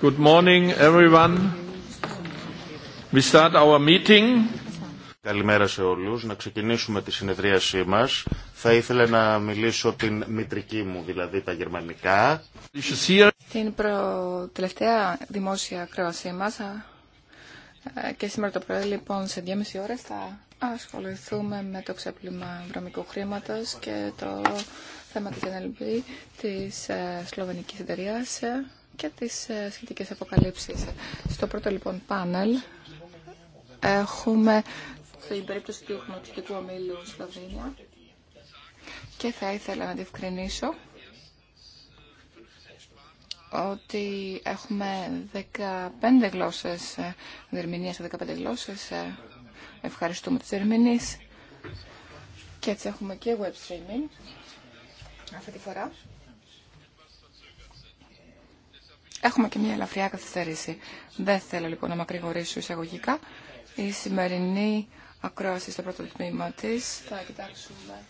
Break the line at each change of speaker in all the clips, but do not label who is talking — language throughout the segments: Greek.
good morning everyone. We Καλημέρα σε όλους. Να ξεκινήσουμε τη συνεδρίασή μας. Θα ήθελα να μιλήσω την μητρική μου, δηλαδή τα γερμανικά.
Στην προ... τελευταία δημόσια κρόαση μας ε, και σήμερα το πρωί λοιπόν σε 2,5 ώρες θα ασχοληθούμε με το ξέπλυμα βρωμικού χρήματος και το θέμα της NLB της ε, Σλοβενικής εταιρεία ε, και τις ε, σχετικές αποκαλύψεις. Στο πρώτο λοιπόν πάνελ έχουμε την περίπτωση του Χνοτικού Ομίλου Σλοβενία και θα ήθελα να διευκρινίσω ότι έχουμε 15 γλώσσες, δερμηνία σε 15 γλώσσες Ευχαριστούμε τους ερμηνείς. Και έτσι έχουμε και web streaming αυτή τη φορά. Έχουμε και μια ελαφριά καθυστέρηση. Δεν θέλω λοιπόν να μακρηγορήσω εισαγωγικά. Η σημερινή ακρόαση στο πρώτο τμήμα τη θα κοιτάξουμε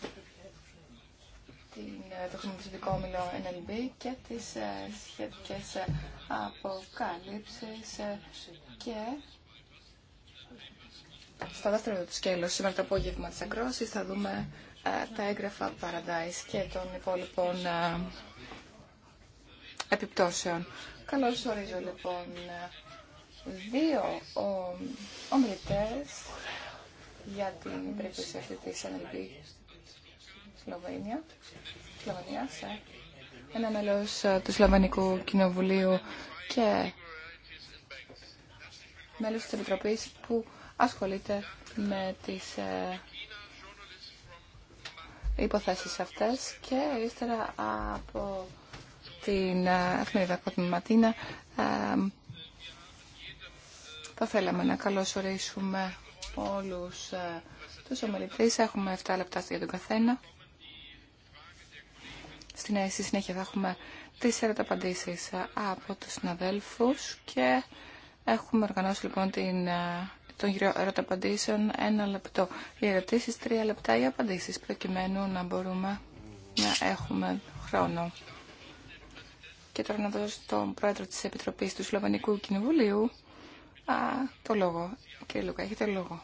την, ε, το χρησιμοποιητικό όμιλο NLB και τις ε, σχετικές ε, αποκάλυψεις και στα δεύτερο του σκέλος σήμερα το απόγευμα της Αγκρόση, θα δούμε ε, τα έγγραφα Paradise και των υπόλοιπων ε, επιπτώσεων. Καλώς ορίζω λοιπόν δύο ομιλητέ ομιλητές για την περίπτωση αυτή τη NLB Σλοβένια, Σλοβενίας, ε. ένα μέλος του Σλοβενικού Κοινοβουλίου και μέλος της Επιτροπής που ασχολείται με τις ε, υποθέσεις αυτές και ύστερα από την ε, εφημερίδα Κότμη Ματίνα ε, θα θέλαμε να καλωσορίσουμε όλους τους ομιλητές. Έχουμε 7 λεπτά για τον καθένα. Στην συνέχεια θα έχουμε τις ερωταπαντήσεις από τους συναδέλφους και έχουμε οργανώσει λοιπόν την των ερωταπαντήσεων ένα λεπτό. Οι ερωτήσεις τρία λεπτά, οι απαντήσεις προκειμένου να μπορούμε να έχουμε χρόνο. Και τώρα να δώσω τον πρόεδρο της Επιτροπής του Σλοβανικού Κοινοβουλίου α, το λόγο. Κύριε Λούκα, έχετε λόγο.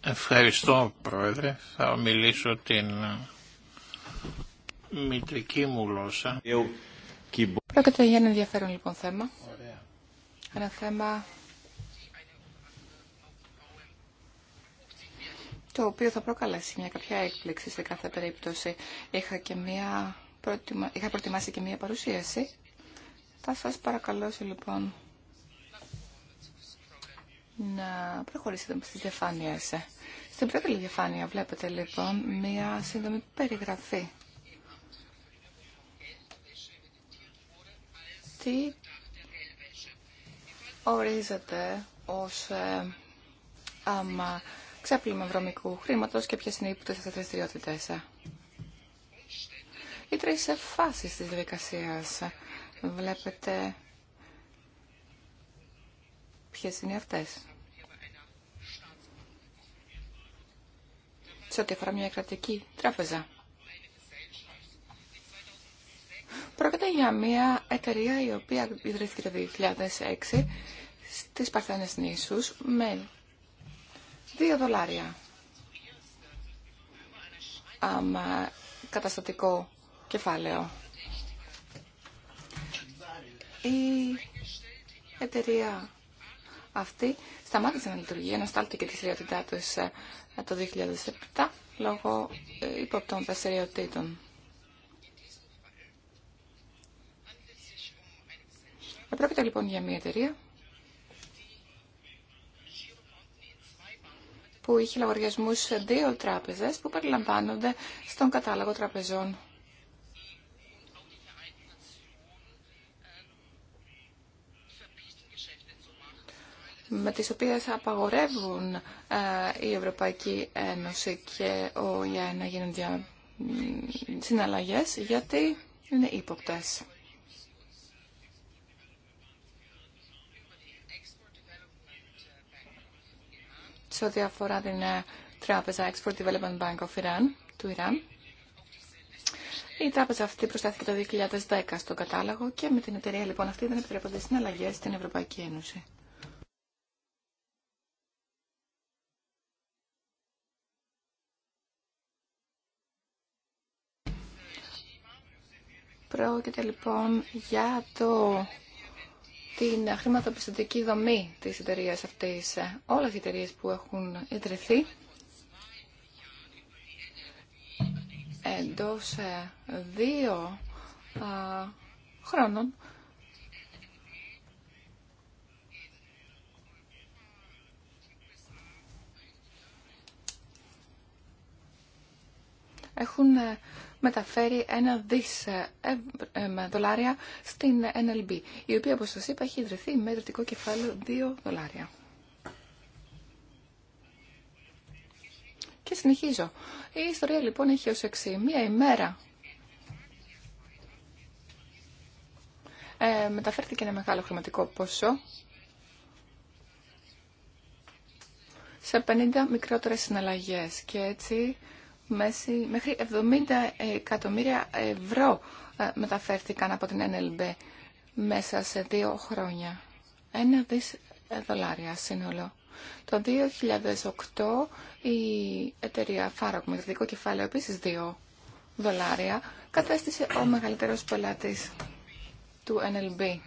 Ευχαριστώ Πρόεδρε. Θα μιλήσω την μητρική μου γλώσσα.
Πρόκειται για ένα ενδιαφέρον λοιπόν θέμα. Ένα θέμα το οποίο θα προκαλέσει μια κάποια έκπληξη σε κάθε περίπτωση. Είχα, και μια προτιμα... Είχα προετοιμάσει και μια παρουσίαση. Θα σας παρακαλώσω λοιπόν να προχωρήσετε στις διαφάνειες. Στην πρώτη διαφάνεια βλέπετε λοιπόν μια σύντομη περιγραφή τι ορίζεται ως ε, άμα ξέπλυμα βρωμικού χρήματος και ποιες είναι οι υπούτες αυτές Οι τρεις φάσεις της διαδικασίας βλέπετε ποιες είναι αυτές. Σε ό,τι αφορά μια κρατική τράπεζα. Πρόκειται για μια εταιρεία η οποία ιδρύθηκε το 2006 στις Παρθένες νήσους με 2 δολάρια Αμα, καταστατικό κεφάλαιο. Η εταιρεία αυτή σταμάτησε να λειτουργεί, στάλτηκε τη στερεότητά του ε, το 2007 λόγω ε, υποπτών δραστηριοτήτων. Επρόκειτο λοιπόν για μια εταιρεία που είχε λογαριασμού σε δύο τράπεζες που περιλαμβάνονται στον κατάλογο τραπεζών. με τις οποίες απαγορεύουν ε, η Ευρωπαϊκή Ένωση και ο ΙΑΕ να γίνουν δια... συναλλαγές γιατί είναι ύποπτες. σε ό,τι αφορά την ε, τράπεζα Export Development Bank of Iran, του Ιράν. Η τράπεζα αυτή προστάθηκε το 2010 στον κατάλογο και με την εταιρεία λοιπόν αυτή δεν επιτρέπονται συναλλαγές στην Ευρωπαϊκή Ένωση. Πρόκειται λοιπόν για το την χρηματοπιστωτική δομή της εταιρεία αυτής. Όλες οι εταιρείε που έχουν ιδρυθεί εντός ε, δύο χρόνων έχουν ε, μεταφέρει ένα δις ε, ε, δολάρια στην NLB, η οποία, όπως σας είπα, έχει ιδρυθεί με ιδρυτικό κεφάλαιο 2 δολάρια. Και συνεχίζω. Η ιστορία λοιπόν έχει ως εξή. Μία ημέρα ε, μεταφέρθηκε ένα μεγάλο χρηματικό ποσό σε 50 μικρότερες συναλλαγές και έτσι μέχρι 70 εκατομμύρια ευρώ ε, μεταφέρθηκαν από την NLB μέσα σε δύο χρόνια. Ένα δις δολάρια σύνολο. Το 2008 η εταιρεία Φάρακ με δικό κεφάλαιο επίσης δύο δολάρια κατέστησε ο μεγαλύτερος πελάτης του NLB.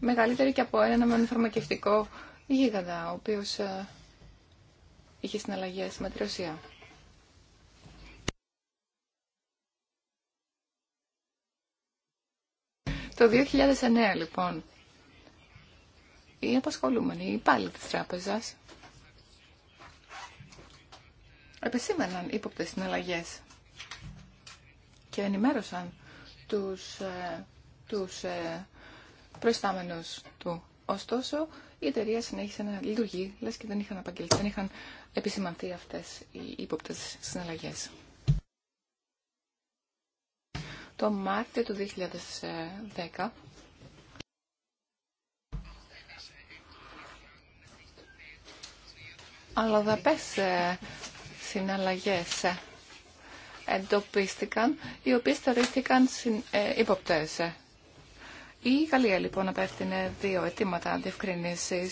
Μεγαλύτερη και από έναν φαρμακευτικό γίγαντα, ο οποίος ε, είχε συναλλαγές με τη Ρωσία. Το 2009 λοιπόν, οι απασχολούμενοι, οι υπάλληλοι της τράπεζας, επεσήμεναν ύποπτες συναλλαγές και ενημέρωσαν τους, ε, τους ε, προϊστάμενους του Ωστόσο, η εταιρεία συνέχισε να λειτουργεί, λες και δεν είχαν απαγγελθεί, δεν είχαν επισημανθεί αυτές οι ύποπτες συναλλαγές. Το Μάρτιο του 2010, αλλοδαπές ε, συναλλαγές ε, εντοπίστηκαν, οι οποίες θεωρήθηκαν ε, ύποπτες η Γαλλία λοιπόν απέφτεινε δύο αιτήματα διευκρινήσει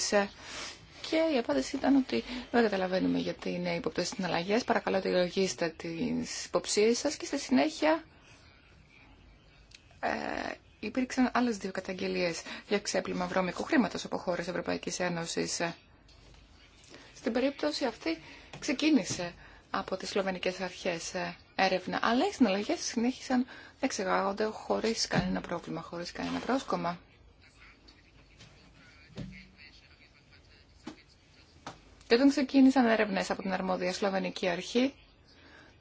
και η απάντηση ήταν ότι δεν καταλαβαίνουμε γιατί είναι υποπτέ συναλλαγέ. Παρακαλώ λογίστε τι υποψίε σα και στη συνέχεια ε, υπήρξαν άλλες δύο καταγγελίες για ξέπλυμα βρώμικου χρήματος από χώρε Ευρωπαϊκής Ένωσης. Στην περίπτωση αυτή ξεκίνησε από τις σλοβενικές αρχές ε, έρευνα, αλλά οι συναλλαγές συνέχισαν εξεγάγονται χωρίς κανένα πρόβλημα, χωρίς κανένα πρόσκομα. Και όταν ξεκίνησαν έρευνε από την αρμόδια Σλοβενική Αρχή,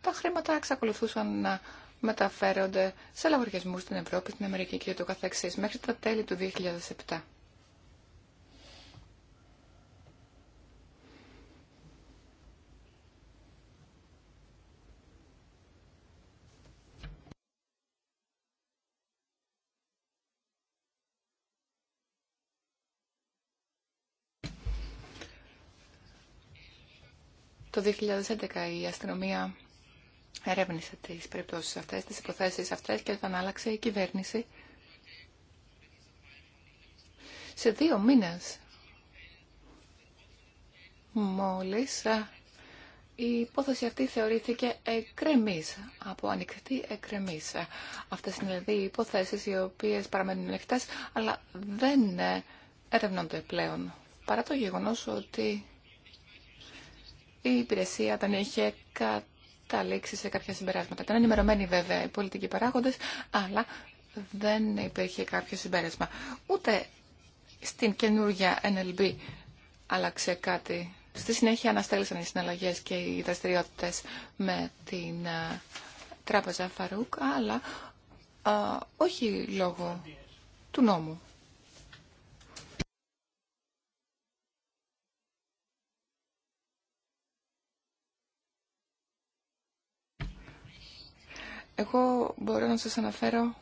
τα χρήματα εξακολουθούσαν να μεταφέρονται σε λογαριασμού στην Ευρώπη, στην Αμερική και το καθεξής μέχρι τα τέλη του 2007. Το 2011 η αστυνομία ερεύνησε τις περιπτώσεις αυτές, τις υποθέσεις αυτές και όταν άλλαξε η κυβέρνηση σε δύο μήνες μόλις η υπόθεση αυτή θεωρήθηκε εκκρεμής, από ανοιχτή εκκρεμής. Αυτές είναι δηλαδή οι υποθέσεις οι οποίες παραμένουν ανοιχτές, αλλά δεν ε, ερευνώνται πλέον. Παρά το γεγονός ότι η υπηρεσία δεν είχε καταλήξει σε κάποια συμπεράσματα. Ήταν ενημερωμένοι βέβαια οι πολιτικοί παράγοντε, αλλά δεν υπήρχε κάποιο συμπέρασμα. Ούτε στην καινούργια NLB άλλαξε κάτι. Στη συνέχεια αναστέλησαν οι συναλλαγέ και οι δραστηριότητε με την τράπεζα Φαρούκ, αλλά όχι λόγω του νόμου. Εγώ μπορώ να σας αναφέρω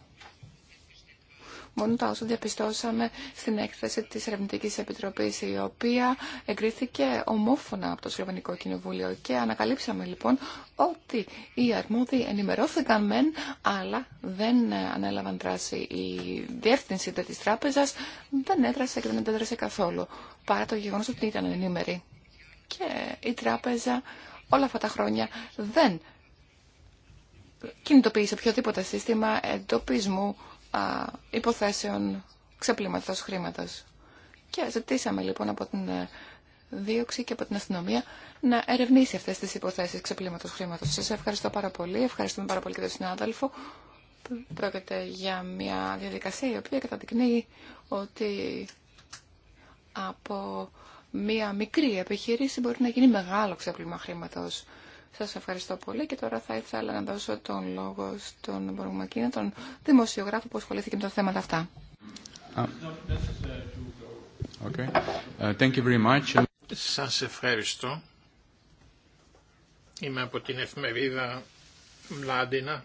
μόνο τα όσα διαπιστώσαμε στην έκθεση της ερευνητική Επιτροπής, η οποία εγκρίθηκε ομόφωνα από το Σλοβενικό Κοινοβούλιο και ανακαλύψαμε λοιπόν ότι οι αρμόδιοι ενημερώθηκαν μεν, αλλά δεν ανέλαβαν δράση. Η διεύθυνση της τράπεζας δεν έδρασε και δεν αντέδρασε καθόλου, παρά το γεγονός ότι ήταν ενημεροί. Και η τράπεζα όλα αυτά τα χρόνια δεν κινητοποιήσει οποιοδήποτε σύστημα εντοπισμού α, υποθέσεων ξεπλήματος χρήματος. Και ζητήσαμε λοιπόν από την ε, δίωξη και από την αστυνομία να ερευνήσει αυτές τις υποθέσεις ξεπλήματος χρήματος. Σας ευχαριστώ πάρα πολύ. Ευχαριστούμε πάρα πολύ και τον συνάδελφο. Πρόκειται για μια διαδικασία η οποία καταδεικνύει ότι από μια μικρή επιχείρηση μπορεί να γίνει μεγάλο ξεπλήμα χρήματος. Σας ευχαριστώ πολύ και τώρα θα ήθελα να δώσω τον λόγο στον Μπορμακίνα, τον δημοσιογράφο που ασχολήθηκε με τα θέματα αυτά.
Ah.
Okay. Uh, σας ευχαριστώ. Είμαι από την εφημερίδα Μλάντινα.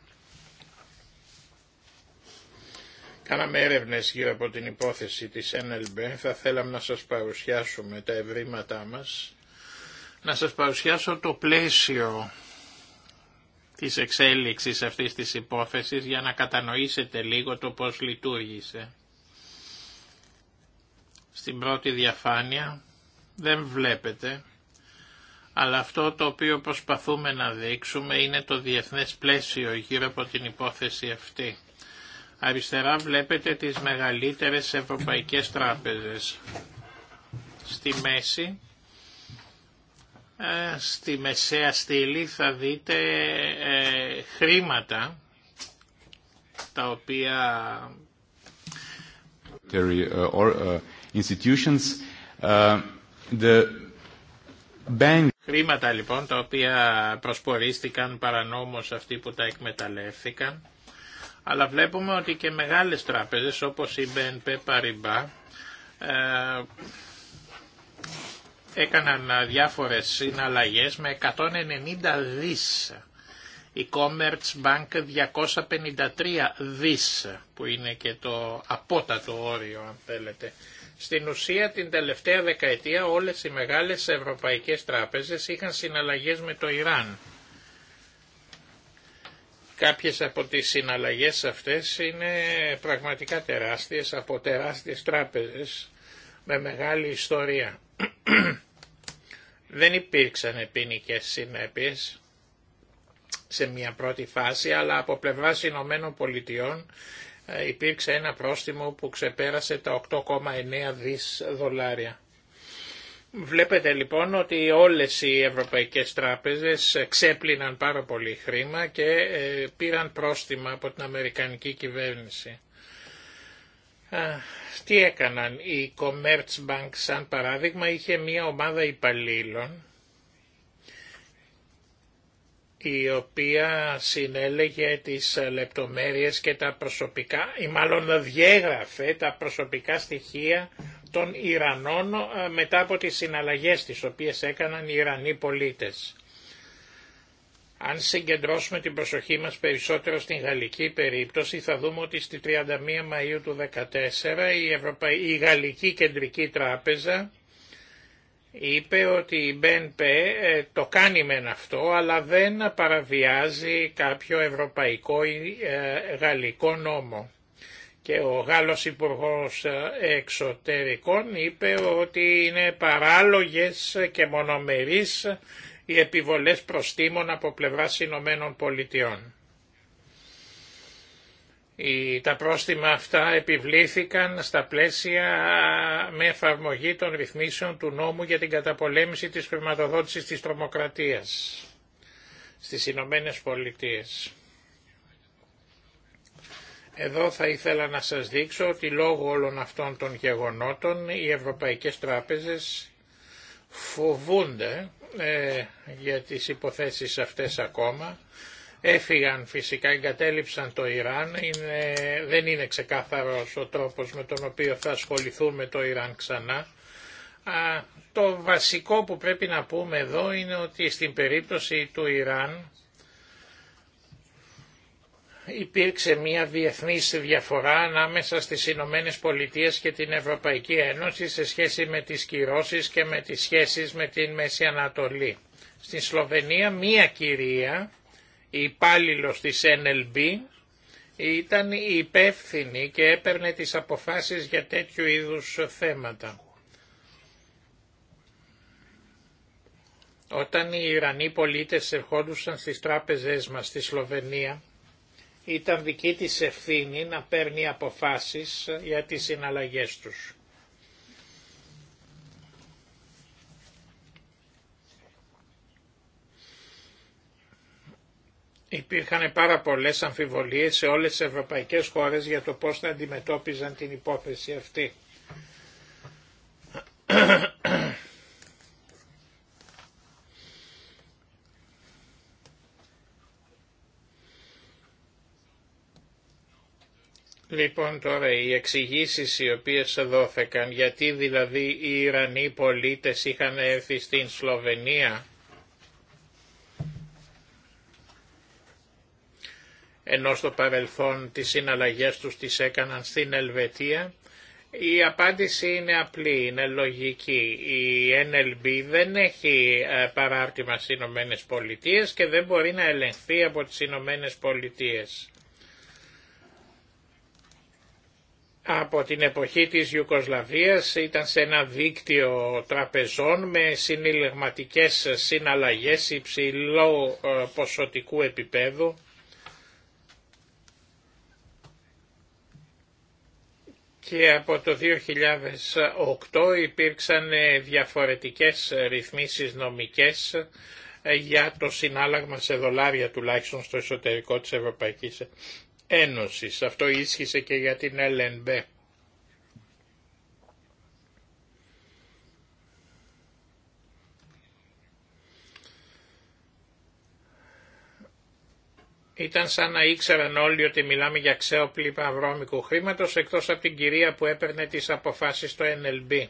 Κάναμε έρευνε γύρω από την υπόθεση της NLB. Θα θέλαμε να σας παρουσιάσουμε τα ευρήματά μας να σας παρουσιάσω το πλαίσιο της εξέλιξης αυτής της υπόθεσης για να κατανοήσετε λίγο το πώς λειτουργήσε. Στην πρώτη διαφάνεια δεν βλέπετε, αλλά αυτό το οποίο προσπαθούμε να δείξουμε είναι το διεθνές πλαίσιο γύρω από την υπόθεση αυτή. Αριστερά βλέπετε τις μεγαλύτερες ευρωπαϊκές τράπεζες. Στη μέση ε, στη μεσαία στήλη θα δείτε ε, χρήματα τα οποία
uh, uh, uh,
χρήματα λοιπόν τα οποία προσπορίστηκαν παρανόμως αυτοί που τα εκμεταλλεύθηκαν αλλά βλέπουμε ότι και μεγάλες τράπεζες όπως η BNP Paribas έκαναν διάφορες συναλλαγές με 190 δις. Η Commerce Bank 253 δις που είναι και το απότατο όριο αν θέλετε. Στην ουσία την τελευταία δεκαετία όλες οι μεγάλες ευρωπαϊκές τράπεζες είχαν συναλλαγές με το Ιράν. Κάποιες από τις συναλλαγές αυτές είναι πραγματικά τεράστιες από τεράστιες τράπεζες με μεγάλη ιστορία. Δεν υπήρξαν ποινικέ συνέπειε σε μια πρώτη φάση, αλλά από πλευράς Ηνωμένων Πολιτειών ε, υπήρξε ένα πρόστιμο που ξεπέρασε τα 8,9 δις δολάρια. Βλέπετε λοιπόν ότι όλες οι ευρωπαϊκές τράπεζες ξέπλυναν πάρα πολύ χρήμα και ε, πήραν πρόστιμα από την Αμερικανική κυβέρνηση. Τι έκαναν, η Commerzbank σαν παράδειγμα είχε μια ομάδα υπαλλήλων η οποία συνέλεγε τις λεπτομέρειες και τα προσωπικά, ή μάλλον διέγραφε τα προσωπικά στοιχεία των Ιρανών ε, μετά από τις συναλλαγές τις οποίες έκαναν οι Ιρανοί πολίτες. Αν συγκεντρώσουμε την προσοχή μας περισσότερο στην γαλλική περίπτωση θα δούμε ότι στη 31 Μαΐου του 2014 η, Ευρωπα... Γαλλική Κεντρική Τράπεζα είπε ότι η ΜΠΕ ε, το κάνει μεν αυτό αλλά δεν παραβιάζει κάποιο ευρωπαϊκό ή ε, γαλλικό νόμο. Και ο Γάλλος Υπουργός ε, Εξωτερικών είπε ότι είναι παράλογες και μονομερείς οι επιβολές προστήμων από πλευράς Ηνωμένων Πολιτειών. Τα πρόστιμα αυτά επιβλήθηκαν στα πλαίσια με εφαρμογή των ρυθμίσεων του νόμου για την καταπολέμηση της χρηματοδότησης της τρομοκρατίας στις Ηνωμένε Πολιτείες. Εδώ θα ήθελα να σας δείξω ότι λόγω όλων αυτών των γεγονότων οι ευρωπαϊκές τράπεζες φοβούνται ε, για τις υποθέσεις αυτές ακόμα. Έφυγαν φυσικά, εγκατέλειψαν το Ιράν. Είναι, δεν είναι ξεκάθαρος ο τρόπος με τον οποίο θα ασχοληθούν το Ιράν ξανά. το βασικό που πρέπει να πούμε εδώ είναι ότι στην περίπτωση του Ιράν υπήρξε μια διεθνής διαφορά ανάμεσα στις Ηνωμένε Πολιτείες και την Ευρωπαϊκή Ένωση σε σχέση με τις κυρώσεις και με τις σχέσεις με την Μέση Ανατολή. Στην Σλοβενία μία κυρία, η υπάλληλος της NLB, ήταν υπεύθυνη και έπαιρνε τις αποφάσεις για τέτοιου είδους θέματα. Όταν οι Ιρανοί πολίτες ερχόντουσαν στις τράπεζές μας στη Σλοβενία, ήταν δική της ευθύνη να παίρνει αποφάσεις για τις συναλλαγές τους. Υπήρχαν πάρα πολλές αμφιβολίες σε όλες τις ευρωπαϊκές χώρες για το πώς θα αντιμετώπιζαν την υπόθεση αυτή. Λοιπόν τώρα οι εξηγήσει οι οποίες δόθηκαν γιατί δηλαδή οι Ιρανοί πολίτες είχαν έρθει στην Σλοβενία ενώ στο παρελθόν τις συναλλαγές τους τις έκαναν στην Ελβετία. Η απάντηση είναι απλή, είναι λογική. Η NLB δεν έχει ε, παράρτημα στις Ηνωμένε Πολιτείες και δεν μπορεί να ελεγχθεί από τις Ηνωμένε Πολιτείες. από την εποχή της Ιουκοσλαβίας ήταν σε ένα δίκτυο τραπεζών με συνειλεγματικές συναλλαγές υψηλό ε, ποσοτικού επίπεδου και από το 2008 υπήρξαν ε, διαφορετικές ρυθμίσεις νομικές ε, για το συνάλλαγμα σε δολάρια τουλάχιστον στο εσωτερικό της Ευρωπαϊκής Ένωσης. Αυτό ίσχυσε και για την LNB. Ήταν σαν να ήξεραν όλοι ότι μιλάμε για ξέοπλη παυρώμικου χρήματος, εκτός από την κυρία που έπαιρνε τις αποφάσεις στο NLB.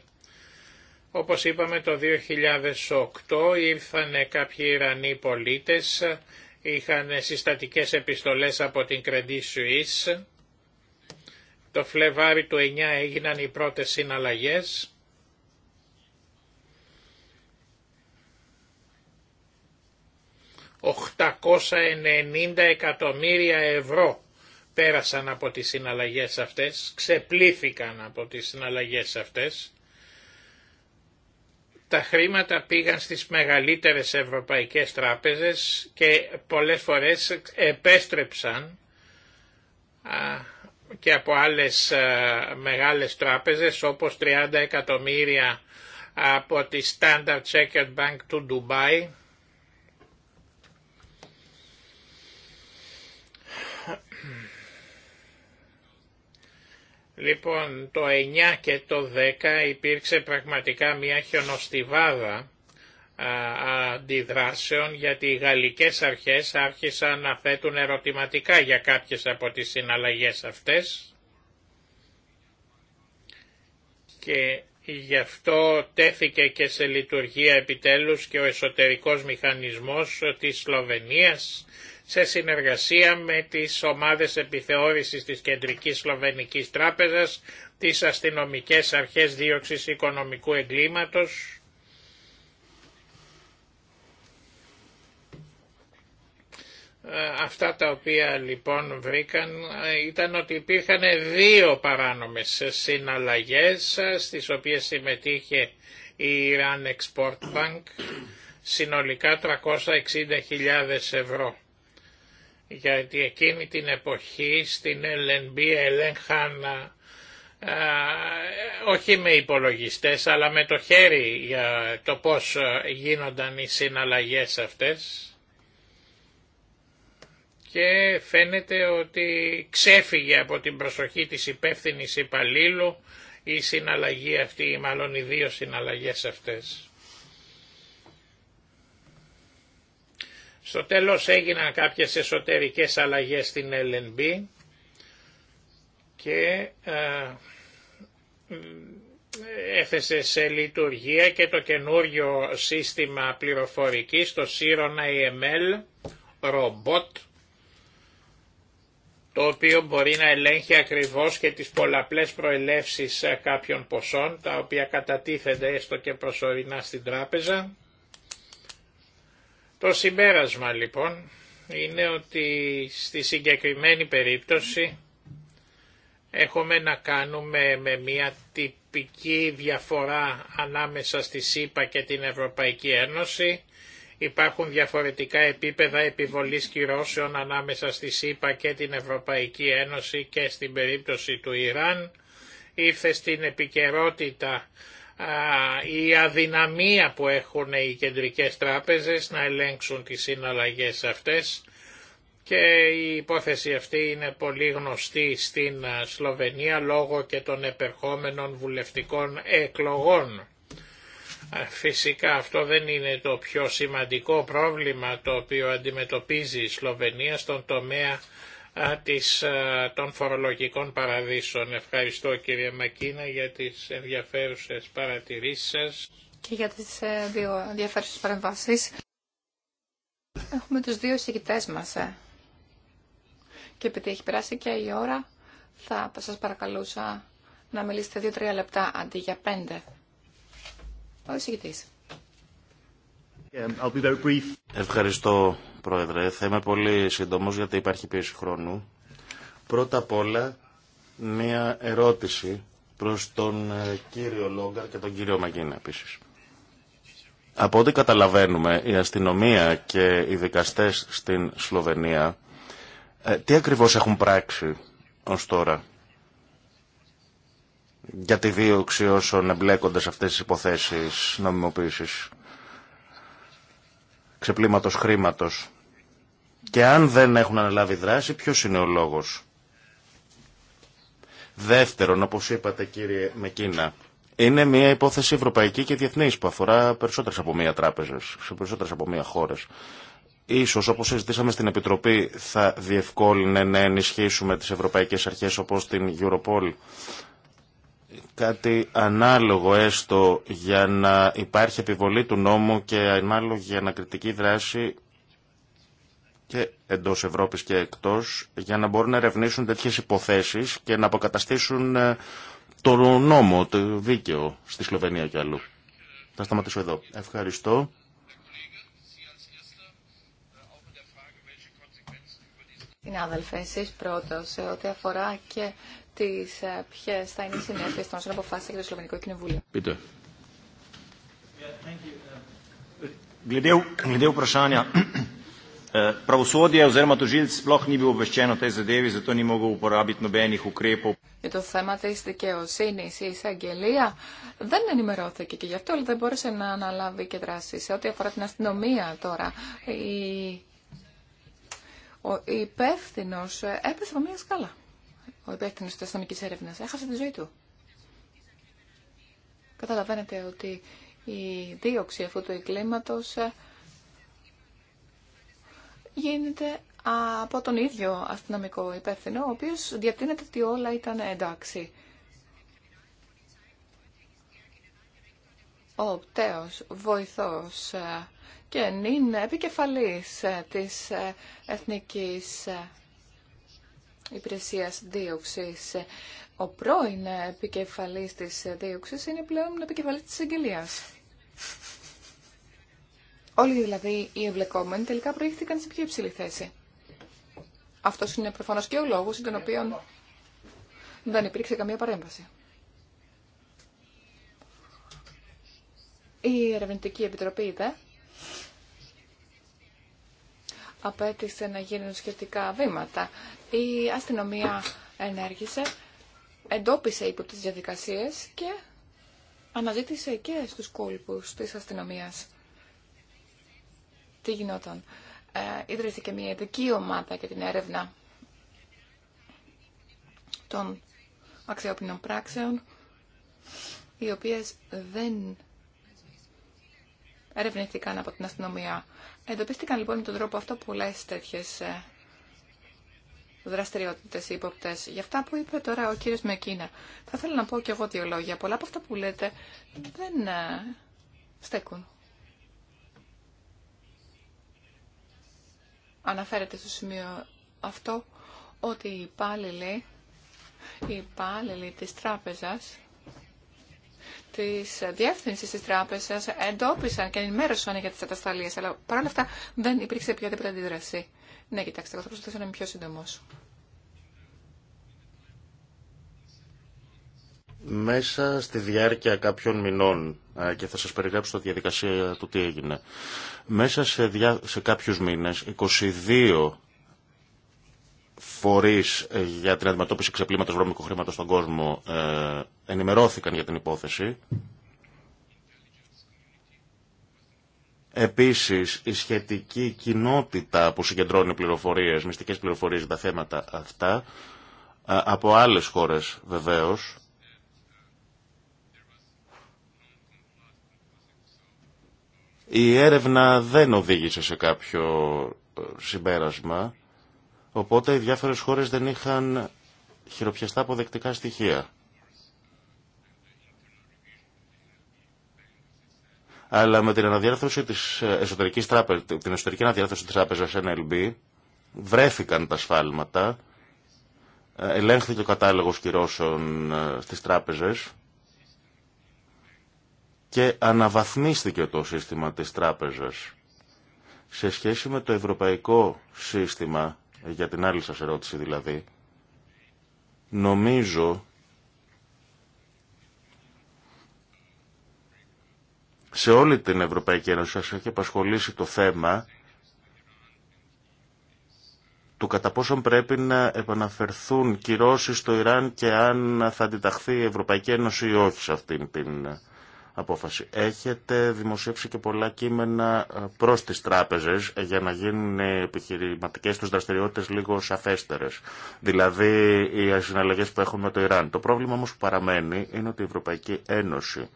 Όπως είπαμε το 2008 ήρθαν κάποιοι Ιρανοί πολίτες είχαν συστατικές επιστολές από την Credit Suisse. Το Φλεβάρι του 9 έγιναν οι πρώτες συναλλαγές. ...890 εκατομμύρια ευρώ πέρασαν από τις συναλλαγές αυτές, ξεπλήθηκαν από τις συναλλαγές αυτές τα χρήματα πήγαν στις μεγαλύτερες ευρωπαϊκές τράπεζες και πολλές φορές επέστρεψαν και από άλλες μεγάλες τράπεζες όπως 30 εκατομμύρια από τη Standard Checkered Bank του Ντουμπάι Λοιπόν, το 9 και το 10 υπήρξε πραγματικά μια χιονοστιβάδα αντιδράσεων γιατί οι γαλλικές αρχές άρχισαν να θέτουν ερωτηματικά για κάποιες από τις συναλλαγές αυτές και γι' αυτό τέθηκε και σε λειτουργία επιτέλους και ο εσωτερικός μηχανισμός της Σλοβενίας σε συνεργασία με τις ομάδες επιθεώρησης της Κεντρικής Σλοβενικής Τράπεζας, τις αστυνομικές αρχές δίωξης οικονομικού εγκλήματος, ε, Αυτά τα οποία λοιπόν βρήκαν ήταν ότι υπήρχαν δύο παράνομες συναλλαγές στις οποίες συμμετείχε η Iran Export Bank συνολικά 360.000 ευρώ γιατί εκείνη την εποχή στην LNB ελέγχαν όχι με υπολογιστές αλλά με το χέρι για το πώς γίνονταν οι συναλλαγές αυτές και φαίνεται ότι ξέφυγε από την προσοχή της υπεύθυνη υπαλλήλου η συναλλαγή αυτή ή μάλλον οι δύο συναλλαγές αυτές. Στο τέλος έγιναν κάποιες εσωτερικές αλλαγές στην LNB και ε, έθεσε σε λειτουργία και το καινούριο σύστημα πληροφορικής, το Siron IML Robot, το οποίο μπορεί να ελέγχει ακριβώς και τις πολλαπλές προελεύσεις κάποιων ποσών, τα οποία κατατίθενται έστω και προσωρινά στην τράπεζα. Το συμπέρασμα λοιπόν είναι ότι στη συγκεκριμένη περίπτωση έχουμε να κάνουμε με μια τυπική διαφορά ανάμεσα στη ΣΥΠΑ και την Ευρωπαϊκή Ένωση. Υπάρχουν διαφορετικά επίπεδα επιβολής κυρώσεων ανάμεσα στη ΣΥΠΑ και την Ευρωπαϊκή Ένωση και στην περίπτωση του Ιράν. Ήρθε στην επικαιρότητα η αδυναμία που έχουν οι κεντρικές τράπεζες να ελέγξουν τις συναλλαγές αυτές και η υπόθεση αυτή είναι πολύ γνωστή στην Σλοβενία λόγω και των επερχόμενων βουλευτικών εκλογών. Φυσικά αυτό δεν είναι το πιο σημαντικό πρόβλημα το οποίο αντιμετωπίζει η Σλοβενία στον τομέα της, των φορολογικών παραδείσων. Ευχαριστώ κύριε Μακίνα για τις ενδιαφέρουσες παρατηρήσεις σας.
Και για τις ε, δύο ενδιαφέρουσες παρεμβάσεις. Έχουμε τους δύο συγκητές μας. Ε. Και επειδή έχει περάσει και η ώρα, θα σας παρακαλούσα να μιλήσετε δύο-τρία λεπτά αντί για πέντε. Ο συγκητής.
Ευχαριστώ Πρόεδρε. Θα είμαι πολύ σύντομος γιατί υπάρχει πίεση χρόνου. Πρώτα απ' όλα, μία ερώτηση προς τον ε, κύριο Λόγκαρ και τον κύριο Μαγκίνα επίσης. Από ό,τι καταλαβαίνουμε, η αστυνομία και οι δικαστές στην Σλοβενία ε, τι ακριβώς έχουν πράξει ως τώρα για τη δίωξη όσων εμπλέκονται σε αυτές τις υποθέσεις νομιμοποίησης ξεπλήματος χρήματος. Και αν δεν έχουν αναλάβει δράση, ποιος είναι ο λόγος. Δεύτερον, όπως είπατε κύριε Μεκίνα, είναι μια υπόθεση ευρωπαϊκή και διεθνής που αφορά περισσότερες από μία τράπεζα, σε περισσότερες από μία χώρες. Ίσως, όπως συζητήσαμε στην Επιτροπή, θα διευκόλυνε να ενισχύσουμε τις ευρωπαϊκές αρχές όπως την Europol κάτι ανάλογο έστω για να υπάρχει επιβολή του νόμου και ανάλογη κριτική δράση και εντό Ευρώπη και εκτός για να μπορούν να ερευνήσουν τέτοιες υποθέσεις και να αποκαταστήσουν ε, το νόμο, το δίκαιο στη Σλοβενία και αλλού. Θα σταματήσω εδώ. Ευχαριστώ.
Συνάδελφε, εσεί πρώτο, ό,τι αφορά και τις ε, ποιε θα είναι οι συνέπειες των όσων αποφάσισε για το Σλοβενικό Κοινοβούλιο. Πείτε. Για το ε, θέμα τη δικαιοσύνη, η εισαγγελία δεν ενημερώθηκε και γι' αυτό δεν μπόρεσε να αναλάβει και δράση. Σε ό,τι αφορά την αστυνομία τώρα, η ο υπεύθυνο έπεσε από μια σκάλα ο υπεύθυνο τη αστυνομική έρευνα έχασε τη ζωή του. Καταλαβαίνετε ότι η δίωξη αυτού του εγκλήματο ε, γίνεται από τον ίδιο αστυνομικό υπεύθυνο, ο οποίος διατείνεται ότι όλα ήταν εντάξει. Ο πτέος, βοηθός ε, και νυν επικεφαλής ε, της Εθνικής υπηρεσίας δίωξης. Ο πρώην επικεφαλής της δίωξης είναι πλέον επικεφαλής της εγγελίας. Όλοι δηλαδή οι ευλεκόμενοι τελικά προήχθηκαν σε πιο υψηλή θέση. Αυτό είναι προφανώς και ο λόγος για τον οποίο δεν υπήρξε καμία παρέμβαση. Η Ερευνητική Επιτροπή, δε, απέτησε να γίνουν σχετικά βήματα. Η αστυνομία ενέργησε, εντόπισε υπό τις διαδικασίες και αναζήτησε και στους κόλπους της αστυνομίας. Τι γινόταν. Ε, και μια ειδική ομάδα για την έρευνα των αξιόπινων πράξεων, οι οποίες δεν ερευνηθήκαν από την αστυνομία. Εντοπίστηκαν λοιπόν με τον τρόπο αυτό που πολλέ τέτοιε δραστηριότητε ή υποπτέ. Για αυτά που είπε τώρα ο κύριο Μεκίνα, θα ήθελα να πω και εγώ δύο λόγια. Πολλά από αυτά που λέτε δεν ε, στέκουν. Αναφέρεται στο σημείο αυτό ότι οι υπάλληλοι, οι υπάλληλοι της τράπεζας Τη διεύθυνση τη τράπεζα εντόπισαν και ενημέρωσαν για τι ατασταλίες, αλλά παρόλα αυτά δεν υπήρξε οποιαδήποτε αντίδραση. Ναι, κοιτάξτε, εγώ θα προσπαθήσω να είμαι πιο σύντομο.
Μέσα στη διάρκεια κάποιων μηνών, ε, και θα σας περιγράψω τη διαδικασία του τι έγινε, μέσα σε, διά, σε κάποιους μήνες, 22 φορεί ε, για την αντιμετώπιση ξεπλήματο βρώμικου χρήματο στον κόσμο ε, ενημερώθηκαν για την υπόθεση. Επίσης, η σχετική κοινότητα που συγκεντρώνει πληροφορίες, μυστικέ πληροφορίες για τα θέματα αυτά, ε, από άλλες χώρε βεβαίως, η έρευνα δεν οδήγησε σε κάποιο συμπέρασμα. Οπότε οι διάφορες χώρες δεν είχαν χειροπιαστά αποδεκτικά στοιχεία. Αλλά με την αναδιάρθρωση της εσωτερικής τράπεζας, την εσωτερική αναδιάρθρωση της τράπεζας NLB βρέθηκαν τα σφάλματα, ελέγχθηκε ο κατάλογος κυρώσεων ε, στις τράπεζες και αναβαθμίστηκε το σύστημα της τράπεζας. Σε σχέση με το ευρωπαϊκό σύστημα για την άλλη σας ερώτηση δηλαδή, νομίζω σε όλη την Ευρωπαϊκή Ένωση σας έχει απασχολήσει το θέμα του κατά πόσον πρέπει να επαναφερθούν κυρώσεις στο Ιράν και αν θα αντιταχθεί η Ευρωπαϊκή Ένωση ή όχι σε αυτήν την απόφαση. Έχετε δημοσιεύσει και πολλά κείμενα ε, προς τις τράπεζες ε, για να γίνουν οι επιχειρηματικές τους δραστηριότητες λίγο σαφέστερες. Δηλαδή οι συναλλαγές που έχουν με το Ιράν. Το πρόβλημα όμως που παραμένει είναι ότι η Ευρωπαϊκή Ένωση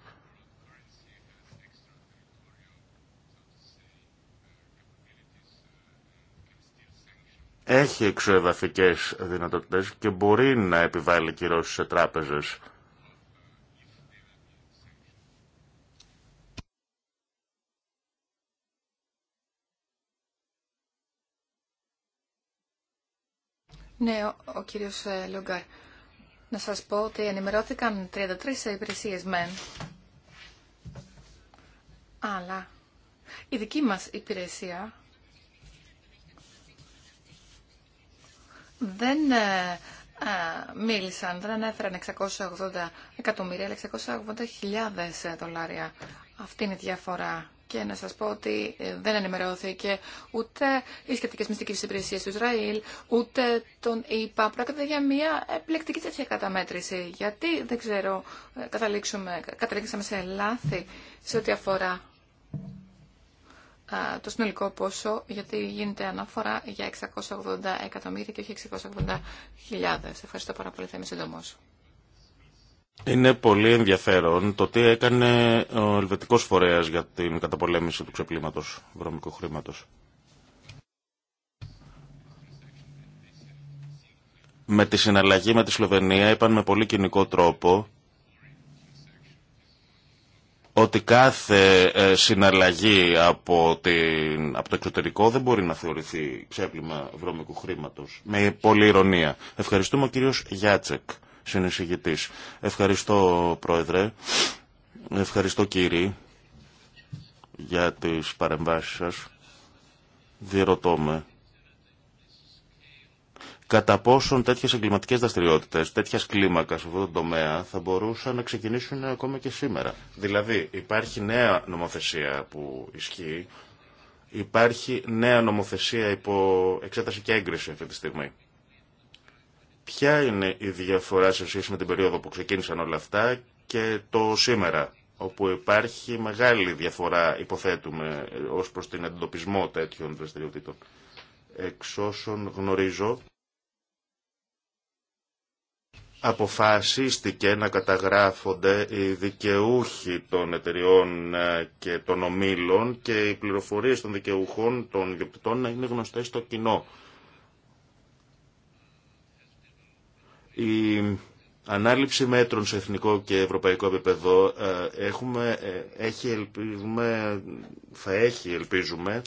έχει εξωεδαφικές δυνατότητες και μπορεί να επιβάλλει κυρώσεις σε τράπεζες
Ναι, ο, ο κύριος ε, Λουγκάρ. Να σας πω ότι ενημερώθηκαν 33 υπηρεσίες μεν. Αλλά η δική μας υπηρεσία δεν ε, ε, μίλησαν, δεν ανέφεραν 680 εκατομμύρια, αλλά 680 χιλιάδες ε, δολάρια. Αυτή είναι η διαφορά και να σας πω ότι ε, δεν ενημερώθηκε ούτε οι σχετικές μυστικές υπηρεσίες του Ισραήλ, ούτε τον ΙΠΑ. Πρόκειται για μια επιλεκτική τέτοια καταμέτρηση. Γιατί, δεν ξέρω, ε, καταλήξουμε, καταλήξαμε σε λάθη σε ό,τι αφορά το συνολικό πόσο, γιατί γίνεται αναφορά για 680 εκατομμύρια και όχι 680 χιλιάδες. Ευχαριστώ πάρα πολύ, θα είμαι σύντομος.
Είναι πολύ ενδιαφέρον το τι έκανε ο Ελβετικός Φορέας για την καταπολέμηση του ξεπλήματος βρώμικου χρήματος. Με τη συναλλαγή με τη Σλοβενία είπαν με πολύ κοινικό τρόπο ότι κάθε ε, συναλλαγή από, την, από το εξωτερικό δεν μπορεί να θεωρηθεί ξέπλυμα βρώμικου χρήματος. Με πολλή ηρωνία. Ευχαριστούμε ο κύριος Γιάτσεκ. Ευχαριστώ Πρόεδρε, ευχαριστώ κύριοι για τις παρεμβάσεις σας. Διερωτώ με κατά πόσον τέτοιε εγκληματικέ δραστηριότητε, τέτοια κλίμακα σε αυτό το τομέα θα μπορούσαν να ξεκινήσουν ακόμα και σήμερα. Δηλαδή, υπάρχει νέα νομοθεσία που ισχύει, υπάρχει νέα νομοθεσία υπό εξέταση και έγκριση αυτή τη στιγμή. Ποια είναι η διαφορά σε σχέση με την περίοδο που ξεκίνησαν όλα αυτά και το σήμερα, όπου υπάρχει μεγάλη διαφορά, υποθέτουμε, ως προς την εντοπισμό τέτοιων δραστηριοτήτων. Εξ όσων γνωρίζω, αποφασίστηκε να καταγράφονται οι δικαιούχοι των εταιριών ε, και των ομίλων και οι πληροφορίες των δικαιούχων των ιδιοκτητών να είναι γνωστές στο κοινό η ανάληψη μέτρων σε εθνικό και ευρωπαϊκό επίπεδο ε, έχουμε, ε, έχει, ελπίζουμε, θα έχει, ελπίζουμε,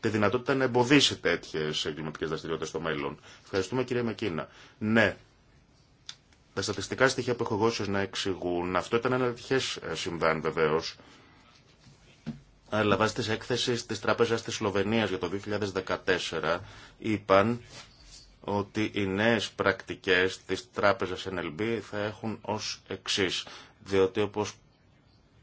τη δυνατότητα να εμποδίσει τέτοιες εγκληματικές δραστηριότητες στο μέλλον. Ευχαριστούμε κύριε Μεκίνα. Ναι, τα στατιστικά στοιχεία που έχω εγώ να εξηγούν, αυτό ήταν ένα τυχές ε, συμβάν βεβαίω. Αλλά βάσει τη έκθεση τη Τράπεζα τη Σλοβενία για το 2014, είπαν ότι οι νέες πρακτικές της τράπεζας NLB θα έχουν ως εξής. Διότι όπως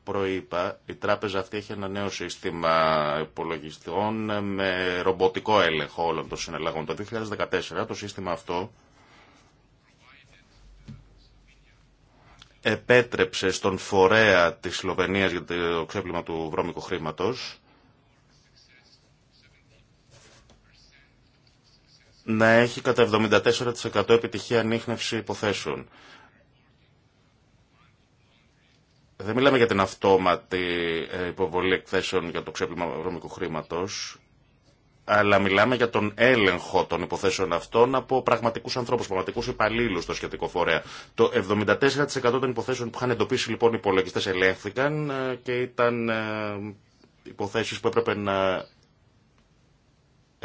προείπα, η τράπεζα αυτή έχει ένα νέο σύστημα υπολογιστών με ρομποτικό έλεγχο όλων των συναλλαγών. Το 2014 το σύστημα αυτό επέτρεψε στον φορέα της Σλοβενίας για το ξέπλυμα του βρώμικου χρήματος να έχει κατά 74% επιτυχία ανείχνευση υποθέσεων. Δεν μιλάμε για την αυτόματη ε, υποβολή εκθέσεων για το ξέπλυμα βρώμικου χρήματο, αλλά μιλάμε για τον έλεγχο των υποθέσεων αυτών από πραγματικού ανθρώπου, πραγματικού υπαλλήλου στο σχετικό φορέα. Το 74% των υποθέσεων που είχαν εντοπίσει λοιπόν οι υπολογιστέ ελέγχθηκαν ε, και ήταν ε, υποθέσει που έπρεπε να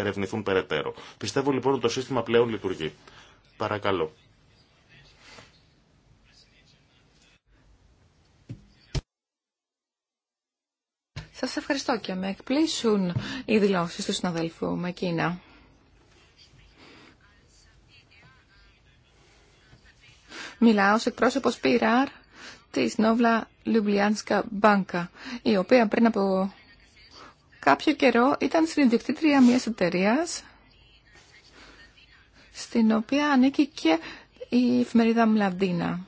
ερευνηθούν περαιτέρω. Πιστεύω λοιπόν ότι το σύστημα πλέον λειτουργεί. Παρακαλώ.
Σα ευχαριστώ και με εκπλήσουν οι δηλώσει του συναδέλφου Μακίνα. Μιλάω ω εκπρόσωπο πειράρ της Νόβλα Λιουμπλιάνσκα Μπάνκα, η οποία πριν από κάποιο καιρό ήταν συνειδιοκτήτρια μιας εταιρεία στην οποία ανήκει και η εφημερίδα Μλαντίνα.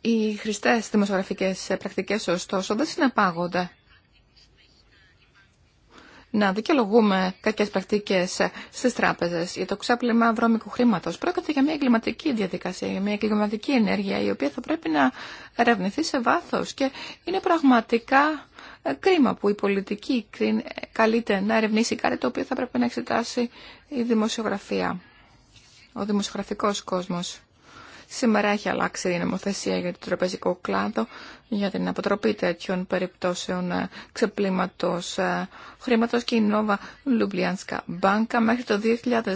Οι χρηστές δημοσιογραφικές πρακτικές ωστόσο δεν συνεπάγονται να δικαιολογούμε κακές πρακτικές στις τράπεζες για το ξέπλυμα βρώμικου χρήματος. Πρόκειται για μια εγκληματική διαδικασία, για μια εγκληματική ενέργεια η οποία θα πρέπει να ερευνηθεί σε βάθος και είναι πραγματικά κρίμα που η πολιτική καλείται να ερευνήσει κάτι το οποίο θα πρέπει να εξετάσει η δημοσιογραφία, ο δημοσιογραφικός κόσμος. Σήμερα έχει αλλάξει η νομοθεσία για το τραπεζικό κλάδο για την αποτροπή τέτοιων περιπτώσεων ε, ξεπλήματος ε, χρήματος και η Νόβα Λουμπλιάνσκα Μπάνκα μέχρι το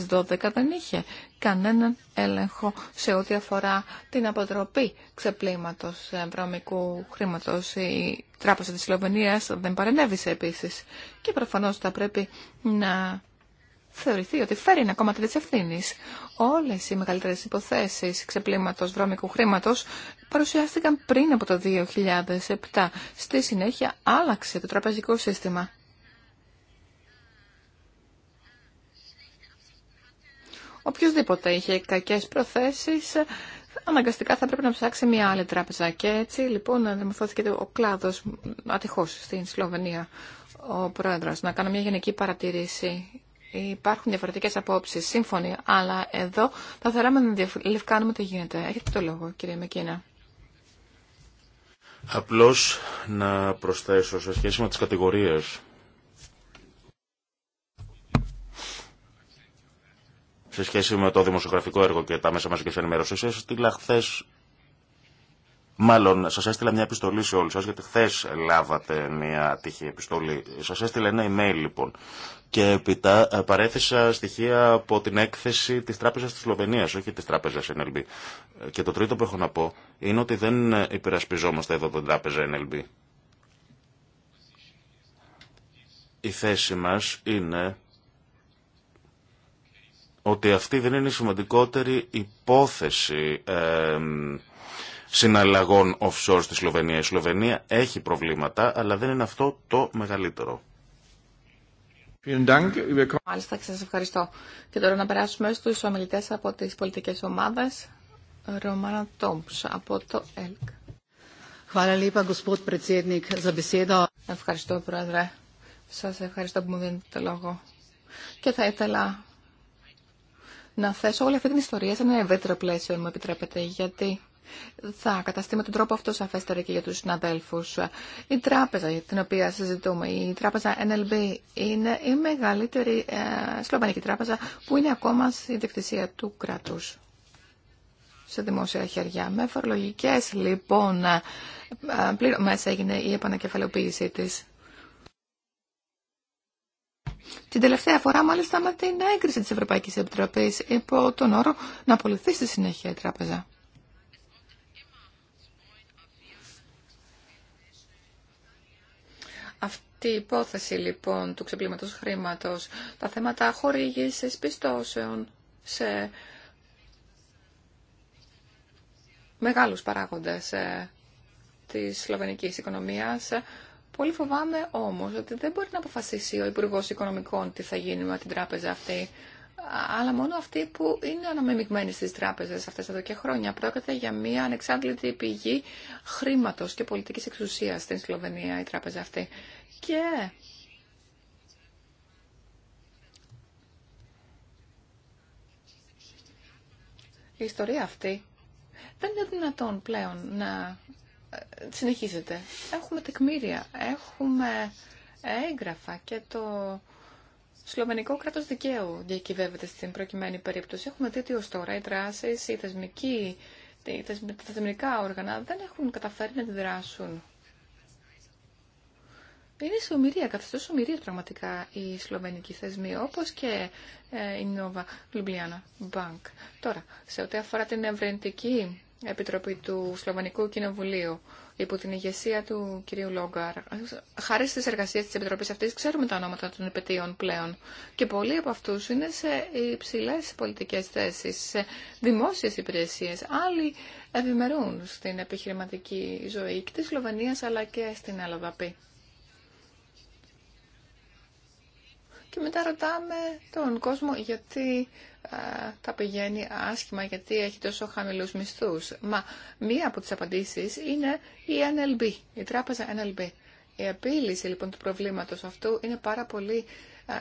2012 δεν είχε κανέναν έλεγχο σε ό,τι αφορά την αποτροπή ξεπλήματος ε, βρωμικού χρήματος. Η Τράπεζα της Σλοβενίας δεν παρενέβησε επίσης και προφανώς θα πρέπει να θεωρηθεί ότι φέρει ένα κόμμα τη ευθύνη όλες οι μεγαλύτερες υποθέσεις ξεπλήματος δρόμικου χρήματος παρουσιάστηκαν πριν από το 2007. Στη συνέχεια άλλαξε το τραπεζικό σύστημα. Οποιοδήποτε είχε κακές προθέσεις, αναγκαστικά θα πρέπει να ψάξει μια άλλη τράπεζα. Και έτσι λοιπόν αναμορφώθηκε ο κλάδος ατυχώς στην Σλοβενία ο πρόεδρος. Να κάνω μια γενική παρατήρηση Υπάρχουν διαφορετικές απόψεις, σύμφωνοι, αλλά εδώ θα θέλαμε να διευκάνουμε τι γίνεται. Έχετε το λόγο, κύριε Μεκίνα.
Απλώς να προσθέσω σε σχέση με τις κατηγορίες. Σε σχέση με το δημοσιογραφικό έργο και τα μέσα μαζικής ενημέρωσης, έστειλα χθε. Μάλλον, σα έστειλα μια επιστολή σε όλου σα, γιατί χθε λάβατε μια τυχή επιστολή. Σα έστειλα ένα email, λοιπόν, και επειδή ε, παρέθεσα στοιχεία από την έκθεση τη Τράπεζα τη Σλοβενία, όχι τη Τράπεζα NLB. Ε, και το τρίτο που έχω να πω είναι ότι δεν ε, υπερασπιζόμαστε εδώ την Τράπεζα NLB. Η θέση μα είναι ότι αυτή δεν είναι η σημαντικότερη υπόθεση ε, συναλλαγών offshore στη Σλοβενία. Η Σλοβενία έχει προβλήματα, αλλά δεν είναι αυτό το μεγαλύτερο.
Μάλιστα, σας ευχαριστώ. Και τώρα να περάσουμε στους ομιλητές από τις πολιτικές ομάδες. Ρωμάνα Τόμψ από το ΕΛΚ. Ευχαριστώ, Πρόεδρε. Σας ευχαριστώ που μου δίνετε το λόγο. Και θα ήθελα να θέσω όλη αυτή την ιστορία σε ένα ευρύτερο πλαίσιο, αν μου επιτρέπετε, γιατί θα καταστεί με τον τρόπο αυτό σαφέστερα και για τους συναδέλφους. Η τράπεζα για την οποία συζητούμε, η τράπεζα NLB, είναι η μεγαλύτερη ε, σλοβανική τράπεζα που είναι ακόμα στη διεκτησία του κράτους σε δημόσια χέρια. Με φορολογικές λοιπόν ε, πλήρωμες έγινε η επανακεφαλαιοποίησή της. Την τελευταία φορά μάλιστα με την έγκριση της Ευρωπαϊκής Επιτροπής υπό τον όρο να απολυθεί στη συνέχεια η τράπεζα. Αυτή η υπόθεση λοιπόν του ξεπλήματος χρήματος, τα θέματα χορήγησης πιστώσεων σε μεγάλους παράγοντες ε, της σλοβενικής οικονομίας. Πολύ φοβάμαι όμως ότι δεν μπορεί να αποφασίσει ο Υπουργός Οικονομικών τι θα γίνει με την τράπεζα αυτή αλλά μόνο αυτοί που είναι αναμειγμένοι στις τράπεζες αυτές εδώ και χρόνια. Πρόκειται για μια ανεξάντλητη πηγή χρήματος και πολιτικής εξουσίας στην Σλοβενία η τράπεζα αυτή. Και η ιστορία αυτή δεν είναι δυνατόν πλέον να ε, συνεχίζεται. Έχουμε τεκμήρια, έχουμε έγγραφα και το Σλοβενικό κράτο δικαίου διακυβεύεται στην προκειμένη περίπτωση. Έχουμε δει ότι ω τώρα οι δράσει, οι θεσμικοί, τα θεσμικά όργανα δεν έχουν καταφέρει να αντιδράσουν. Είναι σε ομοιρία, καθεστώ ομοιρία πραγματικά η σλοβενική θεσμή, όπω και ε, η Νόβα Λουμπλιάνα Μπάνκ. Τώρα, σε ό,τι αφορά την ευρεντική επιτροπή του Σλοβενικού Κοινοβουλίου, υπό την ηγεσία του κυρίου Λόγκαρ. Χάρη στις εργασίες της Επιτροπής αυτής ξέρουμε τα ονόματα των επαιτίων πλέον και πολλοί από αυτούς είναι σε υψηλέ πολιτικές θέσεις, σε δημόσιες υπηρεσίες. Άλλοι ευημερούν στην επιχειρηματική ζωή και της Σλοβενία, αλλά και στην Ελλοδαπή. και μετά ρωτάμε τον κόσμο γιατί τα πηγαίνει άσχημα, γιατί έχει τόσο χαμηλούς μισθούς. Μα μία από τις απαντήσεις είναι η NLB, η τράπεζα NLB. Η επίλυση λοιπόν του προβλήματος αυτού είναι πάρα πολύ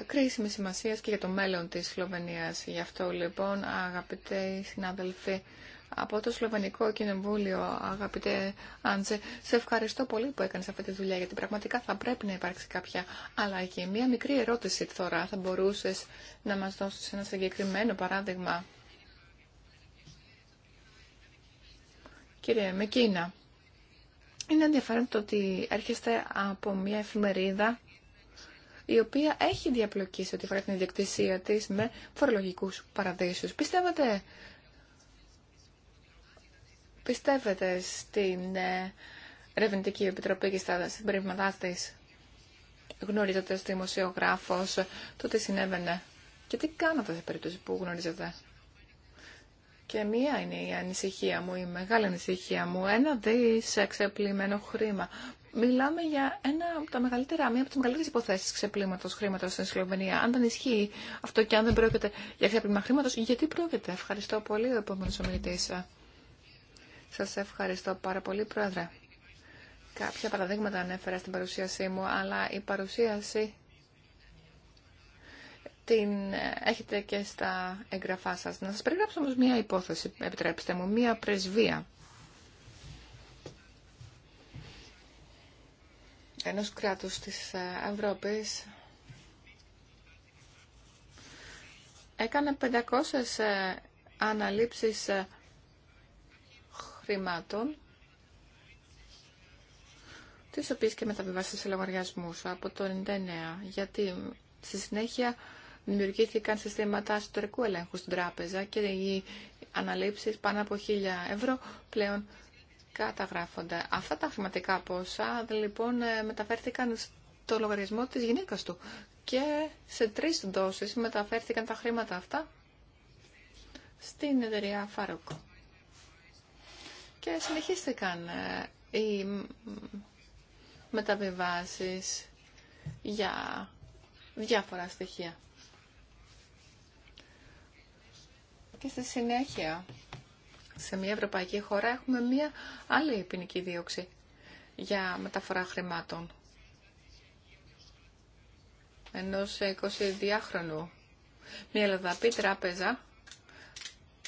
κρίσιμη σημασία και για το μέλλον της Σλοβενίας. Γι' αυτό λοιπόν αγαπητοί συνάδελφοι, από το Σλοβενικό Κοινοβούλιο, αγαπητέ Άντζε. Σε ευχαριστώ πολύ που έκανες αυτή τη δουλειά, γιατί πραγματικά θα πρέπει να υπάρξει κάποια αλλαγή. Μία μικρή ερώτηση τώρα. Θα μπορούσες να μας δώσεις ένα συγκεκριμένο παράδειγμα. Κύριε Μεκίνα, είναι ενδιαφέρον το ότι έρχεστε από μια εφημερίδα η οποία έχει διαπλοκίσει ότι φορά την ιδιοκτησία της με φορολογικούς παραδείσους. Πιστεύετε πιστεύετε στην ε, Ερευνητική Επιτροπή και στα συμπεριβληματά τη. Γνωρίζετε ως δημοσιογράφος το τι συνέβαινε και τι κάνατε σε περίπτωση που γνωρίζετε. Και μία είναι η ανησυχία μου, η μεγάλη ανησυχία μου. Ένα δισεξεπλήμενο χρήμα. Μιλάμε για ένα από τα μεγαλύτερα, μία από τι μεγαλύτερε υποθέσει ξεπλήματο χρήματο στην Σλοβενία. Αν δεν ισχύει αυτό και αν δεν πρόκειται για ξεπλήμα χρήματο, γιατί πρόκειται. Ευχαριστώ πολύ, ο επόμενο ομιλητή. Σας ευχαριστώ πάρα πολύ, Πρόεδρε. Κάποια παραδείγματα ανέφερα στην παρουσίασή μου, αλλά η παρουσίαση την ε, έχετε και στα εγγραφά σας. Να σας περιγράψω όμως μία υπόθεση, επιτρέψτε μου, μία πρεσβεία. ενός κράτους της ε, Ευρώπης έκανε 500 ε, αναλήψεις χρημάτων τις οποίες και μεταβιβάστηκε σε λογαριασμούς από το 99, γιατί στη συνέχεια δημιουργήθηκαν συστήματα εσωτερικού ελέγχου στην τράπεζα και οι αναλήψεις πάνω από 1000 ευρώ πλέον καταγράφονται. Αυτά τα χρηματικά ποσά λοιπόν ε, μεταφέρθηκαν στο λογαριασμό της γυναίκας του και σε τρεις δόσεις μεταφέρθηκαν τα χρήματα αυτά στην εταιρεία Φάροκο και συνεχίστηκαν ε, οι μεταβιβάσεις για διάφορα στοιχεία. Και στη συνέχεια, σε μια ευρωπαϊκή χώρα έχουμε μια άλλη ποινική δίωξη για μεταφορά χρημάτων. Ενός 22χρονου. Μια Ελλαδαπή τράπεζα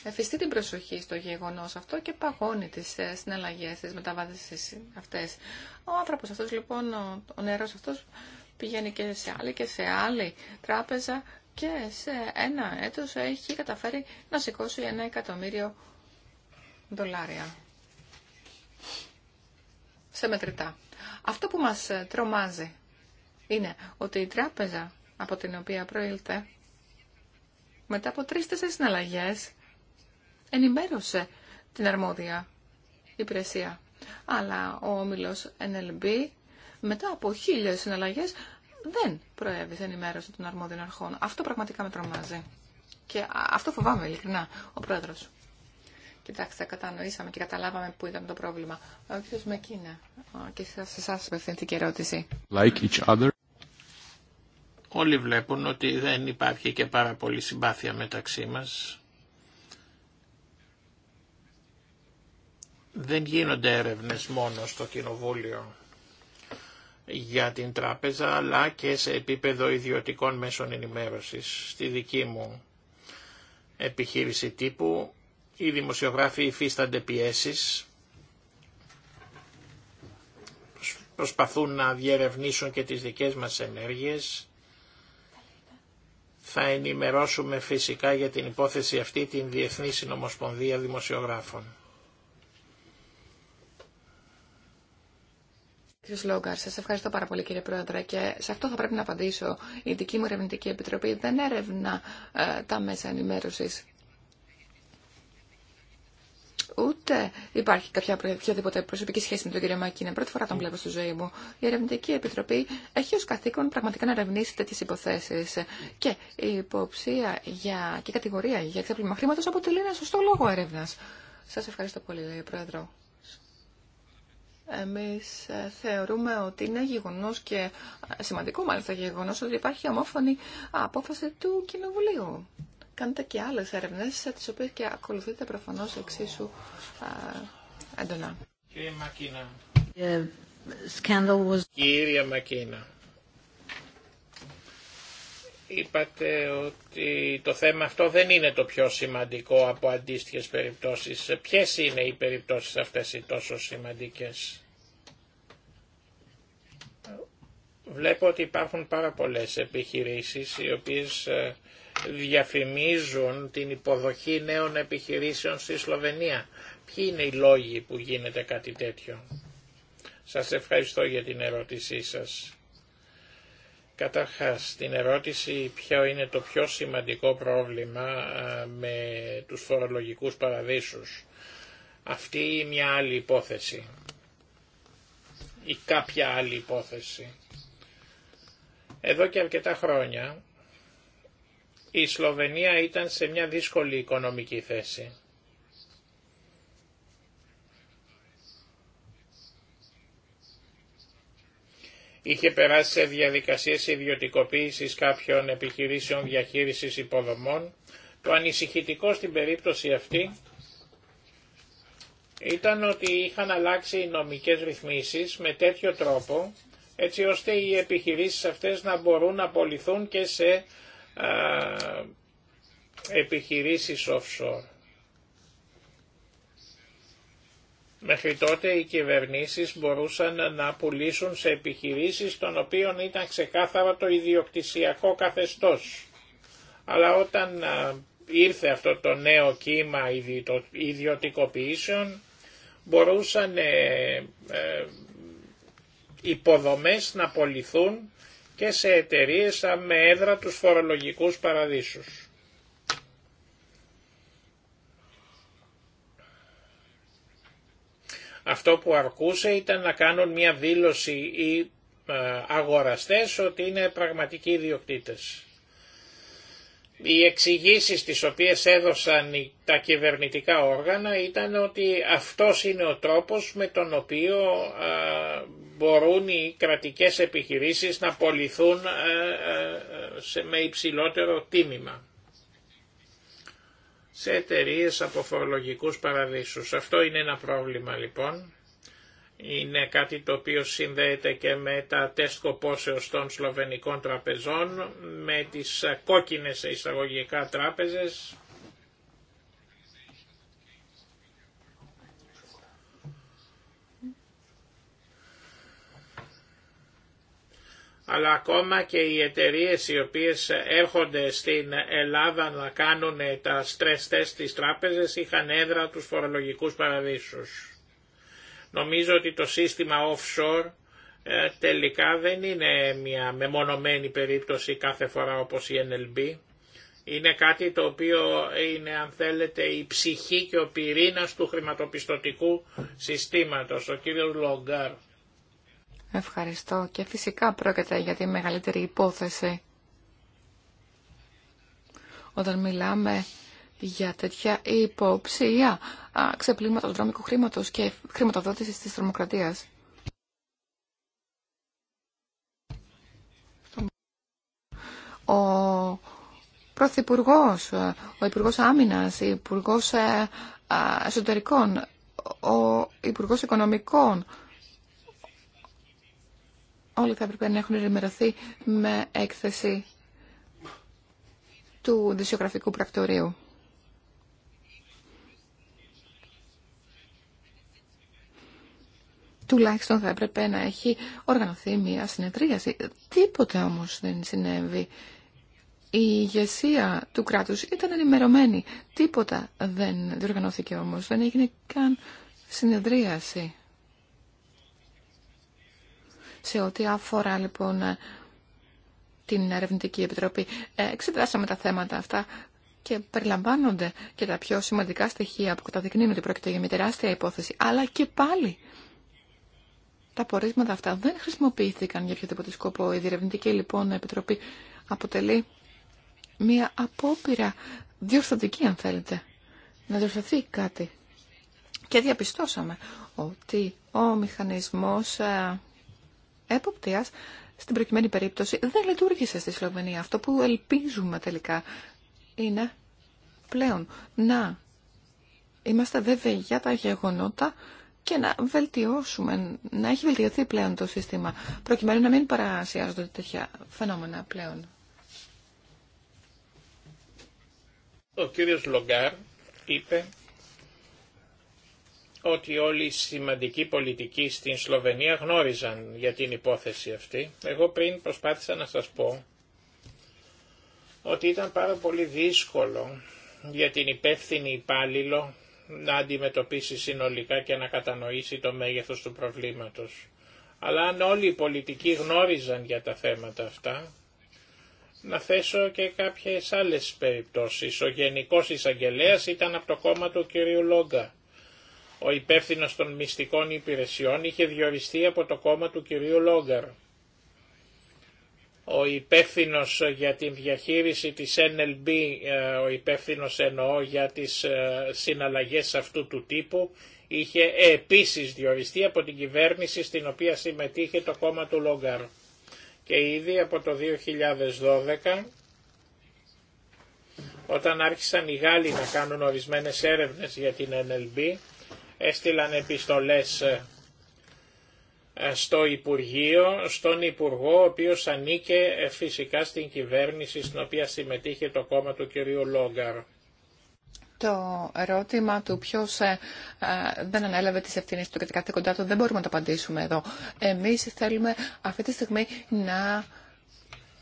εφιστεί την προσοχή στο γεγονός αυτό και παγώνει τι ε, συναλλαγέ τι μεταβάσεις αυτές. Ο άνθρωπο αυτός λοιπόν, ο, νερός αυτός πηγαίνει και σε άλλη και σε άλλη τράπεζα και σε ένα έτος έχει καταφέρει να σηκώσει ένα εκατομμύριο δολάρια σε μετρητά. Αυτό που μας τρομάζει είναι ότι η τράπεζα από την οποία προήλθε μετά από τρεις-τέσσερις συναλλαγές ενημέρωσε την αρμόδια υπηρεσία. Αλλά ο όμιλος NLB μετά από χίλιες συναλλαγές δεν προέβησε ενημέρωση των αρμόδιων αρχών. Αυτό πραγματικά με τρομάζει. Και αυτό φοβάμαι ειλικρινά ο πρόεδρος. Κοιτάξτε, κατανοήσαμε και καταλάβαμε πού ήταν το πρόβλημα. Ο κύριος Μεκίνα, και σε εσάς απευθύνθηκε ερώτηση.
Like each other. Όλοι βλέπουν ότι δεν υπάρχει και πάρα πολύ συμπάθεια μεταξύ μας. Δεν γίνονται έρευνες μόνο στο Κοινοβούλιο για την τράπεζα αλλά και σε επίπεδο ιδιωτικών μέσων ενημέρωσης. Στη δική μου επιχείρηση τύπου οι δημοσιογράφοι υφίστανται πιέσεις, προσπαθούν να διερευνήσουν και τις δικές μας ενέργειες. Θα ενημερώσουμε φυσικά για την υπόθεση αυτή την Διεθνή Συνομοσπονδία Δημοσιογράφων.
Κύριε Σλόγκαρ, σας ευχαριστώ πάρα πολύ κύριε Πρόεδρε και σε αυτό θα πρέπει να απαντήσω. Η δική μου ερευνητική επιτροπή δεν έρευνα ε, τα μέσα ενημέρωση. Ούτε υπάρχει κάποια οποιαδήποτε προσωπική σχέση με τον κύριο Μακίνε. Πρώτη φορά τον βλέπω στη ζωή μου. Η Ερευνητική Επιτροπή έχει ω καθήκον πραγματικά να ερευνήσει τέτοιε υποθέσει. Και η υποψία για... και η κατηγορία για ξέπλυμα χρήματο αποτελεί ένα σωστό λόγο έρευνα. Σα ευχαριστώ πολύ, Πρόεδρο. Εμείς ε, θεωρούμε ότι είναι γεγονός και σημαντικό μάλιστα γεγονός ότι υπάρχει ομόφωνη απόφαση του Κοινοβουλίου. Κάνετε και άλλες έρευνες, ε, τις οποίες και ακολουθείτε προφανώς εξίσου ε, έντονα.
Κύριε Μακίνα. Κύριε Μακίνα. Είπατε ότι το θέμα αυτό δεν είναι το πιο σημαντικό από αντίστοιχες περιπτώσεις. Ποιες είναι οι περιπτώσεις αυτές οι τόσο σημαντικές. Βλέπω ότι υπάρχουν πάρα πολλές επιχειρήσεις οι οποίες ε, διαφημίζουν την υποδοχή νέων επιχειρήσεων στη Σλοβενία. Ποιοι είναι οι λόγοι που γίνεται κάτι τέτοιο. Σας ευχαριστώ για την ερώτησή σας. Καταρχάς, την ερώτηση ποιο είναι το πιο σημαντικό πρόβλημα ε, με τους φορολογικούς παραδείσους. Αυτή ή μια άλλη υπόθεση ή κάποια άλλη υπόθεση. Εδώ και αρκετά χρόνια η Σλοβενία ήταν σε μια δύσκολη οικονομική θέση. είχε περάσει σε διαδικασίες ιδιωτικοποίησης κάποιων επιχειρήσεων διαχείρισης υποδομών. Το ανησυχητικό στην περίπτωση αυτή ήταν ότι είχαν αλλάξει οι νομικές ρυθμίσεις με τέτοιο τρόπο έτσι ώστε οι επιχειρήσεις αυτές να μπορούν να απολυθούν και σε α, επιχειρήσεις offshore. Μέχρι τότε οι κυβερνήσεις μπορούσαν να πουλήσουν σε επιχειρήσεις των οποίων ήταν ξεκάθαρα το ιδιοκτησιακό καθεστώς. Αλλά όταν ήρθε αυτό το νέο κύμα ιδιωτικοποιήσεων μπορούσαν ε, ε, υποδομές να πολιθούν και σε εταιρείες με έδρα τους φορολογικούς παραδείσους. Αυτό που αρκούσε ήταν να κάνουν μια δήλωση οι ε, αγοραστές ότι είναι πραγματικοί ιδιοκτήτες. Οι εξηγήσει τις οποίες έδωσαν τα κυβερνητικά όργανα ήταν ότι αυτός είναι ο τρόπος με τον οποίο ε, μπορούν οι κρατικές επιχειρήσεις να πολιθούν ε, με υψηλότερο τίμημα σε εταιρείε από φορολογικού παραδείσους. Αυτό είναι ένα πρόβλημα λοιπόν. Είναι κάτι το οποίο συνδέεται και με τα τεστ κοπόσεως των σλοβενικών τραπεζών, με τις κόκκινες εισαγωγικά τράπεζες, αλλά ακόμα και οι εταιρείες οι οποίες έρχονται στην Ελλάδα να κάνουν τα stress test της τράπεζες είχαν έδρα τους φορολογικούς παραδείσους. Νομίζω ότι το σύστημα offshore ε, τελικά δεν είναι μια μεμονωμένη περίπτωση κάθε φορά όπως η NLB. Είναι κάτι το οποίο είναι αν θέλετε η ψυχή και ο πυρήνας του χρηματοπιστωτικού συστήματος, ο κύριος Λογκάρ.
Ευχαριστώ και φυσικά πρόκειται για τη μεγαλύτερη υπόθεση. Όταν μιλάμε για τέτοια υποψία του δρόμικου χρήματος και χρηματοδότησης της τρομοκρατίας. Ο πρωθυπουργός, ο Υπουργό άμυνας, ο Υπουργό ε, Εσωτερικών, ο Υπουργό Οικονομικών, όλοι θα έπρεπε να έχουν ενημερωθεί με έκθεση του δυσιογραφικού πρακτορείου. Τουλάχιστον θα έπρεπε να έχει οργανωθεί μια συνεδρίαση. Τίποτε όμως δεν συνέβη. Η ηγεσία του κράτους ήταν ενημερωμένη. Τίποτα δεν διοργανώθηκε όμως. Δεν έγινε καν συνεδρίαση. Σε ό,τι αφορά λοιπόν την Ερευνητική Επιτροπή, ε, εξετάσαμε τα θέματα αυτά και περιλαμβάνονται και τα πιο σημαντικά στοιχεία που καταδεικνύουν ότι πρόκειται για μια τεράστια υπόθεση. Αλλά και πάλι τα πορίσματα αυτά δεν χρησιμοποιήθηκαν για οποιοδήποτε σκοπό. Η Διερευνητική λοιπόν Επιτροπή αποτελεί μια απόπειρα διορθωτική αν θέλετε. Να διορθωθεί κάτι. Και διαπιστώσαμε ότι ο μηχανισμός ε, εποπτεία, στην προκειμένη περίπτωση δεν λειτουργήσε στη Σλοβενία. Αυτό που ελπίζουμε τελικά είναι πλέον να είμαστε βέβαιοι για τα γεγονότα και να βελτιώσουμε, να έχει βελτιωθεί πλέον το σύστημα, προκειμένου να μην παρασιάζονται τέτοια φαινόμενα πλέον.
Ο κύριος Λογκάρ είπε ότι όλοι οι σημαντικοί πολιτικοί στην Σλοβενία γνώριζαν για την υπόθεση αυτή. Εγώ πριν προσπάθησα να σας πω ότι ήταν πάρα πολύ δύσκολο για την υπεύθυνη υπάλληλο να αντιμετωπίσει συνολικά και να κατανοήσει το μέγεθος του προβλήματος. Αλλά αν όλοι οι πολιτικοί γνώριζαν για τα θέματα αυτά, να θέσω και κάποιες άλλες περιπτώσεις. Ο Γενικός Εισαγγελέας ήταν από το κόμμα του κ. Λόγκα. Ο υπεύθυνος των μυστικών υπηρεσιών είχε διοριστεί από το κόμμα του κυρίου Λόγκαρ. Ο υπεύθυνο για την διαχείριση της NLB, ε, ο υπεύθυνο εννοώ για τις ε, συναλλαγές αυτού του τύπου, είχε επίσης διοριστεί από την κυβέρνηση στην οποία συμμετείχε το κόμμα του Λόγκαρ. Και ήδη από το 2012 όταν άρχισαν οι Γάλλοι να κάνουν ορισμένες έρευνες για την NLB, έστειλαν επιστολές ε, ε, στο Υπουργείο, στον Υπουργό, ο οποίος ανήκε ε, φυσικά στην κυβέρνηση στην οποία συμμετείχε το κόμμα του κυρίου Λόγκαρ.
Το ερώτημα του ποιο δεν ανέλαβε τι ευθύνε του και τα κοντά του δεν μπορούμε να το απαντήσουμε εδώ. Εμεί θέλουμε αυτή τη στιγμή να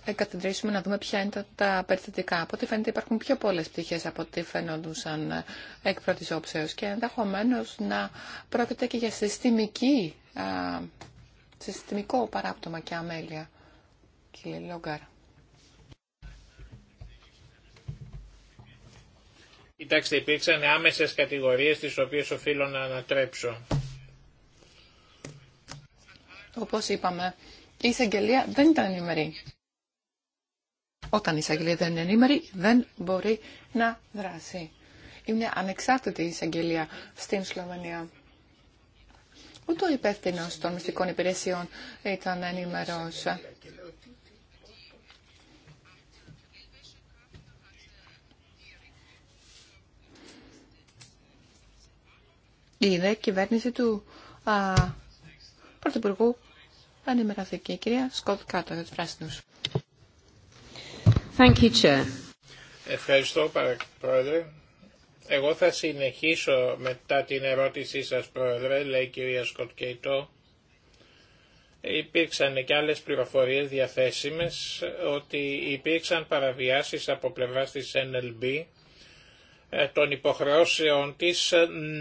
εγκαθιδρύσουμε να δούμε ποια είναι τα, περιθετικά. περιστατικά. Από ό,τι φαίνεται υπάρχουν πιο πολλές πτυχές από ό,τι φαινόντουσαν ε, εκ πρώτης όψεως και ενδεχομένω να πρόκειται και για συστημική, ε, συστημικό παράπτωμα και αμέλεια. Κύριε Λόγκαρ.
Κοιτάξτε, υπήρξαν άμεσες κατηγορίες τις οποίες οφείλω να ανατρέψω.
Όπως είπαμε, η εισαγγελία δεν ήταν ενημερή. Όταν η εισαγγελία δεν είναι ενήμερη, δεν μπορεί να δράσει. Είναι ανεξάρτητη η εισαγγελία στην Σλοβενία. Ούτε ο υπεύθυνο των μυστικών υπηρεσιών ήταν ενήμερο. Η δε κυβέρνηση του α, Πρωθυπουργού ενημερώθηκε. Η κυρία Σκοτ Κάτω για του πράσινου.
Ευχαριστώ, Πρόεδρε. Εγώ θα συνεχίσω μετά την ερώτησή σας, Πρόεδρε, λέει η κυρία Κέιτο. Υπήρξαν και άλλες πληροφορίες διαθέσιμες ότι υπήρξαν παραβιάσεις από πλευράς της NLB ε, των υποχρεώσεων της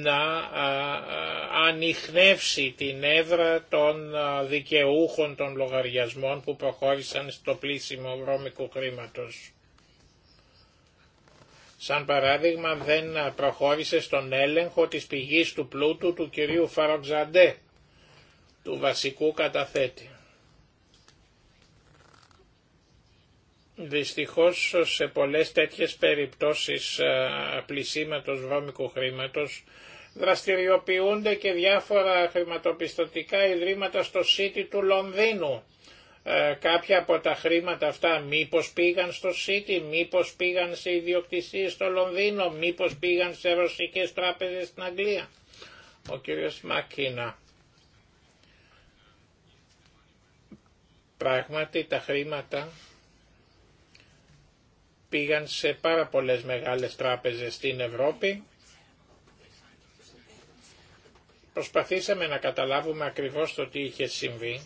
να ε, ε, ανοιχνεύσει την έδρα των δικαιούχων των λογαριασμών που προχώρησαν στο πλήσιμο βρώμικου χρήματος. Σαν παράδειγμα δεν προχώρησε στον έλεγχο της πηγής του πλούτου του κυρίου Φαροξαντέ, του βασικού καταθέτη. Δυστυχώς σε πολλές τέτοιες περιπτώσεις ε, πλησίματος βρώμικου χρήματος δραστηριοποιούνται και διάφορα χρηματοπιστωτικά ιδρύματα στο City του Λονδίνου. Ε, κάποια από τα χρήματα αυτά μήπως πήγαν στο City, μήπως πήγαν σε ιδιοκτησίες στο Λονδίνο, μήπως πήγαν σε ρωσικές τράπεζες στην Αγγλία. Ο κύριος Μακίνα. Πράγματι τα χρήματα πήγαν σε πάρα πολλές μεγάλες τράπεζες στην Ευρώπη. Προσπαθήσαμε να καταλάβουμε ακριβώς το τι είχε συμβεί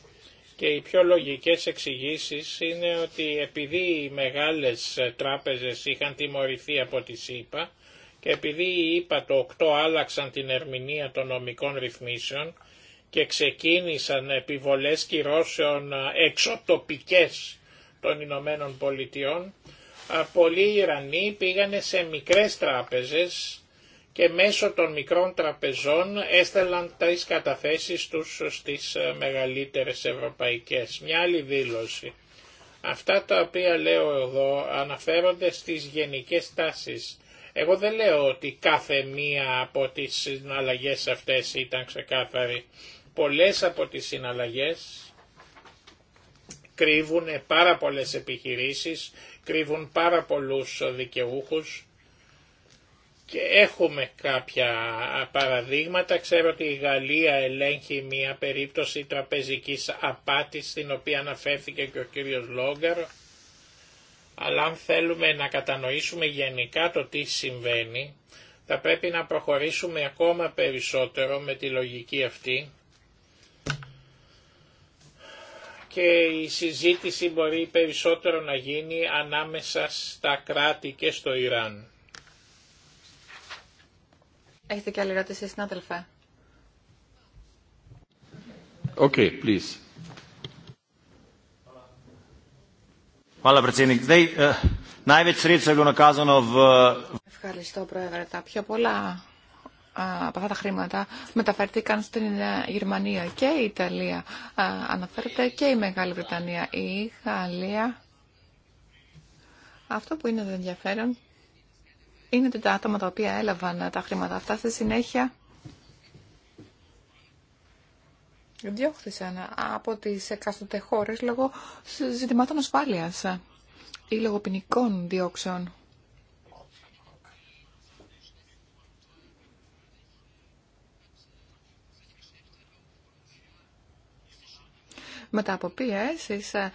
και οι πιο λογικές εξηγήσει είναι ότι επειδή οι μεγάλες τράπεζες είχαν τιμωρηθεί από τη ΣΥΠΑ και επειδή οι ΙΠΑ το 8 άλλαξαν την ερμηνεία των νομικών ρυθμίσεων και ξεκίνησαν επιβολές κυρώσεων εξωτοπικές των Ηνωμένων Πολιτειών, πολλοί Ιρανοί πήγανε σε μικρές τράπεζες και μέσω των μικρών τραπεζών έστελαν τις καταθέσεις τους στις ε, μεγαλύτερες ευρωπαϊκές. Μια άλλη δήλωση. Αυτά τα οποία λέω εδώ αναφέρονται στις γενικές τάσεις. Εγώ δεν λέω ότι κάθε μία από τις συναλλαγές αυτές ήταν ξεκάθαρη. Πολλές από τις συναλλαγές κρύβουν πάρα πολλές επιχειρήσεις κρύβουν πάρα πολλούς δικαιούχους και έχουμε κάποια παραδείγματα. Ξέρω ότι η Γαλλία ελέγχει μια περίπτωση τραπεζικής απάτης στην οποία αναφέρθηκε και ο κύριος Λόγκαρ. Αλλά αν θέλουμε να κατανοήσουμε γενικά το τι συμβαίνει, θα πρέπει να προχωρήσουμε ακόμα περισσότερο με τη λογική αυτή και η συζήτηση μπορεί περισσότερο να γίνει ανάμεσα στα κράτη και στο Ιράν.
Έχετε και άλλη ερώτηση, συνάδελφε.
Okay, please. Eh,
Ευχαριστώ, Πρόεδρε. Τα πιο πολλά από αυτά τα χρήματα μεταφέρθηκαν στην ε, Γερμανία και η Ιταλία αναφέρεται και η Μεγάλη Βρετανία η Γαλλία αυτό που είναι το ενδιαφέρον είναι ότι τα άτομα τα οποία έλαβαν τα χρήματα αυτά στη συνέχεια διώχθησαν από τις εκάστοτε χώρες λόγω ζητημάτων ασφάλειας ή λόγω ποινικών διώξεων. μετά από αποπίεσει ε,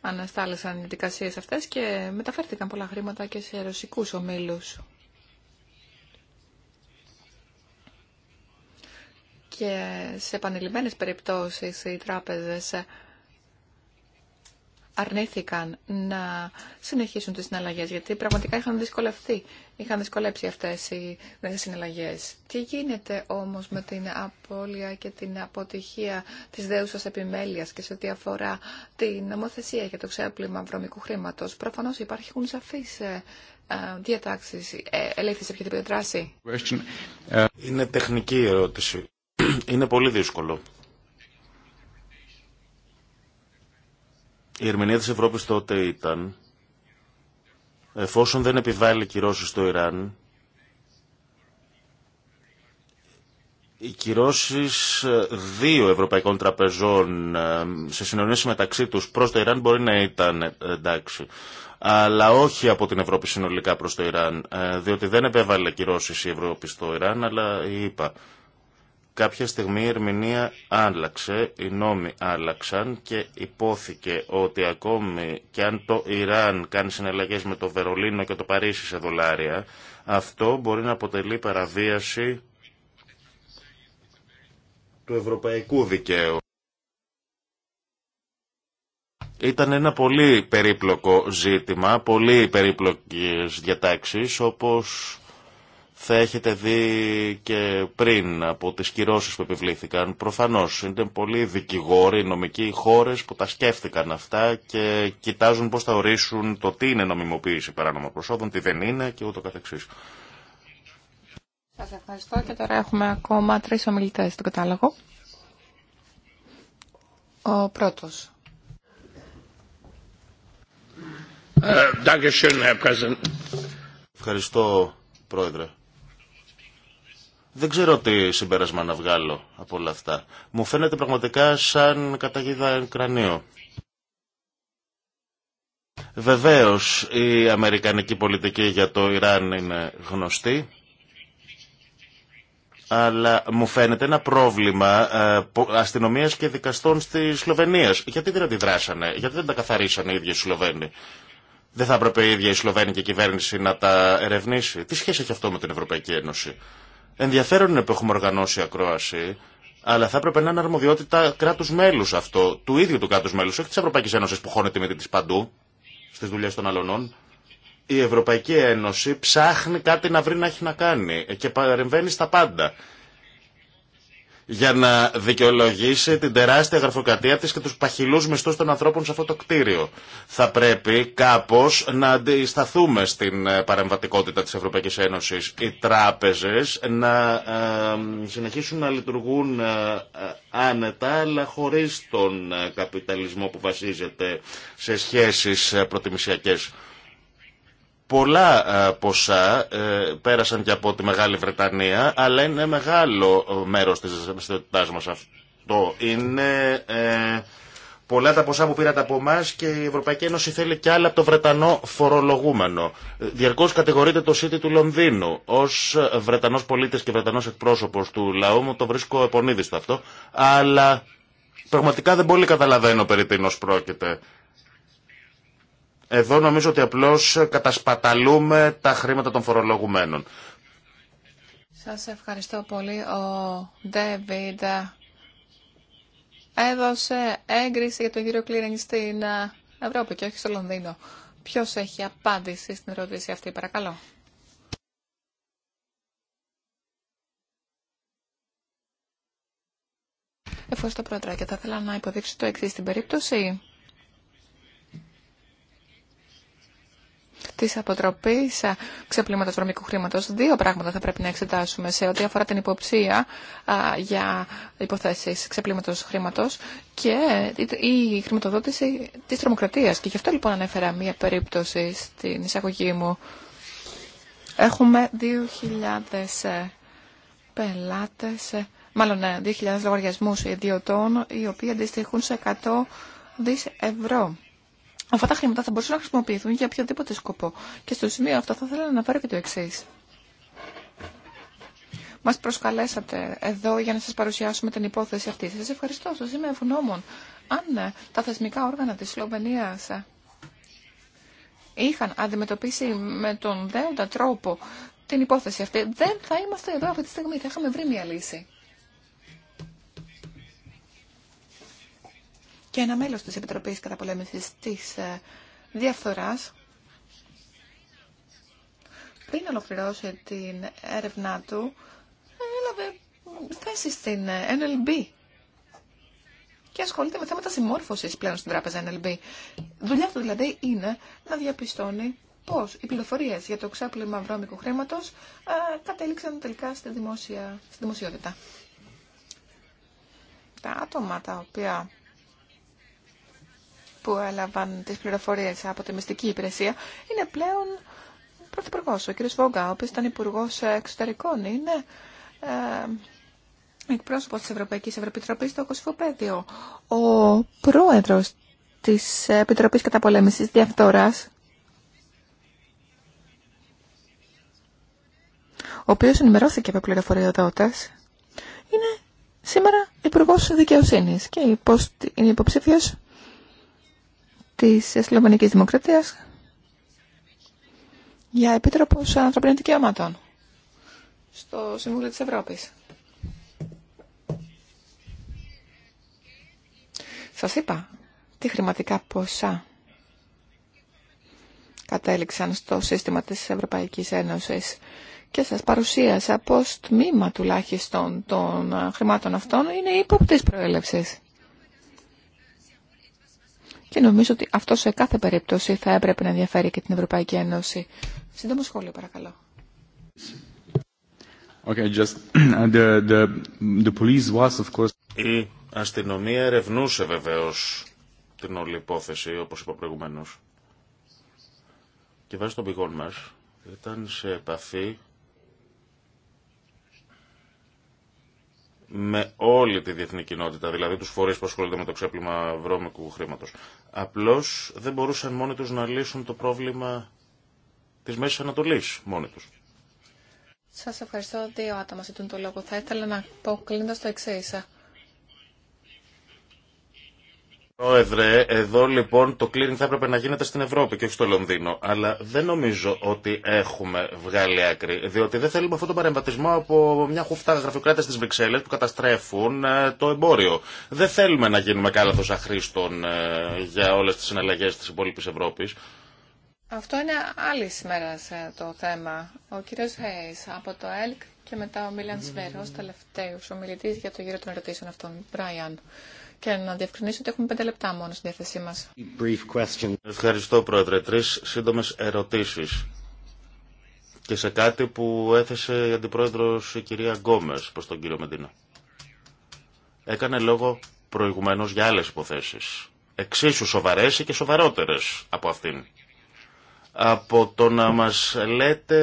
αναστάλησαν οι δικασίε αυτές και μεταφέρθηκαν πολλά χρήματα και σε ρωσικούς ομίλους. Και σε επανειλημμένες περιπτώσεις οι τράπεζες αρνήθηκαν να συνεχίσουν τις συναλλαγές, γιατί πραγματικά είχαν δυσκολευτεί, είχαν δυσκολέψει αυτές οι συναλλαγές. Τι γίνεται όμως με την απώλεια και την αποτυχία της δέουσας επιμέλειας και σε ό,τι αφορά την νομοθεσία για το ξέπλυμα βρωμικού χρήματος. Προφανώς υπάρχουν σαφείς ε, ε, διατάξεις, ε, ελέγχθη σε ποια δράση.
Είναι τεχνική ερώτηση. Είναι πολύ δύσκολο. Η ερμηνεία της Ευρώπης τότε ήταν εφόσον δεν επιβάλλει κυρώσεις στο Ιράν οι κυρώσεις ε, δύο ευρωπαϊκών τραπεζών ε, σε συνονίσεις μεταξύ τους προς το Ιράν μπορεί να ήταν ε, εντάξει αλλά όχι από την Ευρώπη συνολικά προς το Ιράν διότι δεν επέβαλε κυρώσεις η Ευρώπη στο Ιράν αλλά η ΕΠΑ. Κάποια στιγμή η ερμηνεία άλλαξε, οι νόμοι άλλαξαν και υπόθηκε ότι ακόμη και αν το Ιράν κάνει συναλλαγές με το Βερολίνο και το Παρίσι σε δολάρια, αυτό μπορεί να αποτελεί παραβίαση του ευρωπαϊκού δικαίου. Ήταν ένα πολύ περίπλοκο ζήτημα, πολύ περίπλοκες διατάξεις, όπως θα έχετε δει και πριν από τις κυρώσεις που επιβλήθηκαν. Προφανώς είναι πολλοί δικηγόροι, νομικοί χώρες που τα σκέφτηκαν αυτά και κοιτάζουν πώς θα ορίσουν το τι είναι νομιμοποίηση παράνομα προσόδων, τι δεν είναι και ούτω καθεξής.
Σας ευχαριστώ και τώρα έχουμε ακόμα τρεις ομιλητές στον κατάλογο. Ο πρώτος.
Ε, ευχαριστώ, Πρόεδρε. Δεν ξέρω τι συμπέρασμα να βγάλω από όλα αυτά. Μου φαίνεται πραγματικά σαν καταγίδα κρανίο. Βεβαίως η αμερικανική πολιτική για το Ιράν είναι γνωστή αλλά μου φαίνεται ένα πρόβλημα ε, αστυνομία και δικαστών στη Σλοβενία. Γιατί δεν αντιδράσανε, γιατί δεν τα καθαρίσανε οι ίδιοι οι Σλοβαίνοι. Δεν θα έπρεπε η ίδια η Σλοβένικη κυβέρνηση να τα ερευνήσει. Τι σχέση έχει αυτό με την Ευρωπαϊκή Ένωση. Ενδιαφέρον είναι που έχουμε οργανώσει ακρόαση, αλλά θα έπρεπε να είναι αρμοδιότητα κράτου μέλου αυτό, του ίδιου του κράτου μέλου, όχι τη Ευρωπαϊκή Ένωση που χώνεται με τη παντού στι δουλειέ των αλωνών. Η Ευρωπαϊκή Ένωση ψάχνει κάτι να βρει να έχει να κάνει και παρεμβαίνει στα πάντα για να δικαιολογήσει την τεράστια γραφοκρατία της και τους παχυλούς μισθούς των ανθρώπων σε αυτό το κτίριο. Θα πρέπει κάπως να αντισταθούμε στην ε, παρεμβατικότητα της Ευρωπαϊκής Ένωσης. Οι τράπεζες να ε, συνεχίσουν να λειτουργούν ε, άνετα αλλά χωρίς τον καπιταλισμό που βασίζεται σε σχέσεις προτιμησιακές. Πολλά ε, ποσά ε, πέρασαν και από τη Μεγάλη Βρετανία, αλλά είναι μεγάλο ε, μέρος της ευαισθητότητάς μας αυτό. Είναι πολλά τα ποσά που πήρατε από εμά και η Ευρωπαϊκή Ένωση θέλει και άλλα από το Βρετανό φορολογούμενο. Διαρκώ κατηγορείται το City του Λονδίνου. Ως Βρετανός πολίτης και Βρετανός εκπρόσωπος του λαού μου το βρίσκω επωνίδιστο αυτό. Αλλά πραγματικά δεν πολύ καταλαβαίνω περί τίνος πρόκειται. Εδώ νομίζω ότι απλώς κατασπαταλούμε τα χρήματα των φορολογουμένων.
Σας ευχαριστώ πολύ. Ο Ντέβιντ έδωσε έγκριση για τον κύριο Κλήρινγκ στην ε, Ευρώπη και όχι στο Λονδίνο. Ποιος έχει απάντηση στην ερώτηση αυτή, παρακαλώ. Ευχαριστώ, Πρόεδρε, και θα ήθελα να υποδείξω το εξή στην περίπτωση Τη αποτροπή ε, ξεπλήματο βρωμικού χρήματο. Δύο πράγματα θα πρέπει να εξετάσουμε σε ό,τι αφορά την υποψία ε, για υποθέσει ξεπλήματο χρήματο και η χρηματοδότηση της τρομοκρατίας. Και γι' αυτό λοιπόν ανέφερα μία περίπτωση στην εισαγωγή μου. Έχουμε 2.000 ε, πελάτες, μάλλον 2.000 λογαριασμούς ιδιωτών, οι οποίοι αντιστοιχούν σε 100 δις ευρώ. Αυτά τα χρήματα θα μπορούσαν να χρησιμοποιηθούν για οποιοδήποτε σκοπό. Και στο σημείο αυτό θα ήθελα να αναφέρω και το εξή. Μας προσκαλέσατε εδώ για να σας παρουσιάσουμε την υπόθεση αυτή. Σας ευχαριστώ, σας είμαι ευγνώμων. Αν ε, τα θεσμικά όργανα της Σλοβενία ε, είχαν αντιμετωπίσει με τον δέοντα τρόπο την υπόθεση αυτή, δεν θα είμαστε εδώ αυτή τη στιγμή, θα είχαμε βρει μια λύση. και ένα μέλος της Επιτροπής Καταπολέμησης της ε, Διαφθοράς πριν ολοκληρώσει την έρευνά του έλαβε θέση στην ε, NLB και ασχολείται με θέματα συμμόρφωσης πλέον στην τράπεζα NLB. Δουλειά του δηλαδή είναι να διαπιστώνει πώς οι πληροφορίες για το ξάπλυμα βρώμικου χρήματος ε, κατέληξαν τελικά στη, δημόσια, στη δημοσιότητα. Τα άτομα τα οποία που έλαβαν τις πληροφορίες από τη μυστική υπηρεσία είναι πλέον πρωθυπουργός. Ο κ. Βόγκα, ο οποίος ήταν υπουργό εξωτερικών, είναι ε, εκπρόσωπος της Ευρωπαϊκής Ευρωπιτροπής στο Κοσφοπέδιο. Ο πρόεδρος της Επιτροπής Καταπολέμησης Διαφθοράς, ο οποίος ενημερώθηκε από πληροφοριοδότες, είναι σήμερα υπουργό δικαιοσύνη και είναι υποψήφιος της Σλοβενικής Δημοκρατίας για Επίτροπος Ανθρωπίνων Δικαιωμάτων στο Συμβούλιο της Ευρώπης. Σας είπα τι χρηματικά ποσά κατέληξαν στο σύστημα της Ευρωπαϊκής Ένωσης και σας παρουσίασα πως τμήμα τουλάχιστον των χρημάτων αυτών είναι ύποπτης προέλευσης. Και νομίζω ότι αυτό σε κάθε περίπτωση θα έπρεπε να ενδιαφέρει και την Ευρωπαϊκή Ένωση. Σύντομο σχόλιο, παρακαλώ.
Okay, just the, the, the police was, of course... Η αστυνομία ερευνούσε βεβαίως την όλη υπόθεση, όπως είπα προηγουμένω. Και βάσει των πηγών μα ήταν σε επαφή με όλη τη διεθνή κοινότητα, δηλαδή τους φορείς που ασχολούνται με το ξέπλυμα βρώμικου χρήματος. Απλώς δεν μπορούσαν μόνοι τους να λύσουν το πρόβλημα της Μέσης Ανατολής μόνοι τους.
Σας ευχαριστώ. Δύο άτομα ζητούν το λόγο. Θα ήθελα να πω κλείνοντας το εξή.
Πρόεδρε, εδώ λοιπόν το clearing θα έπρεπε να γίνεται στην Ευρώπη και όχι στο Λονδίνο. Αλλά δεν νομίζω ότι έχουμε βγάλει άκρη. Διότι δεν θέλουμε αυτόν τον παρεμβατισμό από μια χούφτα γραφειοκράτε τη Βρυξέλλε που καταστρέφουν ε, το εμπόριο. Δεν θέλουμε να γίνουμε κάλαθο αχρήστων ε, για όλε τι συναλλαγέ τη υπόλοιπη Ευρώπη.
Αυτό είναι άλλη ημέρα το θέμα. Ο κύριο Χέι από το ΕΛΚ και μετά ο Μίλαν Σβέρο, τελευταίο ομιλητή για το γύρο των ερωτήσεων αυτών. Brian και να διευκρινίσω ότι έχουμε πέντε λεπτά μόνο στη διάθεσή μας.
Ευχαριστώ Πρόεδρε. Τρεις σύντομες ερωτήσεις. Και σε κάτι που έθεσε η αντιπρόεδρο η κυρία Γκόμες προ τον κύριο Μεντίνα. Έκανε λόγο προηγουμένω για άλλε υποθέσει. Εξίσου σοβαρέ ή και σοβαρότερε από αυτήν. Από το να μας λέτε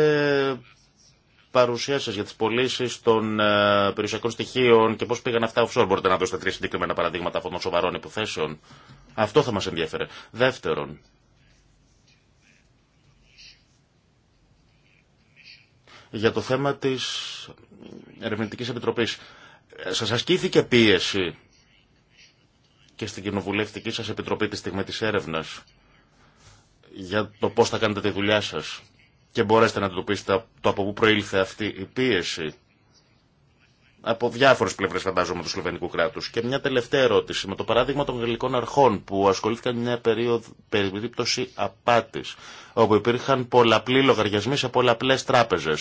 παρουσία σα για τι πωλήσει των ε, περιουσιακών στοιχείων και πώ πήγαν αυτά offshore. Μπορείτε να δώσετε τρει συγκεκριμένα παραδείγματα αυτών των σοβαρών υποθέσεων. Αυτό θα μα ενδιαφέρε. Δεύτερον, για το θέμα τη Ερευνητική Επιτροπή. Ε, σα ασκήθηκε πίεση και στην κοινοβουλευτική σας επιτροπή τη στιγμή της έρευνας για το πώς θα κάνετε τη δουλειά σας και μπορέσετε να αντιμετωπίσετε το από πού προήλθε αυτή η πίεση από διάφορε πλευρέ, φαντάζομαι, του σλοβενικού κράτου. Και μια τελευταία ερώτηση. Με το παράδειγμα των γαλλικών αρχών που ασχολήθηκαν μια περίοδο, περίπτωση απάτη, όπου υπήρχαν πολλαπλοί λογαριασμοί σε πολλαπλέ τράπεζε.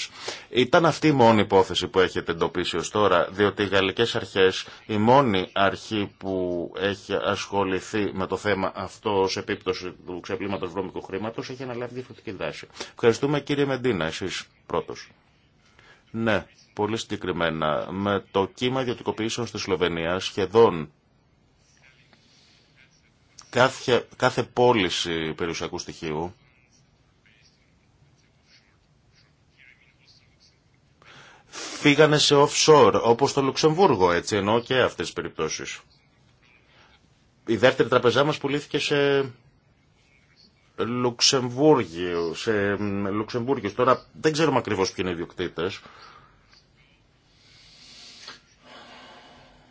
Ήταν αυτή η μόνη υπόθεση που έχετε εντοπίσει ω τώρα, διότι οι γαλλικέ αρχέ, η μόνη αρχή που έχει ασχοληθεί με το θέμα αυτό ω επίπτωση του ξεπλήματο βρώμικου χρήματο, έχει αναλάβει διαφορετική δράση. Ευχαριστούμε κύριε Μεντίνα, εσεί πρώτο. Ναι, πολύ συγκεκριμένα. Με το κύμα ιδιωτικοποιήσεων στη Σλοβενία σχεδόν κάθε, κάθε πώληση περιουσιακού στοιχείου φύγανε σε offshore, όπως το Λουξεμβούργο, έτσι, ενώ και αυτές τις περιπτώσεις. Η δεύτερη τραπεζά μας πουλήθηκε σε Λουξεμβούργιο, σε Λουξεμβούργιο. Τώρα δεν ξέρουμε ακριβώς ποιοι είναι οι διοκτήτες.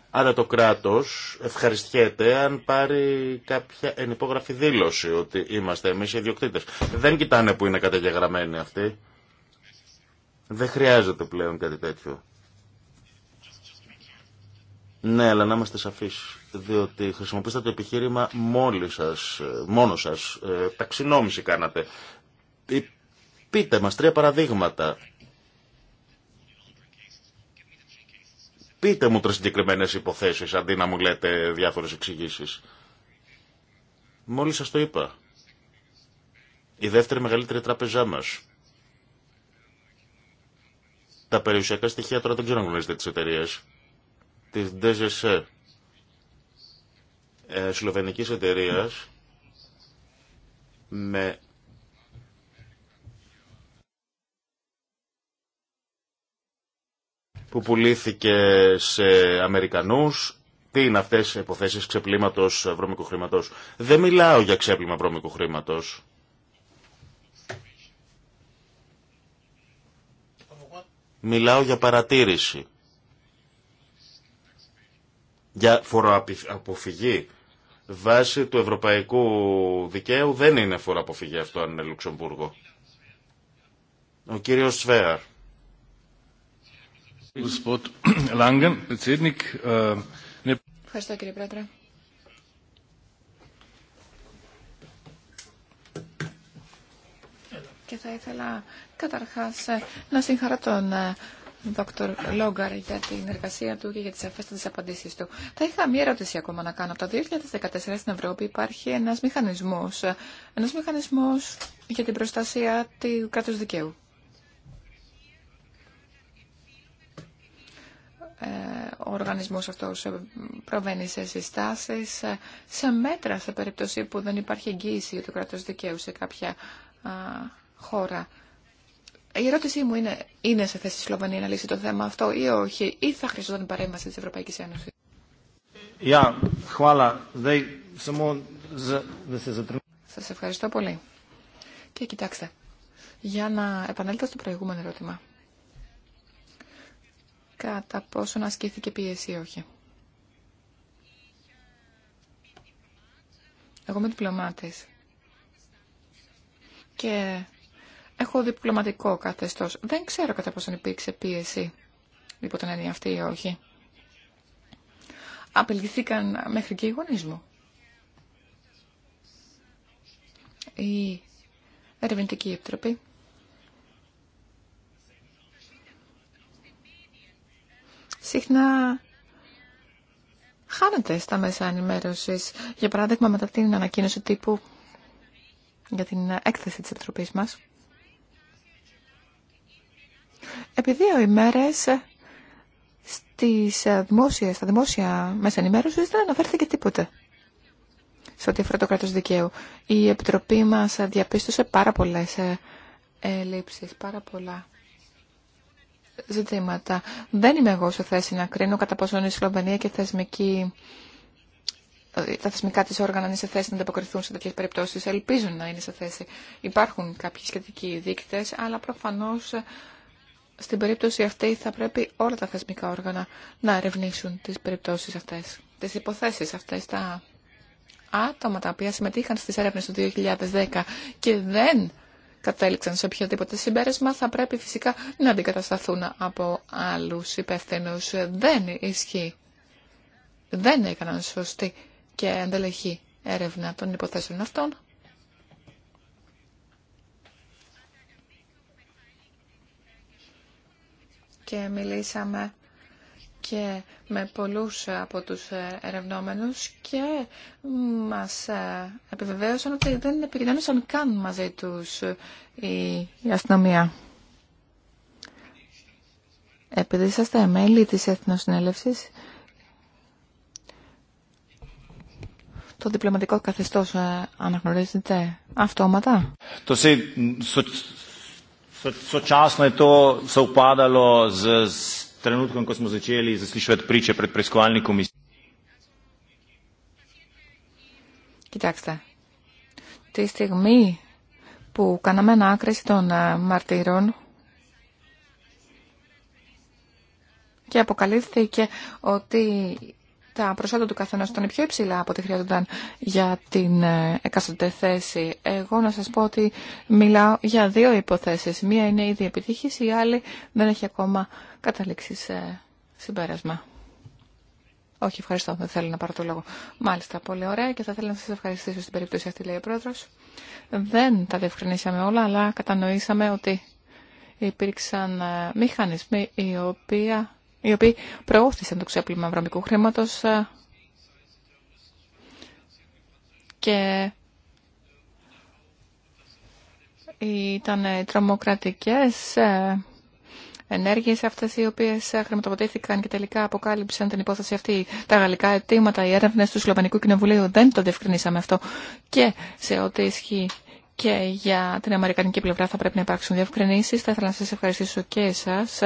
Άρα το κράτος ευχαριστιέται αν πάρει κάποια ενυπόγραφη δήλωση ότι είμαστε εμείς οι ιδιοκτήτες. Δεν κοιτάνε που είναι καταγεγραμμένοι αυτοί. Δεν χρειάζεται πλέον κάτι τέτοιο. Ναι, αλλά να είμαστε σαφείς, διότι χρησιμοποιήσατε το επιχείρημα μόλι σας, μόνο σας, ε, ταξινόμηση κάνατε. Ε, πείτε μας τρία παραδείγματα Πείτε μου τρεις συγκεκριμένες υποθέσεις, αντί να μου λέτε διάφορες εξηγήσεις. Μόλις σας το είπα. Η δεύτερη μεγαλύτερη τράπεζά μας. Τα περιουσιακά στοιχεία τώρα δεν ξέρω αν γνωρίζετε τις εταιρείες. Της DGC. Ε, Σλοβενικής εταιρείας με που πουλήθηκε σε Αμερικανούς. Τι είναι αυτές οι υποθέσεις ξεπλήματος βρώμικου χρήματος. Δεν μιλάω για ξέπλυμα βρώμικου χρήματος. Μιλάω για παρατήρηση. Για φοροαποφυγή. Βάσει του ευρωπαϊκού δικαίου δεν είναι φοροαποφυγή αυτό αν είναι Λουξεμβούργο. Ο κύριος Σφέαρ.
Eh, Ευχαριστώ κύριε Πρόεδρε. Και θα ήθελα καταρχάς ε, να συγχαρώ τον ε, Δόκτωρ Λόγκαρ για την εργασία του και για τις αφέστατε απαντήσει του. Θα είχα μία ερώτηση ακόμα να κάνω. Από το 2014 στην Ευρώπη υπάρχει ένα μηχανισμό ε, ένας μηχανισμός για την προστασία του κρατου δικαίου. Ε, ο οργανισμός αυτός ε, προβαίνει σε συστάσεις, ε, σε μέτρα σε περίπτωση που δεν υπάρχει εγγύηση για το κράτος δικαίου σε κάποια χώρα. Η ερώτησή μου είναι, είναι σε θέση η Σλοβενία να λύσει το θέμα αυτό ή όχι, ή θα χρειαζόταν παρέμβαση της Ευρωπαϊκής Ένωσης.
Yeah,
Σας ευχαριστώ πολύ. Και κοιτάξτε, για να επανέλθω στο προηγούμενο ερώτημα κατά να ασκήθηκε πίεση ή όχι. Εγώ είμαι διπλωμάτης και έχω διπλωματικό καθεστώς. Δεν ξέρω κατά πόσον υπήρξε πίεση υπό την έννοια αυτή ή όχι. Απελγηθήκαν μέχρι και οι γονείς μου. Η Ερευνητική Επιτροπή συχνά χάνεται στα μέσα ενημέρωσης. Για παράδειγμα, μετά την ανακοίνωση τύπου για την έκθεση της Επιτροπής μας. Επί δύο ημέρες ε, δημόσια, στα δημόσια μέσα ενημέρωση δεν αναφέρθηκε τίποτε σε ό,τι αφορά το κράτος δικαίου. Η Επιτροπή μας διαπίστωσε πάρα πολλές ε, ελλείψεις, πάρα πολλά ζητήματα. Δεν είμαι εγώ σε θέση να κρίνω κατά πόσο η Σλοβενία και θεσμική, ε, τα θεσμικά της όργανα είναι σε θέση να ανταποκριθούν σε τέτοιε περιπτώσεις. Ελπίζουν να είναι σε θέση. Υπάρχουν κάποιοι σχετικοί δείκτες, αλλά προφανώς ε, στην περίπτωση αυτή θα πρέπει όλα τα θεσμικά όργανα να ερευνήσουν τις περιπτώσεις αυτές, τις υποθέσεις αυτές, τα άτομα τα οποία συμμετείχαν στις έρευνε του 2010 και δεν κατέληξαν σε οποιοδήποτε συμπέρασμα θα πρέπει φυσικά να αντικατασταθούν από άλλους υπεύθυνου. Δεν ισχύει. Δεν έκαναν σωστή και ανταλλαγή έρευνα των υποθέσεων αυτών. Και μιλήσαμε και με πολλούς από τους ερευνόμενους και μας επιβεβαίωσαν ότι δεν επικοινωνούσαν καν μαζί τους η αστυνομία. Επειδή είσαστε μέλη της Εθνοσυνέλευσης, το διπλωματικό καθεστώς αναγνωρίζεται αυτόματα. Το
σε trenutkom, ko smo začeli zaslišati priče pred preiskovalni komisiji.
Κοιτάξτε, mi στιγμή που κάναμε kresto na martiron. και αποκαλύφθηκε ότι τα προσόντα του καθενό ήταν πιο υψηλά από ό,τι χρειαζόταν για την ε, εκάστοτε θέση. Εγώ να σα πω ότι μιλάω για δύο υποθέσει. Μία είναι ήδη επιτυχηση ή η άλλη δεν έχει ακόμα καταλήξει σε συμπέρασμα. Όχι, ευχαριστώ. Δεν θέλω να πάρω το λόγο. Μάλιστα, πολύ ωραία και θα ήθελα να σα ευχαριστήσω στην περίπτωση αυτή, λέει ο πρόεδρο. Δεν τα διευκρινίσαμε όλα, αλλά κατανοήσαμε ότι υπήρξαν ε, μηχανισμοί οι οποίοι οι οποίοι προώθησαν το ξέπλυμα βρωμικού χρήματος ε, και ήταν τρομοκρατικές ε, ενέργειες αυτές οι οποίες ε, χρηματοποτήθηκαν και τελικά αποκάλυψαν την υπόθεση αυτή. Τα γαλλικά αιτήματα, οι έρευνε του Σλοβανικού Κοινοβουλίου δεν το διευκρινίσαμε αυτό και σε ό,τι ισχύει και για την αμερικανική πλευρά θα πρέπει να υπάρξουν διευκρινήσεις. Θα ήθελα να σας ευχαριστήσω και εσάς,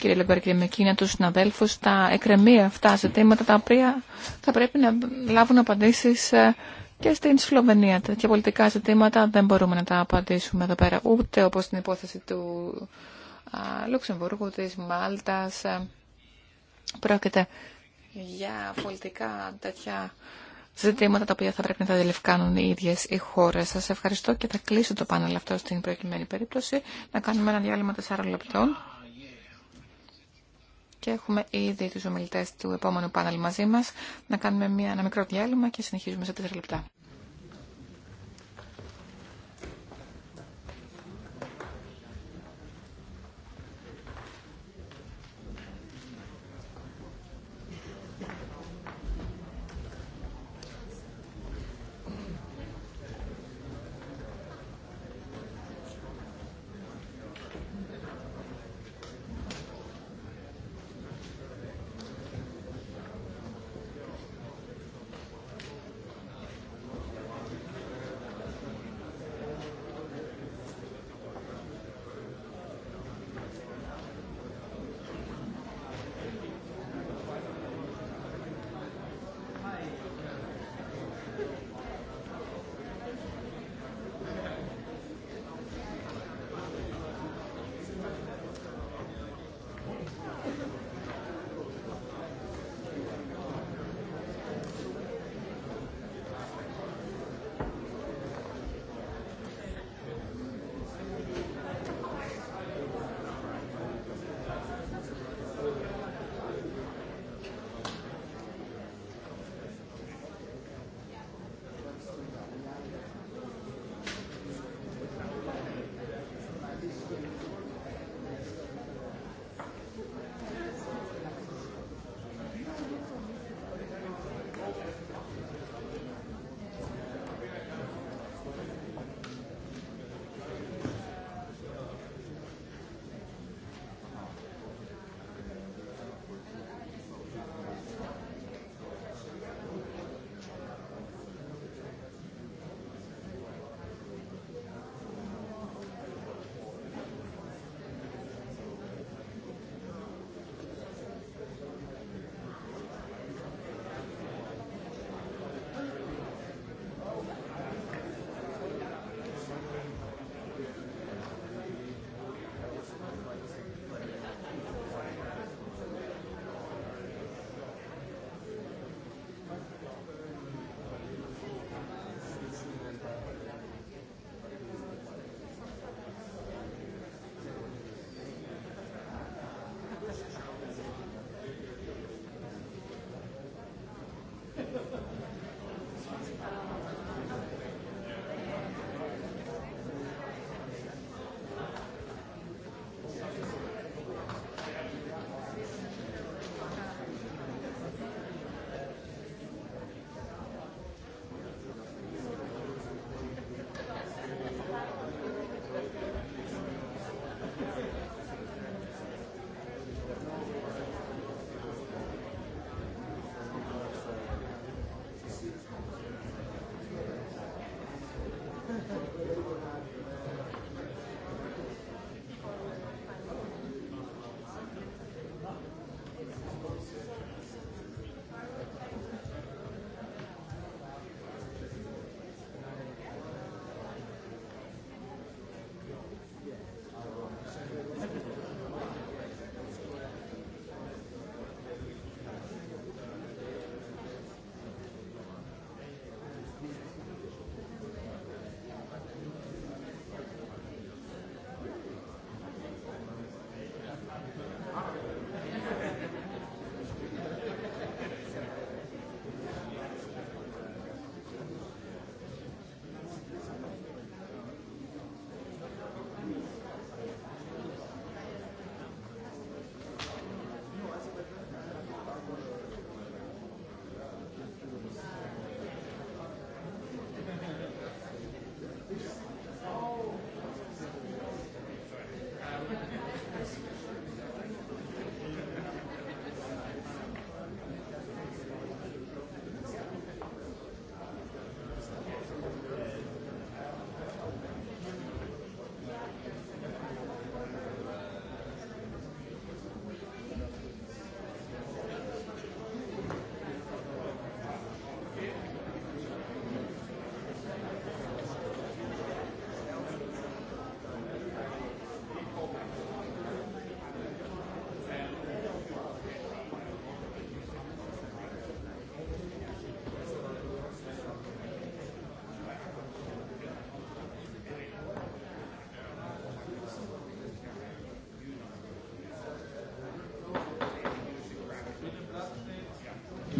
κύριε Λεγκόρη, κύριε Μεκίνα, τους συναδέλφους, τα εκκρεμία αυτά ζητήματα, τα οποία θα πρέπει να λάβουν απαντήσεις ε, και στην Σλοβενία. Τέτοια πολιτικά ζητήματα δεν μπορούμε να τα απαντήσουμε εδώ πέρα, ούτε όπως την υπόθεση του Λουξεμβούργου, της Μάλτας. Πρόκειται για πολιτικά τέτοια ζητήματα τα οποία θα πρέπει να τα διελευκάνουν οι ίδιες οι χώρε. Σα ευχαριστώ και θα κλείσω το πάνελ αυτό στην προηγουμένη περίπτωση. Να κάνουμε ένα διάλειμμα 4 λεπτών. Και έχουμε ήδη του ομιλητές του επόμενου πάνελ μαζί μα Να κάνουμε μια, ένα μικρό διάλειμμα και συνεχίζουμε σε 4 λεπτά.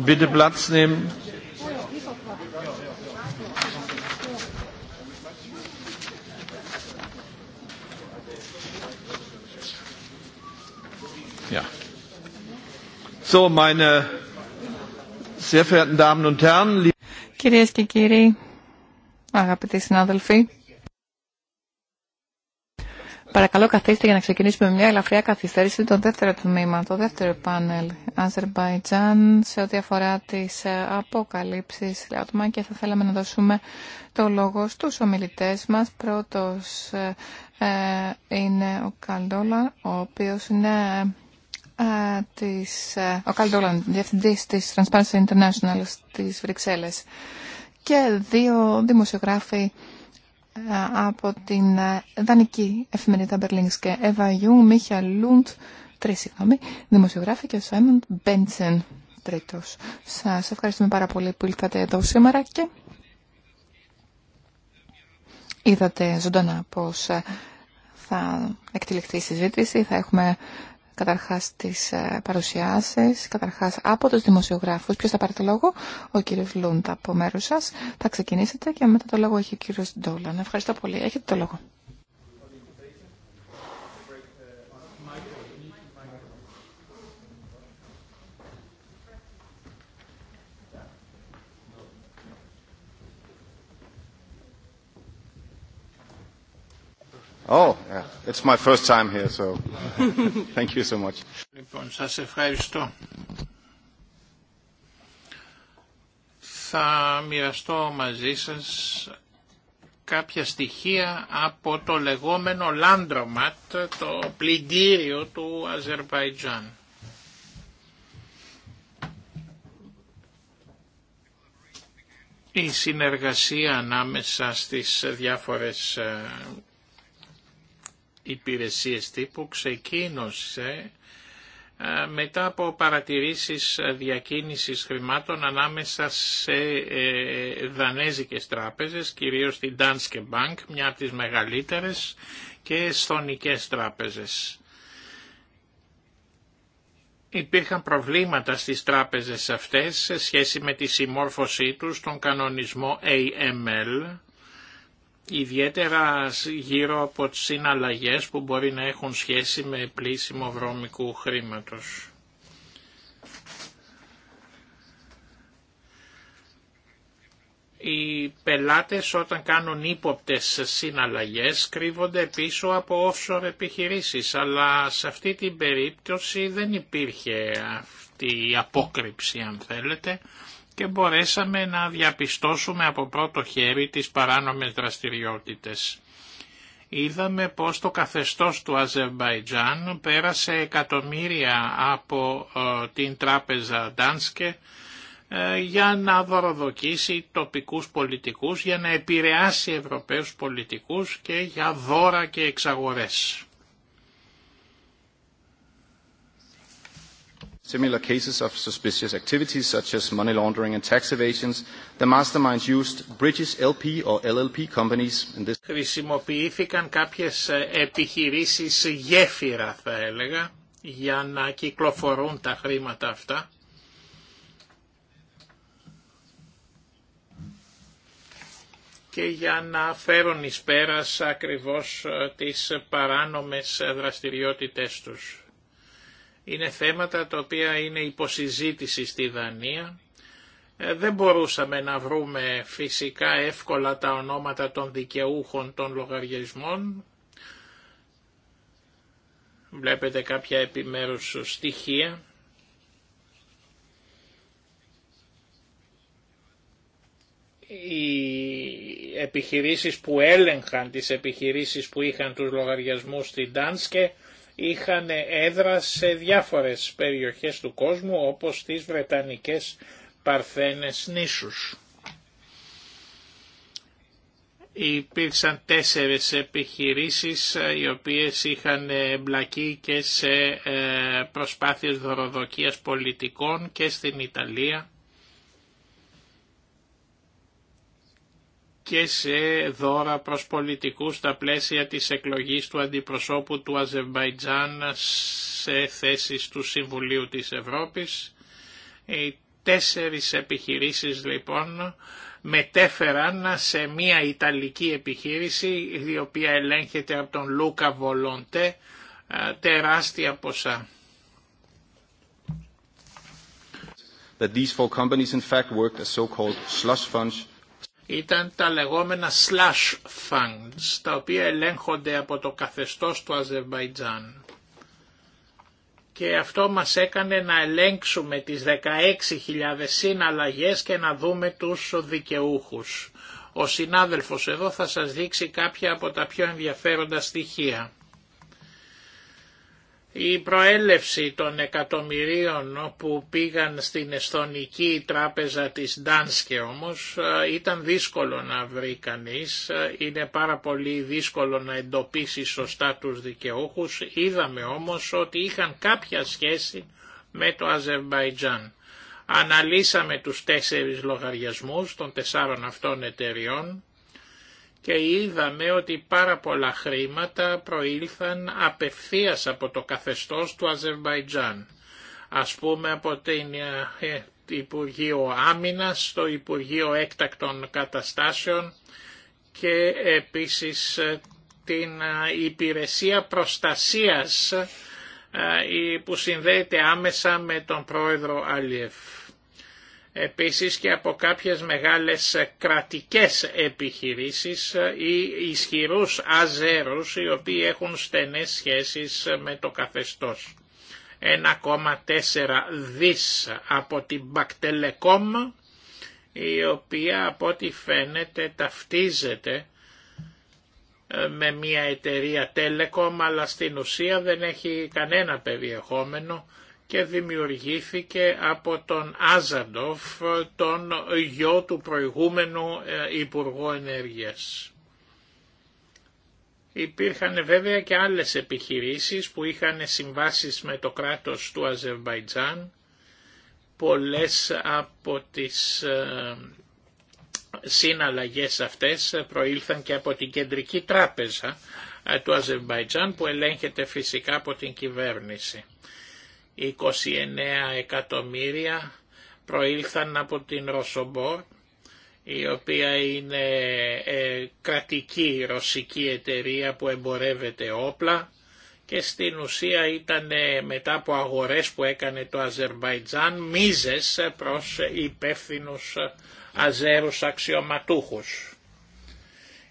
Bitte Platz nehmen.
Ja. So, meine sehr verehrten Damen und Herren, Κυρίες και κύριοι, αγαπητοί συνάδελφοι, παρακαλώ καθίστε για να ξεκινήσουμε με μια ελαφριά καθυστέρηση το δεύτερο τμήμα, το δεύτερο πάνελ Αζερμπαϊτζάν σε ό,τι αφορά τις ε, αποκαλύψεις λάτμα και θα θέλαμε να δώσουμε το λόγο στους ομιλητές μας. Πρώτος ε, ε, είναι ο Καλντόλαν, ο οποίος είναι της, ο Καλντόλαν, διευθυντής της Transparency International στις Βρυξέλλες και δύο δημοσιογράφοι από την δανική εφημερίδα Berlingske, Εύα Μίχαλ Λούντ Τρει συγγνώμη, δημοσιογράφη και ο Σάιμον Μπέντσεν τρίτο. Σας ευχαριστούμε πάρα πολύ που ήλθατε εδώ σήμερα και είδατε ζωντανά πώς ε, θα εκτελεχθεί η συζήτηση, θα έχουμε καταρχά τι ε, παρουσιάσει, καταρχά από του δημοσιογράφου. Ποιο θα πάρει το λόγο, ο κύριο Λούντα από μέρου σα. Θα ξεκινήσετε και μετά το λόγο έχει ο κύριο Ντόλαν. Ευχαριστώ πολύ. Έχετε το λόγο.
Λοιπόν, ευχαριστώ. Θα μοιραστώ μαζί σας κάποια στοιχεία από το λεγόμενο Λάντροματ, το πλυντήριο του Αζερβαϊτζάν. Η συνεργασία ανάμεσα στις διάφορες ε, υπηρεσίες τύπου ξεκίνησε μετά από παρατηρήσεις διακίνησης χρημάτων ανάμεσα σε ε, δανέζικες τράπεζες, κυρίως την Danske Bank, μια από τις μεγαλύτερες, και εσθονικές τράπεζες. Υπήρχαν προβλήματα στις τράπεζες αυτές σε σχέση με τη συμμόρφωσή τους στον κανονισμό AML, ιδιαίτερα γύρω από τις συναλλαγές που μπορεί να έχουν σχέση με πλήσιμο βρώμικου χρήματος. Οι πελάτες όταν κάνουν ύποπτες συναλλαγές κρύβονται πίσω από offshore επιχειρήσεις, αλλά σε αυτή την περίπτωση δεν υπήρχε αυτή η απόκρυψη αν θέλετε και μπορέσαμε να διαπιστώσουμε από πρώτο χέρι τις παράνομες δραστηριότητες. Είδαμε πως το καθεστώς του Αζερμπαϊτζάν πέρασε εκατομμύρια από ε, την τράπεζα Ντάνσκε ε, για να δωροδοκίσει τοπικούς πολιτικούς, για να επηρεάσει ευρωπαίους πολιτικούς και για δώρα και εξαγορές.
Similar cases of suspicious activities such as money laundering and tax evasions, the masterminds used British LP or LLP companies in this...
Χρησιμοποιήθηκαν κάποιες ε, επιχειρήσεις γέφυρα θα έλεγα για να κυκλοφορούν τα χρήματα αυτά. και για να φέρουν εις πέρας ακριβώς ε, τις παράνομες δραστηριότητές τους. Είναι θέματα τα οποία είναι υποσυζήτηση στη Δανία. Ε, δεν μπορούσαμε να βρούμε φυσικά εύκολα τα ονόματα των δικαιούχων των λογαριασμών. Βλέπετε κάποια επιμέρους στοιχεία. οι επιχειρήσεις που έλεγχαν τις επιχειρήσεις που είχαν τους λογαριασμούς στην Τάνσκε είχαν έδρα σε διάφορες περιοχές του κόσμου όπως τις Βρετανικές Παρθένες νήσους. Υπήρξαν τέσσερις επιχειρήσεις ε, οι οποίες είχαν εμπλακεί και σε ε, προσπάθειες δωροδοκίας πολιτικών και στην Ιταλία και σε δώρα προς πολιτικούς στα πλαίσια της εκλογής του αντιπροσώπου του Αζερμπαϊτζάν σε θέσεις του Συμβουλίου της Ευρώπης. Οι τέσσερις επιχειρήσεις λοιπόν μετέφεραν σε μια Ιταλική επιχείρηση η οποία ελέγχεται από τον Λούκα Βολοντέ τεράστια ποσά.
That these four companies in fact worked as so-called slush funds
ήταν τα λεγόμενα slash funds, τα οποία ελέγχονται από το καθεστώς του Αζερβαϊτζάν. Και αυτό μας έκανε να ελέγξουμε τις 16.000 συναλλαγές και να δούμε τους δικαιούχους. Ο συνάδελφος εδώ θα σας δείξει κάποια από τα πιο ενδιαφέροντα στοιχεία. Η προέλευση των εκατομμυρίων που πήγαν στην Εσθονική τράπεζα της Ντάνσκε όμως ε, ήταν δύσκολο να βρει κανείς, ε, είναι πάρα πολύ δύσκολο να εντοπίσει σωστά τους δικαιούχους, είδαμε όμως ότι είχαν κάποια σχέση με το Αζερβαϊτζάν. Αναλύσαμε τους τέσσερις λογαριασμούς των τεσσάρων αυτών εταιριών και είδαμε ότι πάρα πολλά χρήματα προήλθαν απευθείας από το καθεστώς του Αζερβαϊτζάν. Ας πούμε από την ε, ε, Υπουργείο Άμυνας, το Υπουργείο Έκτακτων Καταστάσεων και επίσης ε, την Υπηρεσία Προστασίας που συνδέεται άμεσα με τον πρόεδρο Αλιεφ επίσης και από κάποιες μεγάλες κρατικές επιχειρήσεις ή ισχυρούς αζέρους οι οποίοι έχουν στενές σχέσεις με το καθεστώς. 1,4 δις από την Μπακτέλεκομ η οποία από ό,τι φαίνεται ταυτίζεται ε, με μια εταιρεία Telecom αλλά στην ουσία δεν έχει κανένα περιεχόμενο και δημιουργήθηκε από τον Άζαντοφ, τον γιο του προηγούμενου ε, Υπουργού Ενέργειας. Υπήρχαν βέβαια και άλλες επιχειρήσεις που είχαν συμβάσεις με το κράτος του Αζερβαϊτζάν. Πολλές από τις ε, συναλλαγές αυτές προήλθαν και από την Κεντρική Τράπεζα ε, του Αζερβαϊτζάν που ελέγχεται φυσικά από την κυβέρνηση. 29 εκατομμύρια προήλθαν από την Ρωσομπόρ, η οποία είναι ε, κρατική ρωσική εταιρεία που εμπορεύεται όπλα και στην ουσία ήταν μετά από αγορές που έκανε το Αζερβαϊτζάν μίζες προς υπεύθυνους αζέρους αξιωματούχους.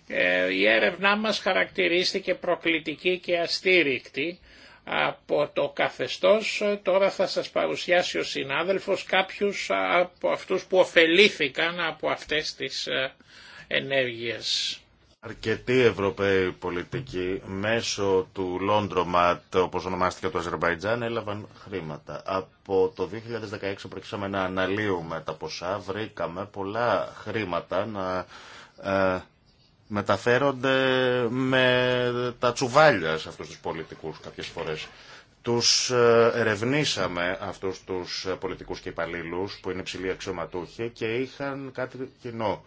Ε, η έρευνά μας χαρακτηρίστηκε προκλητική και αστήρικτη από το καθεστώς. Τώρα θα σας παρουσιάσει ο συνάδελφος κάποιους από αυτούς που ωφελήθηκαν από αυτές τις ε, ενέργειες.
Αρκετοί Ευρωπαίοι πολιτικοί μέσω του Λόντροματ, όπως ονομάστηκε το Αζερβαϊτζάν, έλαβαν χρήματα. Από το 2016 που να αναλύουμε τα ποσά, βρήκαμε πολλά χρήματα να ε, μεταφέρονται με τα τσουβάλια σε αυτούς τους πολιτικούς κάποιες φορές. Τους ε, ερευνήσαμε αυτούς τους ε, πολιτικούς και υπαλλήλους που είναι ψηλοί αξιωματούχοι και είχαν κάτι κοινό.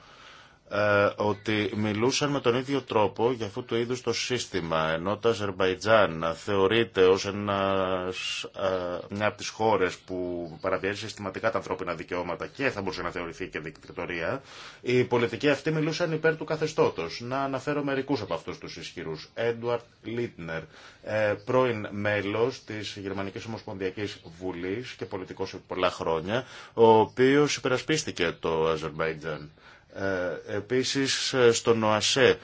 Ε, ότι μιλούσαν με τον ίδιο τρόπο για αυτού του είδους το σύστημα, ενώ το Αζερβαϊτζάν θεωρείται ως ένας, ε, μια από τις χώρες που παραβιάζει συστηματικά τα ανθρώπινα δικαιώματα και θα μπορούσε να θεωρηθεί και δικτατορία, οι πολιτικοί αυτοί μιλούσαν υπέρ του καθεστώτος. Να αναφέρω μερικούς από αυτούς τους ισχυρούς. Έντουαρτ Λίτνερ, ε, πρώην μέλος της Γερμανικής Ομοσπονδιακής Βουλής και πολιτικός πολλά χρόνια, ο οποίος υπερασπίστηκε το Αζερβαϊτζάν ε, επίσης ε, στον ΟΑΣΕ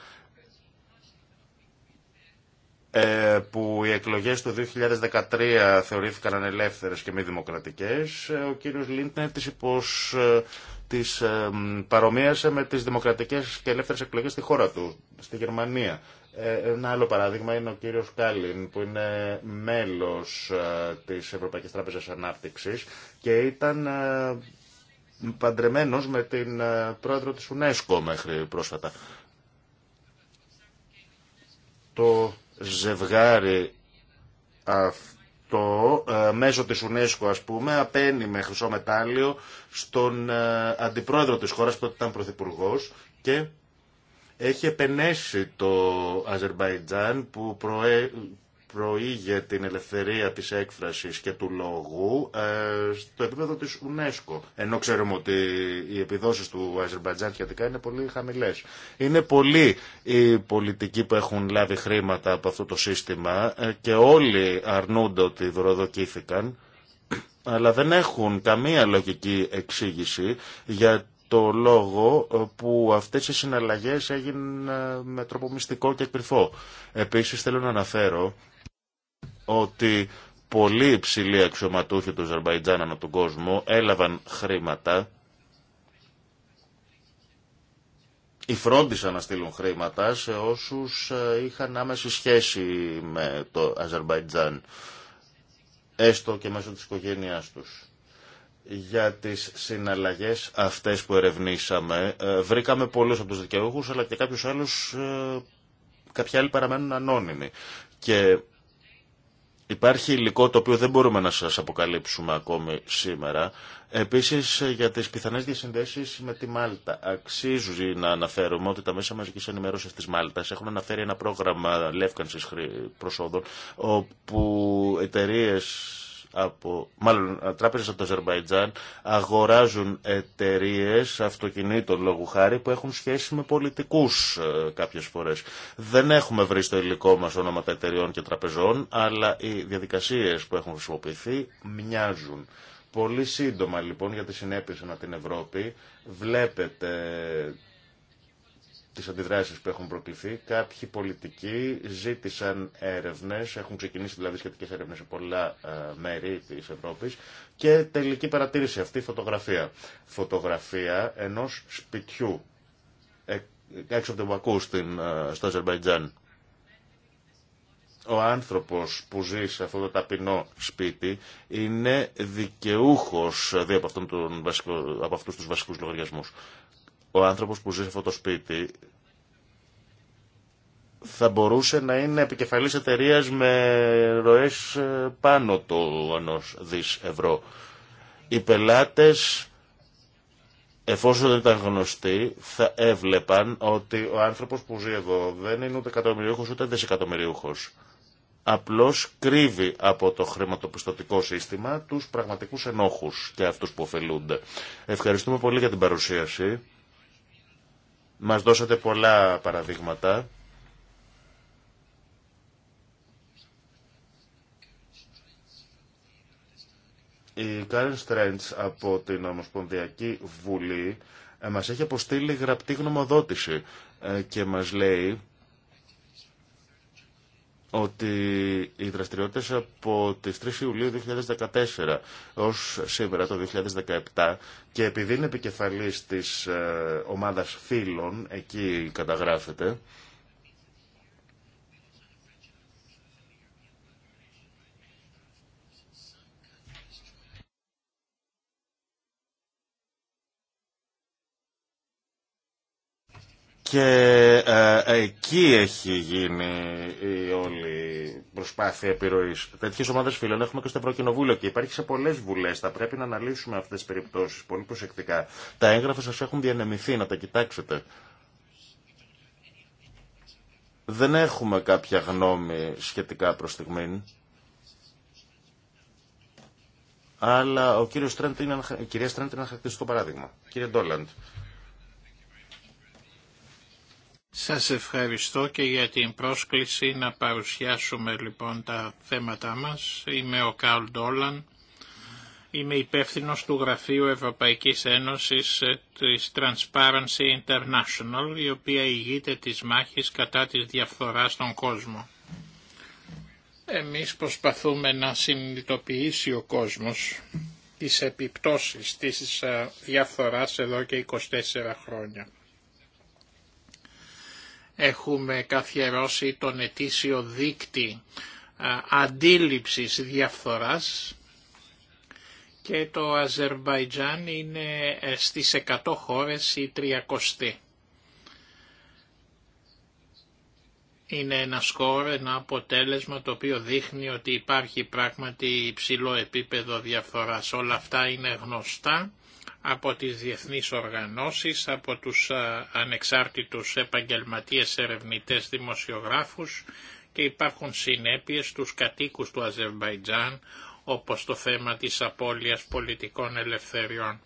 ε, που οι εκλογές του 2013 θεωρήθηκαν ανελεύθερες και μη δημοκρατικές, ο κύριος Λίντνερ τις, υπος, τις παρομοίασε με τις δημοκρατικές και ελεύθερες εκλογές στη χώρα του, στη Γερμανία. Ένα άλλο παράδειγμα είναι ο κύριος Κάλιν που είναι μέλος της Ευρωπαϊκής Τράπεζας Ανάπτυξης και ήταν παντρεμένος με την ε, πρόεδρο της UNESCO μέχρι πρόσφατα. Το ζευγάρι αυτό ε, μέσω της UNESCO ας πούμε απένει με χρυσό μετάλλιο στον ε, αντιπρόεδρο της χώρας που ήταν πρωθυπουργός και έχει επενέσει το Αζερβαϊτζάν που προέ προήγε την ελευθερία της έκφρασης και του λόγου ε, στο επίπεδο της UNESCO. Ενώ ξέρουμε ότι οι επιδόσεις του Αζερμπαϊτζάν σχετικά είναι πολύ χαμηλές. Είναι πολλοί οι πολιτικοί που έχουν λάβει χρήματα από αυτό το σύστημα ε, και όλοι αρνούνται ότι δωροδοκήθηκαν αλλά δεν έχουν καμία λογική εξήγηση για το λόγο ε, που αυτές οι συναλλαγές έγιναν με τρόπο μυστικό και κρυφό. Επίσης θέλω να αναφέρω ότι πολλοί υψηλοί αξιωματούχοι του Αζερβαϊτζάν ανά τον κόσμο έλαβαν χρήματα ή φρόντισαν να στείλουν χρήματα σε όσους ε, είχαν άμεση σχέση με το Αζερβαϊτζάν, έστω και μέσω της οικογένειάς τους. Για τις συναλλαγές αυτές που ερευνήσαμε, ε, βρήκαμε πολλούς από τους δικαιούχους, αλλά και κάποιους άλλους, ε, κάποιοι άλλοι παραμένουν ανώνυμοι. Και Υπάρχει υλικό το οποίο δεν μπορούμε να σας αποκαλύψουμε ακόμη σήμερα. Επίσης για τις πιθανές διασυνδέσεις με τη Μάλτα. Αξίζει να αναφέρουμε ότι τα μέσα μαζικής ενημέρωσης της Μάλτας έχουν αναφέρει ένα πρόγραμμα λεύκανσης προσόδων όπου εταιρείες από, μάλλον τράπεζες από το Αζερβαϊτζάν αγοράζουν εταιρείε αυτοκινήτων λόγου χάρη που έχουν σχέση με πολιτικούς ε, κάποιες φορές. Δεν έχουμε βρει στο υλικό μας όνοματα εταιρεών και τραπεζών, αλλά οι διαδικασίες που έχουν χρησιμοποιηθεί μοιάζουν. Πολύ σύντομα λοιπόν για τη συνέπειες ανά την Ευρώπη βλέπετε τις αντιδράσεις που έχουν προκληθεί. Κάποιοι πολιτικοί ζήτησαν έρευνες, έχουν ξεκινήσει δηλαδή σχετικές έρευνες σε πολλά ε, μέρη της Ευρώπης και τελική παρατήρηση αυτή η φωτογραφία. Φωτογραφία ενός σπιτιού ε, έξω από τον Μπακού ε, στο Αζερβαϊτζάν. Ο άνθρωπος που ζει σε αυτό το ταπεινό σπίτι είναι δικαιούχος δύο από, τον, από αυτούς τους βασικούς λογαριασμούς ο άνθρωπος που ζει σε αυτό το σπίτι θα μπορούσε να είναι επικεφαλής εταιρεία με ροές ε, πάνω του ενός δις ευρώ. Οι πελάτες, εφόσον δεν ήταν γνωστοί, θα έβλεπαν ότι ο άνθρωπος που ζει εδώ δεν είναι ούτε εκατομμυριούχος ούτε δισεκατομμυριούχος. Απλώς κρύβει από το χρηματοπιστωτικό σύστημα τους πραγματικούς ενόχους και αυτούς που ωφελούνται. Ευχαριστούμε πολύ για την παρουσίαση. Μας δώσατε πολλά παραδείγματα. Η Κάριν Στρέντς από την Ομοσπονδιακή Βουλή ε, μας έχει αποστείλει γραπτή γνωμοδότηση ε, και μας λέει ότι οι δραστηριότητες από τις 3 Ιουλίου 2014 ως σήμερα το 2017 και επειδή είναι επικεφαλής της ε, ομάδας φίλων, εκεί καταγράφεται, Και ε, εκεί έχει γίνει η όλη προσπάθεια επιρροή. Τέτοιε ομάδε φίλων έχουμε και στο Ευρωκοινοβούλιο και υπάρχει σε πολλέ βουλέ. Θα πρέπει να αναλύσουμε αυτέ τι περιπτώσει πολύ προσεκτικά. Τα έγγραφα σα έχουν διανεμηθεί, να τα κοιτάξετε. Δεν έχουμε κάποια γνώμη σχετικά προ στιγμήν. Αλλά ο κύριο η κυρία είναι ένα χαρακτηριστικό παράδειγμα. Κύριε Ντόλαντ,
σας ευχαριστώ και για την πρόσκληση να παρουσιάσουμε λοιπόν τα θέματα μας. Είμαι ο Καλ Ντόλαν, είμαι υπεύθυνο του Γραφείου Ευρωπαϊκής Ένωσης ε, της Transparency International, η οποία ηγείται της μάχης κατά της διαφθοράς στον κόσμο. Εμείς προσπαθούμε να συνειδητοποιήσει ο κόσμος τις επιπτώσεις της ε, διαφθοράς εδώ και 24 χρόνια. Έχουμε καθιερώσει τον ετήσιο δίκτυ αντίληψης διαφθοράς και το Αζερβαϊτζάν είναι ε, στις 100 χώρες η 300. είναι ένα σκορ, ένα αποτέλεσμα το οποίο δείχνει ότι υπάρχει πράγματι υψηλό επίπεδο διαφθοράς. Όλα αυτά είναι γνωστά από τις διεθνείς οργανώσεις, από τους ανεξάρτητους επαγγελματίες ερευνητές δημοσιογράφους και υπάρχουν συνέπειες στους κατοίκους του Αζερβαϊτζάν όπως το θέμα της απώλειας πολιτικών ελευθεριών.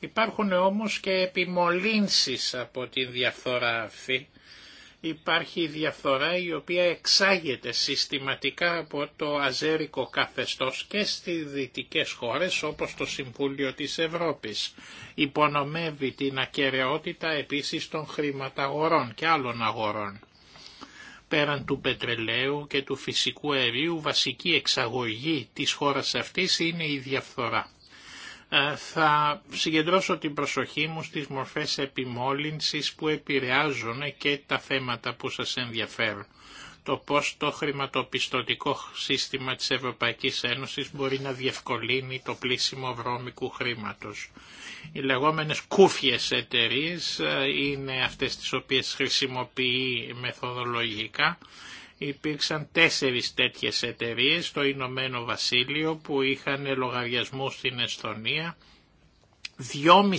Υπάρχουν όμως και επιμολύνσεις από την διαφθορά αυτή υπάρχει διαφθορά η οποία εξάγεται συστηματικά από το αζέρικο καθεστώς και στις δυτικές χώρες όπως το Συμβούλιο της Ευρώπης. Υπονομεύει την ακαιρεότητα επίσης των χρηματαγορών και άλλων αγορών. Πέραν του πετρελαίου και του φυσικού αερίου βασική εξαγωγή της χώρας αυτής είναι η διαφθορά. Ε, θα συγκεντρώσω την προσοχή μου στις μορφές επιμόλυνσης που επηρεάζουν και τα θέματα που σας ενδιαφέρουν. Το πώς το χρηματοπιστωτικό σύστημα της Ευρωπαϊκής Ένωσης μπορεί να διευκολύνει το πλήσιμο βρώμικου χρήματος. Οι λεγόμενες κούφιες εταιρείε ε, είναι αυτές τις οποίες χρησιμοποιεί μεθοδολογικά Υπήρξαν τέσσερις τέτοιες εταιρείες στο Ηνωμένο Βασίλειο που είχαν λογαριασμού στην Εστονία 2,5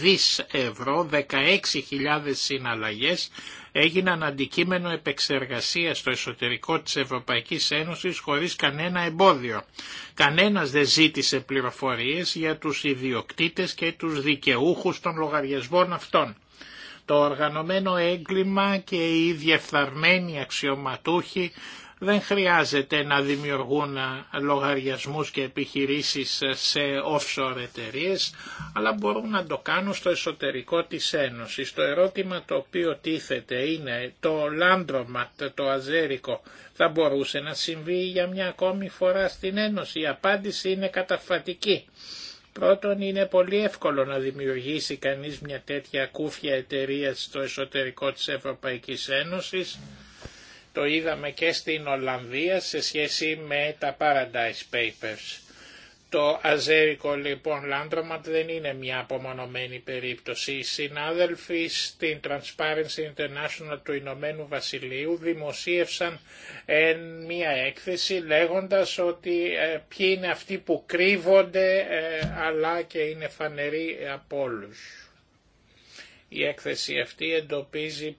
δις ευρώ, 16.000 συναλλαγές έγιναν αντικείμενο επεξεργασία στο εσωτερικό της Ευρωπαϊκής Ένωσης χωρίς κανένα εμπόδιο. Κανένας δεν ζήτησε πληροφορίες για τους ιδιοκτήτες και τους δικαιούχους των λογαριασμών αυτών. Το οργανωμένο έγκλημα και οι διεφθαρμένοι αξιωματούχοι δεν χρειάζεται να δημιουργούν λογαριασμούς και επιχειρήσεις σε offshore εταιρείε, αλλά μπορούν να το κάνουν στο εσωτερικό της Ένωσης. Το ερώτημα το οποίο τίθεται είναι το λάντροματ, το αζέρικο, θα μπορούσε να συμβεί για μια ακόμη φορά στην Ένωση. Η απάντηση είναι καταφατική. Πρώτον, είναι πολύ εύκολο να δημιουργήσει κανείς μια τέτοια κούφια εταιρεία στο εσωτερικό της Ευρωπαϊκής Ένωσης. Το είδαμε και στην Ολλανδία σε σχέση με τα Paradise Papers. Το αζέρικο λοιπόν λάντρωμα δεν είναι μια απομονωμένη περίπτωση. Οι συνάδελφοι στην Transparency International του Ηνωμένου Βασιλείου δημοσίευσαν ε, μια έκθεση λέγοντας ότι ε, ποιοι είναι αυτοί που κρύβονται ε, αλλά και είναι φανεροί από όλους. Η έκθεση αυτή εντοπίζει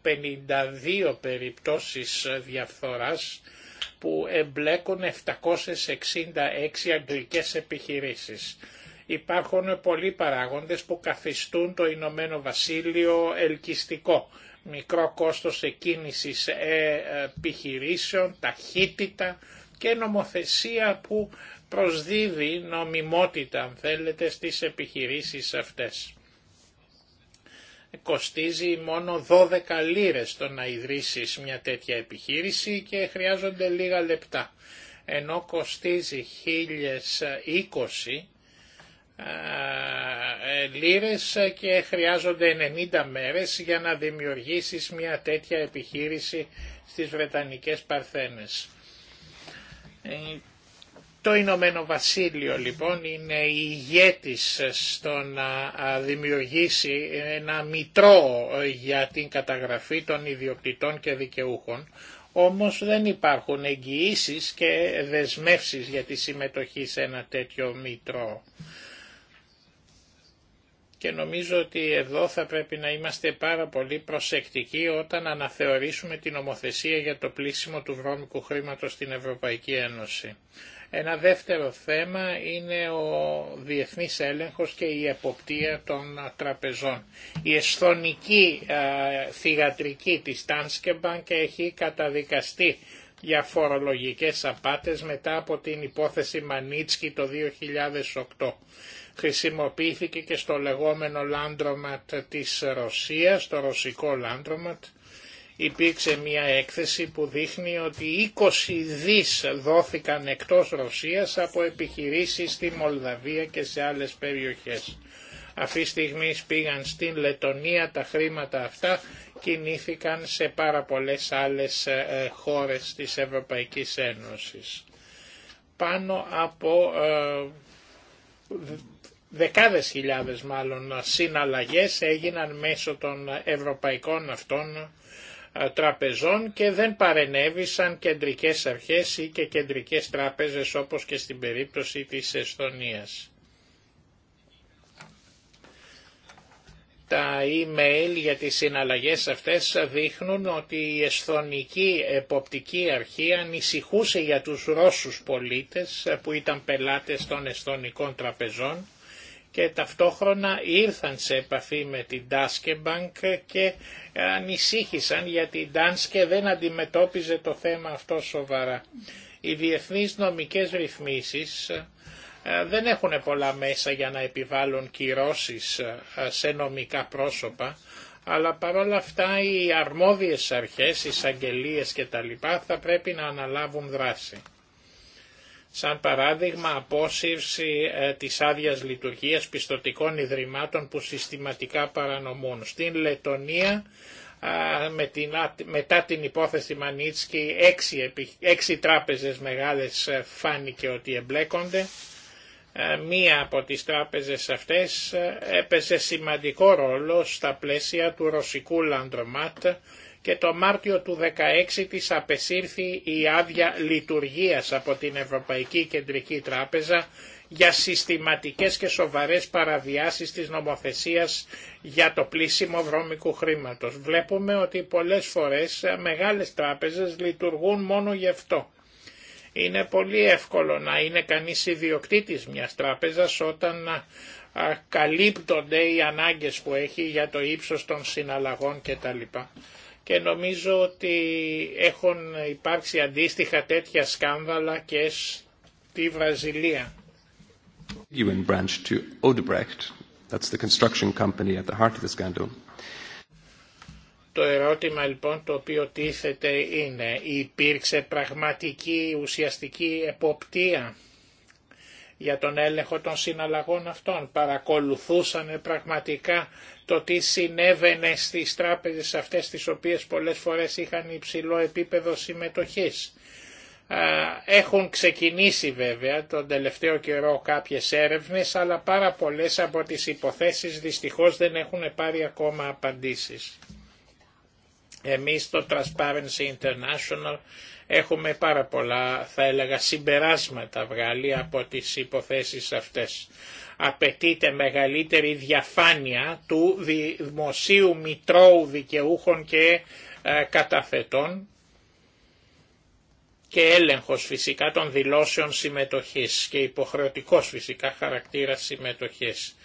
52 περιπτώσεις διαφθοράς που εμπλέκουν 766 αγγλικές επιχειρήσεις. Υπάρχουν πολλοί παράγοντες που καθιστούν το Ηνωμένο Βασίλειο ελκυστικό. Μικρό κόστος εκκίνησης ε, ε, επιχειρήσεων, ταχύτητα και νομοθεσία που προσδίδει νομιμότητα, αν θέλετε, στις επιχειρήσεις αυτές κοστίζει μόνο 12 λίρες το να ιδρύσεις μια τέτοια επιχείρηση και χρειάζονται λίγα λεπτά. Ενώ κοστίζει 1020 ε, ε, ε, λίρες και χρειάζονται 90 μέρες για να δημιουργήσεις μια τέτοια επιχείρηση στις Βρετανικές Παρθένες. Το Ηνωμένο Βασίλειο λοιπόν είναι η ηγέτης στο να δημιουργήσει ένα μητρό για την καταγραφή των ιδιοκτητών και δικαιούχων, όμως δεν υπάρχουν εγγυήσει και δεσμεύσεις για τη συμμετοχή σε ένα τέτοιο μητρό. Και νομίζω ότι εδώ θα πρέπει να είμαστε πάρα πολύ προσεκτικοί όταν αναθεωρήσουμε την ομοθεσία για το πλήσιμο του βρώμικου χρήματος στην Ευρωπαϊκή Ένωση. Ένα δεύτερο θέμα είναι ο διεθνής έλεγχος και η εποπτεία των τραπεζών. Η εσθονική θηγατρική της Danske και έχει καταδικαστεί για φορολογικές απάτες μετά από την υπόθεση Μανίτσκι το 2008. Χρησιμοποιήθηκε και στο λεγόμενο Landromat της Ρωσίας, το ρωσικό Landromat, υπήρξε μια έκθεση που δείχνει ότι 20 δις δόθηκαν εκτός Ρωσίας από επιχειρήσεις στη Μολδαβία και σε άλλες περιοχές. Αυτή τη στιγμή πήγαν στην Λετωνία τα χρήματα αυτά, κινήθηκαν σε πάρα πολλές άλλες ε, χώρες της Ευρωπαϊκής Ένωσης. Πάνω από ε, δεκάδες χιλιάδες μάλλον συναλλαγές έγιναν μέσω των ευρωπαϊκών αυτών τραπεζών και δεν παρενέβησαν κεντρικές αρχές ή και κεντρικές τράπεζες όπως και στην περίπτωση της Εσθονίας. Τα email για τις συναλλαγές αυτές δείχνουν ότι η εσθονική εποπτική αρχή ανησυχούσε για τους Ρώσους πολίτες που ήταν πελάτες των εσθονικών τραπεζών και ταυτόχρονα ήρθαν σε επαφή με την Danske Bank και ανησύχησαν γιατί η Danske δεν αντιμετώπιζε το θέμα αυτό σοβαρά. Οι διεθνείς νομικές ρυθμίσεις ε, δεν έχουν πολλά μέσα για να επιβάλλουν κυρώσεις ε, σε νομικά πρόσωπα, αλλά παρόλα αυτά οι αρμόδιες αρχές, οι τα κτλ. θα πρέπει να αναλάβουν δράση σαν παράδειγμα απόσυρση ε, της άδειας λειτουργίας πιστοτικών ιδρυμάτων που συστηματικά παρανομούν. Στην Λετωνία με μετά την υπόθεση Μανίτσκι έξι, έξι τράπεζες μεγάλες ε, φάνηκε ότι εμπλέκονται. Ε, μία από τις τράπεζες αυτές έπαιζε σημαντικό ρόλο στα πλαίσια του ρωσικού Λαντρομάτ και το Μάρτιο του 16 της απεσήρθη η άδεια λειτουργίας από την Ευρωπαϊκή Κεντρική Τράπεζα για συστηματικές και σοβαρές παραβιάσεις της νομοθεσίας για το πλήσιμο βρώμικου χρήματος. Βλέπουμε ότι πολλές φορές μεγάλες τράπεζες λειτουργούν μόνο γι' αυτό. Είναι πολύ εύκολο να είναι κανείς ιδιοκτήτης μιας τράπεζας όταν καλύπτονται οι ανάγκες που έχει για το ύψος των συναλλαγών κτλ και νομίζω ότι έχουν υπάρξει αντίστοιχα τέτοια σκάνδαλα και στη Βραζιλία. Το ερώτημα λοιπόν το οποίο τίθεται είναι υπήρξε πραγματική ουσιαστική εποπτεία για τον έλεγχο των συναλλαγών αυτών. Παρακολουθούσαν πραγματικά το τι συνέβαινε στις τράπεζες αυτές τις οποίες πολλές φορές είχαν υψηλό επίπεδο συμμετοχής. Έχουν ξεκινήσει βέβαια τον τελευταίο καιρό κάποιες έρευνες, αλλά πάρα πολλές από τις υποθέσεις δυστυχώς δεν έχουν πάρει ακόμα απαντήσεις. Εμείς το Transparency International Έχουμε πάρα πολλά, θα έλεγα, συμπεράσματα βγάλει από τις υποθέσεις αυτές. Απαιτείται μεγαλύτερη διαφάνεια του δημοσίου μητρώου δικαιούχων και ε, καταθετών και έλεγχος φυσικά των δηλώσεων συμμετοχής και υποχρεωτικός φυσικά χαρακτήρας συμμετοχής.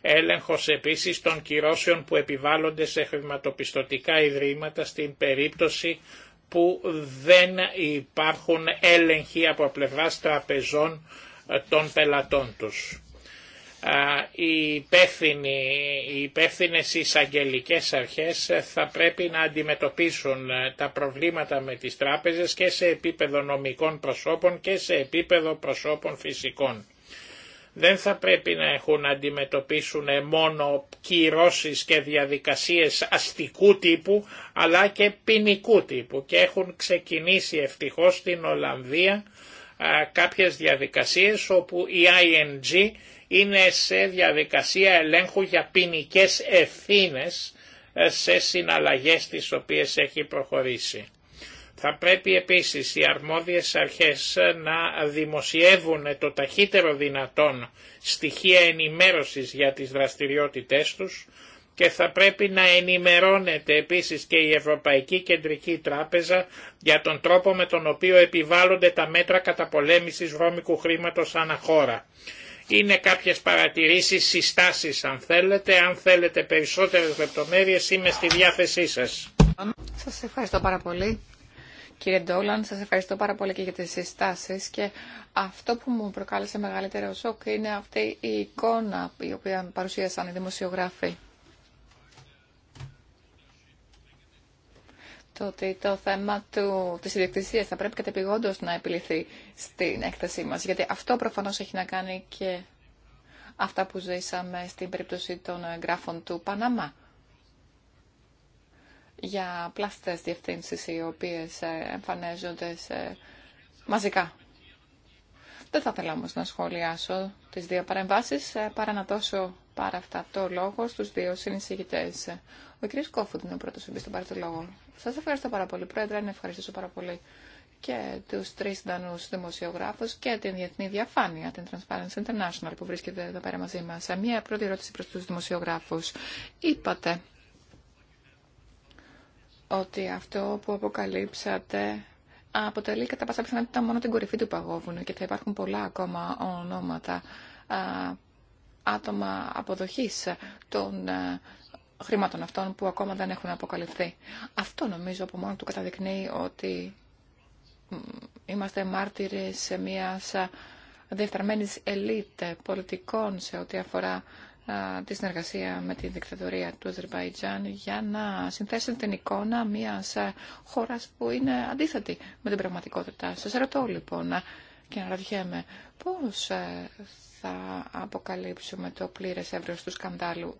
Έλεγχος επίσης των κυρώσεων που επιβάλλονται σε χρηματοπιστωτικά ιδρύματα στην περίπτωση που δεν υπάρχουν έλεγχοι από πλευράς τραπεζών ε, των πελατών τους. Οι, υπεύθυνοι, οι υπεύθυνες εισαγγελικέ αρχές ε, θα πρέπει να αντιμετωπίσουν ε, τα προβλήματα με τις τράπεζες και σε επίπεδο νομικών προσώπων και σε επίπεδο προσώπων φυσικών δεν θα πρέπει να έχουν να αντιμετωπίσουν μόνο κυρώσεις και διαδικασίες αστικού τύπου αλλά και ποινικού τύπου και έχουν ξεκινήσει ευτυχώς στην Ολλανδία κάποιες διαδικασίες όπου η ING είναι σε διαδικασία ελέγχου για ποινικέ ευθύνε ε, σε συναλλαγές τις οποίες έχει προχωρήσει. Θα πρέπει επίσης οι αρμόδιες αρχές να δημοσιεύουν το ταχύτερο δυνατόν στοιχεία ενημέρωσης για τις δραστηριότητές τους και θα πρέπει να ενημερώνεται επίσης και η Ευρωπαϊκή Κεντρική Τράπεζα για τον τρόπο με τον οποίο επιβάλλονται τα μέτρα καταπολέμησης βρώμικου χρήματος ανά χώρα. Είναι κάποιες παρατηρήσεις, συστάσεις αν θέλετε. Αν θέλετε περισσότερες λεπτομέρειες είμαι στη διάθεσή σας.
Σας ευχαριστώ πάρα πολύ. Κύριε Ντόλαν, σας ευχαριστώ πάρα πολύ και για τις συστάσεις και αυτό που μου προκάλεσε μεγαλύτερο σοκ είναι αυτή η εικόνα η οποία παρουσίασαν οι δημοσιογράφοι. Το το θέμα του, της ιδιοκτησίας θα πρέπει κατεπηγόντως να επιληθεί στην έκθεσή μας, γιατί αυτό προφανώς έχει να κάνει και αυτά που ζήσαμε στην περίπτωση των εγγράφων του Παναμά για πλαστές διευθύνσεις οι οποίες ε, εμφανίζονται σε... μαζικά. Δεν θα ήθελα όμως να σχολιάσω τις δύο παρεμβάσεις, ε, παρά να δώσω παρά αυτά το λόγο στους δύο συνεισηγητές. Ο κ. Κόφουτ είναι ο πρώτος που στον πάρει το λόγο. Σας ευχαριστώ πάρα πολύ, Πρόεδρε, να ευχαριστήσω πάρα πολύ και τους τρεις δανούς δημοσιογράφους και την διεθνή διαφάνεια, την Transparency International που βρίσκεται εδώ πέρα μαζί μας. Μία πρώτη ερώτηση προ του δημοσιογράφου. Είπατε ότι αυτό που αποκαλύψατε αποτελεί κατά πάσα πιθανότητα μόνο την κορυφή του παγόβουνου και θα υπάρχουν πολλά ακόμα ονόματα άτομα αποδοχής των χρήματων αυτών που ακόμα δεν έχουν αποκαλυφθεί. Αυτό νομίζω από μόνο του καταδεικνύει ότι είμαστε μάρτυρες σε μια διεφθαρμένης ελίτ πολιτικών σε ό,τι αφορά τη συνεργασία με τη δικτατορία του Αζερβαϊτζάν για να συνθέσετε την εικόνα μιας ε, χώρας που είναι αντίθετη με την πραγματικότητα. Σας ρωτώ λοιπόν και αναρωτιέμαι πώς ε, θα αποκαλύψουμε το πλήρες εύρος του σκανδάλου.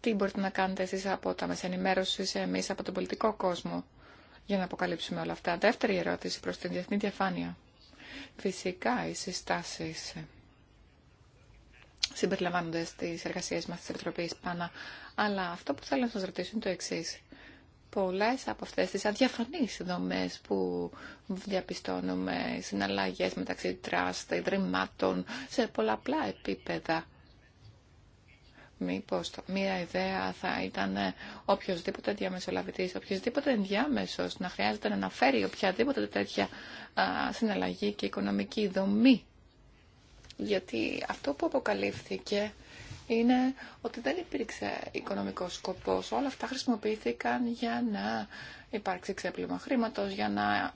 Τι μπορείτε να κάνετε εσείς από τα μεσενημέρωση, εμείς από τον πολιτικό κόσμο για να αποκαλύψουμε όλα αυτά. Δεύτερη ερώτηση προς την διεθνή διαφάνεια. Φυσικά οι συστάσεις συμπεριλαμβάνονται τι εργασίε μα τη Επιτροπή ΠΑΝΑ. Αλλά αυτό που θέλω να σα ρωτήσω είναι το εξή. Πολλέ από αυτέ τι αδιαφανεί δομέ που διαπιστώνουμε, συναλλαγέ μεταξύ τραστ, ιδρυμάτων, σε πολλαπλά επίπεδα, Μήπως μία ιδέα θα ήταν ε, οποιοδήποτε διαμεσολαβητή, οποιοδήποτε ενδιάμεσος να χρειάζεται να αναφέρει οποιαδήποτε τέτοια συναλλαγή και οικονομική δομή γιατί αυτό που αποκαλύφθηκε είναι ότι δεν υπήρξε οικονομικός σκοπός. Όλα αυτά χρησιμοποιήθηκαν για να υπάρξει ξέπλυμα χρήματος, για να,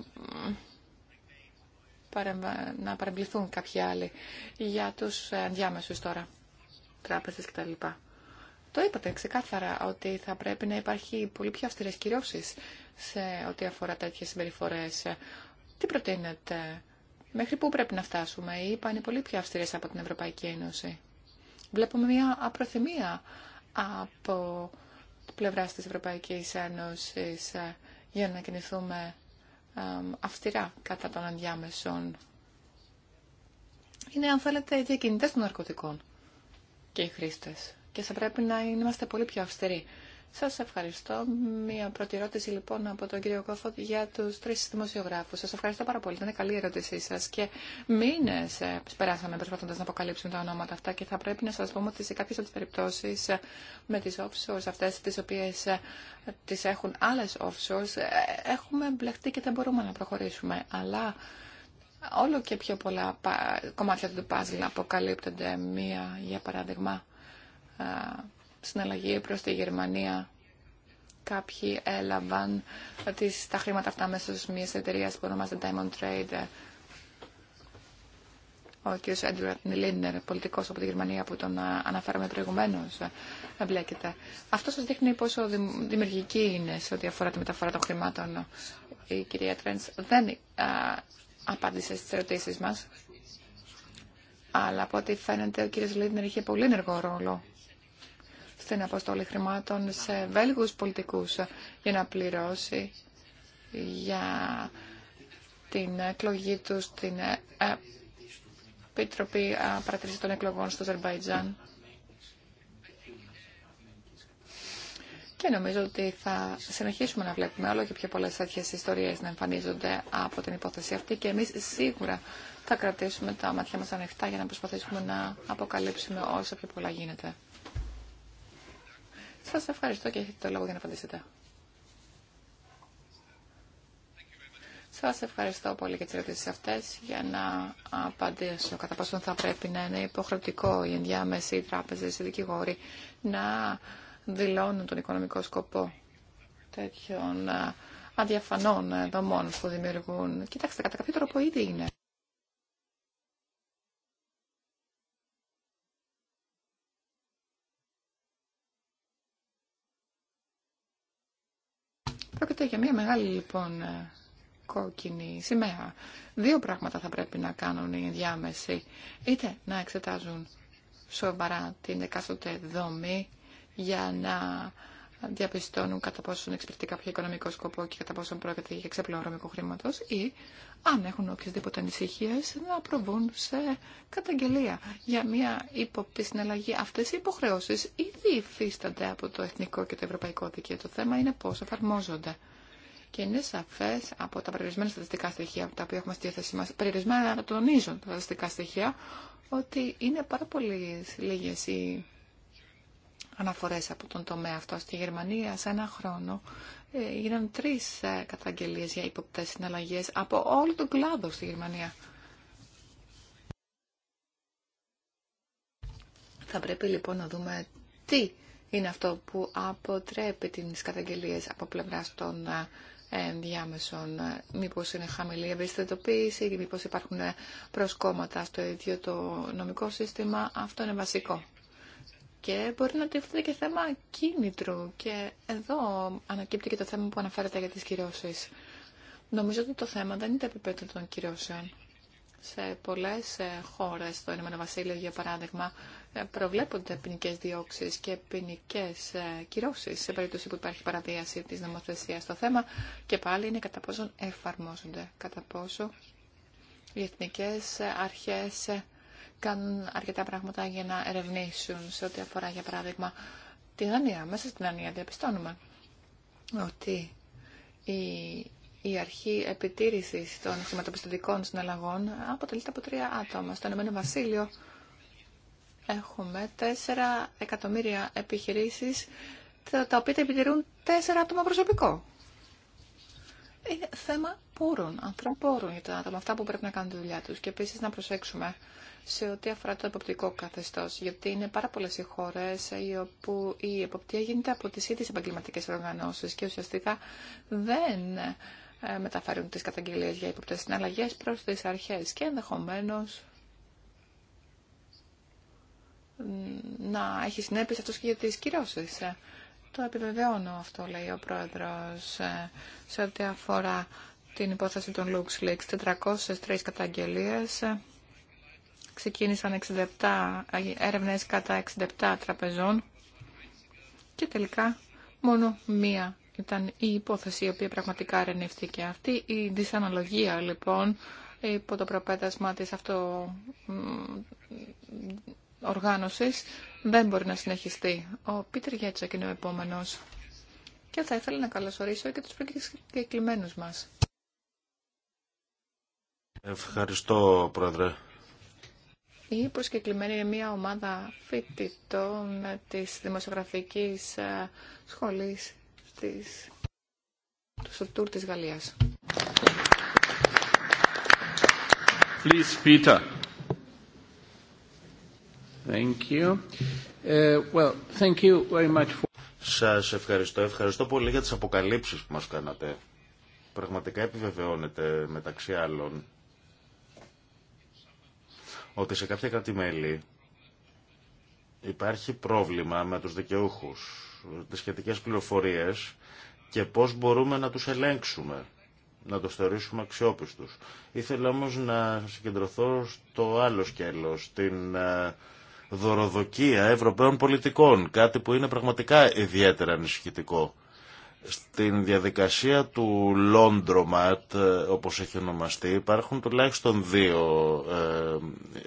παρεμβα... να παρεμπληθούν κάποιοι άλλοι για τους διάμεσους τώρα, τράπεζες κτλ. Το είπατε ξεκάθαρα ότι θα πρέπει να υπάρχει πολύ πιο αυστηρές κυρώσεις σε ό,τι αφορά τέτοιες συμπεριφορές. Τι προτείνετε Μέχρι πού πρέπει να φτάσουμε. Οι ΗΠΑ είναι πολύ πιο αυστηρές από την Ευρωπαϊκή Ένωση. Βλέπουμε μια απροθυμία από πλευρά της Ευρωπαϊκής Ένωσης ε, για να κινηθούμε ε, αυστηρά κατά των ενδιάμεσων. Είναι, αν θέλετε, οι διακινητέ των ναρκωτικών και οι χρήστε. Και θα πρέπει να είμαστε πολύ πιο αυστηροί σας ευχαριστώ. Μία πρώτη ερώτηση λοιπόν από τον κύριο Κόφωτ για τους τρεις δημοσιογράφους. Σας ευχαριστώ πάρα πολύ. Ήταν καλή η ερώτησή σας και μήνες ε, περάσαμε προσπαθώντας να αποκαλύψουμε τα ονόματα αυτά και θα πρέπει να σας πούμε ότι σε κάποιες από τις περιπτώσεις ε, με τις offshores αυτές τις οποίες ε, τις έχουν άλλες offshores έχουμε μπλεχτεί και δεν μπορούμε να προχωρήσουμε. Αλλά όλο και πιο πολλά κομμάτια του παζλ αποκαλύπτονται. Μία για παράδειγμα συναλλαγή προς τη Γερμανία. Κάποιοι έλαβαν τις, τα χρήματα αυτά μέσω μια εταιρεία που ονομάζεται Diamond Trade. Ο κ. Έντουαρτ Νιλίνερ, πολιτικό από τη Γερμανία που τον ε, αναφέραμε προηγουμένω ε, εμπλέκεται. Αυτό σα δείχνει πόσο δημιουργική είναι σε ό,τι αφορά τη μεταφορά των χρημάτων. Η κυρία Τρέντ δεν ε, απάντησε στι ερωτησει μα Αλλά από ό,τι φαίνεται ο κ. Λίνερ είχε πολύ ενεργό ρόλο στην αποστολή χρημάτων σε Βέλγους πολιτικούς για να πληρώσει για την εκλογή του στην ε, Επιτροπή ε, Παρατηρήσης των Εκλογών στο Αζερβαϊτζάν. Και νομίζω ότι θα συνεχίσουμε να βλέπουμε όλο και πιο πολλές τέτοιε ιστορίες να εμφανίζονται από την υπόθεση αυτή και εμείς σίγουρα θα κρατήσουμε τα μάτια μας ανοιχτά για να προσπαθήσουμε να αποκαλύψουμε όσο πιο πολλά γίνεται. Σας ευχαριστώ και έχετε το λόγο για να απαντήσετε. Σας ευχαριστώ πολύ για τις ερωτήσει αυτές για να απαντήσω κατά πόσο θα πρέπει να είναι υποχρεωτικό οι ενδιάμεση οι τράπεζες, οι δικηγόροι να δηλώνουν τον οικονομικό σκοπό τέτοιων ε, αδιαφανών ε, δομών που δημιουργούν. Κοιτάξτε, κατά κάποιο τρόπο ήδη είναι. Πρόκειται για μια μεγάλη λοιπόν ε, κόκκινη σημαία. Δύο πράγματα θα πρέπει να κάνουν οι διάμεσοι. Είτε να εξετάζουν σοβαρά την εκάστοτε δομή για να διαπιστώνουν κατά πόσον εξυπηρετεί κάποιο οικονομικό σκοπό και κατά πόσο πρόκειται για ξέπλυμα χρήματο ή αν έχουν οποιασδήποτε ανησυχίε να προβούν σε καταγγελία για μια ύποπτη συναλλαγή. Αυτέ οι υποχρεώσει ήδη υφίστανται από το εθνικό και το ευρωπαϊκό δικαίωμα. Το θέμα είναι πώ εφαρμόζονται. Και είναι σαφέ από τα περιορισμένα στατιστικά στοιχεία τα οποία έχουμε στη διάθεσή μα, περιορισμένα να τονίζουν τα στατιστικά στοιχεία, ότι είναι πάρα πολύ λίγε οι αναφορέ από τον τομέα αυτό. Στη Γερμανία σε ένα χρόνο έγιναν ε, τρει ε, καταγγελίε για υποπτέ συναλλαγέ από όλο τον κλάδο στη Γερμανία. Θα πρέπει λοιπόν να δούμε τι είναι αυτό που αποτρέπει τις καταγγελίες από πλευράς των ε, ενδιάμεσων. μήπω είναι χαμηλή η ευαισθητοποίηση ή υπάρχουν προσκόμματα στο ίδιο το νομικό σύστημα. Αυτό είναι βασικό. Και μπορεί να τίθεται και θέμα κίνητρου. Και εδώ ανακύπτει και το θέμα που αναφέρεται για τις κυρώσει. Νομίζω ότι το θέμα δεν είναι το επίπεδο των κυρώσεων. Σε πολλέ ε, χώρε στο Ηνωμένο Βασίλειο για παράδειγμα, ε, προβλέπονται ποινικέ διώξει και ποινικέ ε, κυρώσει σε περίπτωση που υπάρχει παραβίαση τη νομοθεσία στο θέμα και πάλι είναι κατά πόσο εφαρμόζονται, κατά πόσο οι εθνικές αρχές ε, κάνουν αρκετά πράγματα για να ερευνήσουν σε ό,τι αφορά για παράδειγμα τη Δανία. Μέσα στην Δανία διαπιστώνουμε ότι η, η αρχή επιτήρησης των χρηματοπιστωτικών συναλλαγών αποτελείται από τρία άτομα. Στον Ηνωμένο Βασίλειο έχουμε 4 εκατομμύρια επιχειρήσεις τα οποία επιτηρούν 4 άτομα προσωπικό. Είναι θέμα πόρων, ανθρωπόρων για τα άτομα αυτά που πρέπει να κάνουν τη δουλειά τους και επίσης να προσέξουμε σε ό,τι αφορά το εποπτικό καθεστώς, γιατί είναι πάρα πολλές οι χώρες όπου η εποπτεία γίνεται από τις ίδιες επαγγελματικές οργανώσεις και ουσιαστικά δεν ε, μεταφέρουν τις καταγγελίες για υποπτές συναλλαγές προς τις αρχές και ενδεχομένως να έχει συνέπειε αυτό και για τι κυρώσει. Το επιβεβαιώνω αυτό, λέει ο πρόεδρο. Ε, σε ό,τι αφορά την υπόθεση των LuxLeaks. 403 καταγγελίε. Ξεκίνησαν 67, έρευνε κατά 67 τραπεζών και τελικά μόνο μία ήταν η υπόθεση η οποία πραγματικά ερευνήθηκε. Αυτή η δυσαναλογία λοιπόν υπό το προπέτασμα της αυτο οργάνωσης δεν μπορεί να συνεχιστεί. Ο Πίτερ Γέτσακ είναι ο επόμενος. Και θα ήθελα να καλωσορίσω και τους προσκεκλημένους μας.
Ευχαριστώ, Πρόεδρε.
Η προσκεκλημένη είναι μια ομάδα φοιτητών της Δημοσιογραφικής ε, Σχολής της, του Σοτούρ της Γαλλίας.
Please, Peter. Thank uh, Σας ευχαριστώ. Ευχαριστώ πολύ για τις αποκαλύψεις που μας κάνατε. Πραγματικά επιβεβαιώνεται μεταξύ άλλων ότι σε κάποια κρατημέλη υπάρχει πρόβλημα με τους δικαιούχους, τις σχετικές πληροφορίες και πώς μπορούμε να τους ελέγξουμε, να τους θεωρήσουμε αξιόπιστους. Ήθελα όμως να συγκεντρωθώ στο άλλο σκέλος, την ε, δωροδοκία Ευρωπαίων πολιτικών, κάτι που είναι πραγματικά ιδιαίτερα ανησυχητικό. Στην διαδικασία του Λόντροματ, ε, όπως έχει ονομαστεί, υπάρχουν τουλάχιστον δύο ε,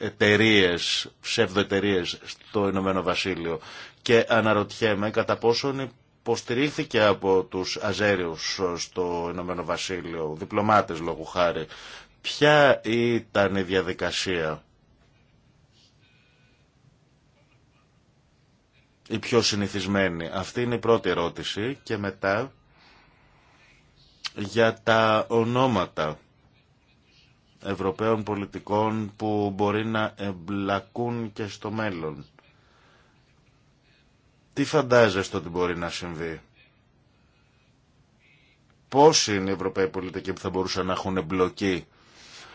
εταιρείε, ψευδοεταιρείες στο Ηνωμένο Βασίλειο και αναρωτιέμαι κατά πόσον υποστηρίχθηκε από τους Αζέριους στο Ηνωμένο Βασίλειο, διπλωμάτες λόγου χάρη. Ποια ήταν η διαδικασία ή πιο συνηθισμένοι. Αυτή είναι η πιο συνηθισμένη. Αυτή είναι η πρώτη ερώτηση και μετά για τα ονόματα Ευρωπαίων πολιτικών που μπορεί να εμπλακούν και στο μέλλον. Τι φαντάζεστε ότι μπορεί να συμβεί. Πόσοι είναι οι Ευρωπαίοι πολιτικοί που θα μπορούσαν να έχουν εμπλοκή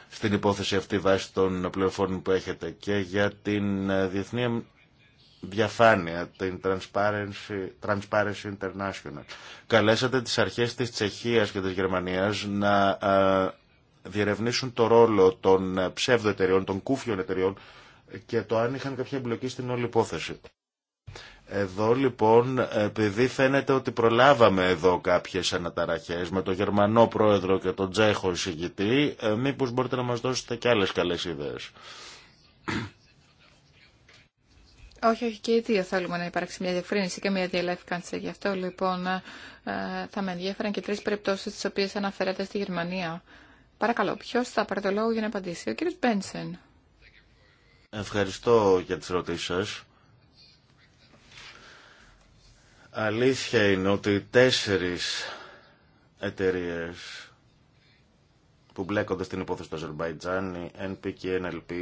στην υπόθεση αυτή βάσει των πληροφόρων που έχετε και για την ε, διεθνή διαφάνεια, την Transparency, Transparency International. Καλέσατε τις αρχές της Τσεχίας και της Γερμανίας να διερευνήσουν το ρόλο των ψεύδο εταιριών, των κούφιων εταιριών και το αν είχαν κάποια εμπλοκή στην όλη υπόθεση. Εδώ λοιπόν, επειδή φαίνεται ότι προλάβαμε εδώ κάποιες αναταραχές με τον Γερμανό πρόεδρο και τον Τζέχο εισηγητή, ε, μήπως μπορείτε να μας δώσετε και άλλες καλές ιδέες.
Όχι, όχι, και οι δύο θέλουμε να υπάρξει μια διευκρίνηση και μια διαλεύκανση. Γι' αυτό λοιπόν ε, θα με ενδιαφέραν και τρει περιπτώσει τι οποίε αναφέρατε στη Γερμανία. Παρακαλώ, ποιο θα πάρει το λόγο για να απαντήσει, ο κύριο Μπένσεν.
Ευχαριστώ για τι ερωτήσει σα. Αλήθεια είναι ότι τέσσερις εταιρείε που μπλέκονται στην υπόθεση του Αζερμπαϊτζάν, η NP και η NLP,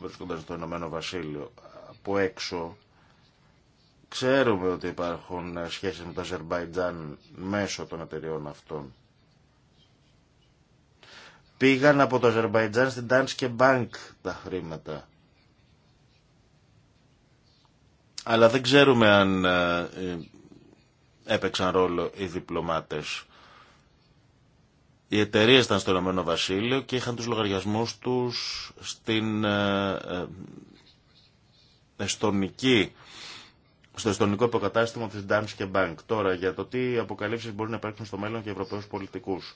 βρίσκοντας στο Ηνωμένο Βασίλειο από έξω, ξέρουμε ότι υπάρχουν σχέσεις με το Αζερμπαϊτζάν μέσω των εταιριών αυτών. Πήγαν από το Αζερμπαϊτζάν στην Danske Bank τα χρήματα. Αλλά δεν ξέρουμε αν ε, έπαιξαν ρόλο οι διπλωμάτες. Οι εταιρείε ήταν στο Ηνωμένο Βασίλειο και είχαν τους λογαριασμούς τους στην ε, ε, εστονική, στο εστονικό υποκατάστημα της Danske Bank. Τώρα για το τι αποκαλύψεις μπορεί να υπάρξουν στο μέλλον και ευρωπαίους πολιτικούς.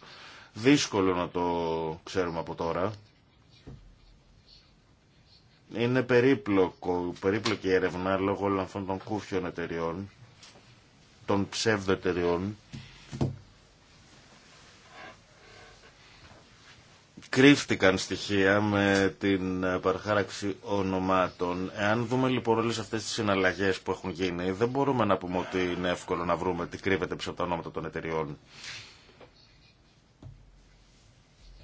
Δύσκολο να το ξέρουμε από τώρα. Είναι περίπλοκο, περίπλοκη έρευνα λόγω όλων αυτών των κούφιων εταιριών, των ψεύδο εταιριών. κρύφτηκαν στοιχεία με την παραχάραξη ονομάτων. Εάν δούμε λοιπόν όλε αυτέ τι συναλλαγέ που έχουν γίνει, δεν μπορούμε να πούμε ότι είναι εύκολο να βρούμε τι κρύβεται πίσω από τα ονόματα των εταιριών.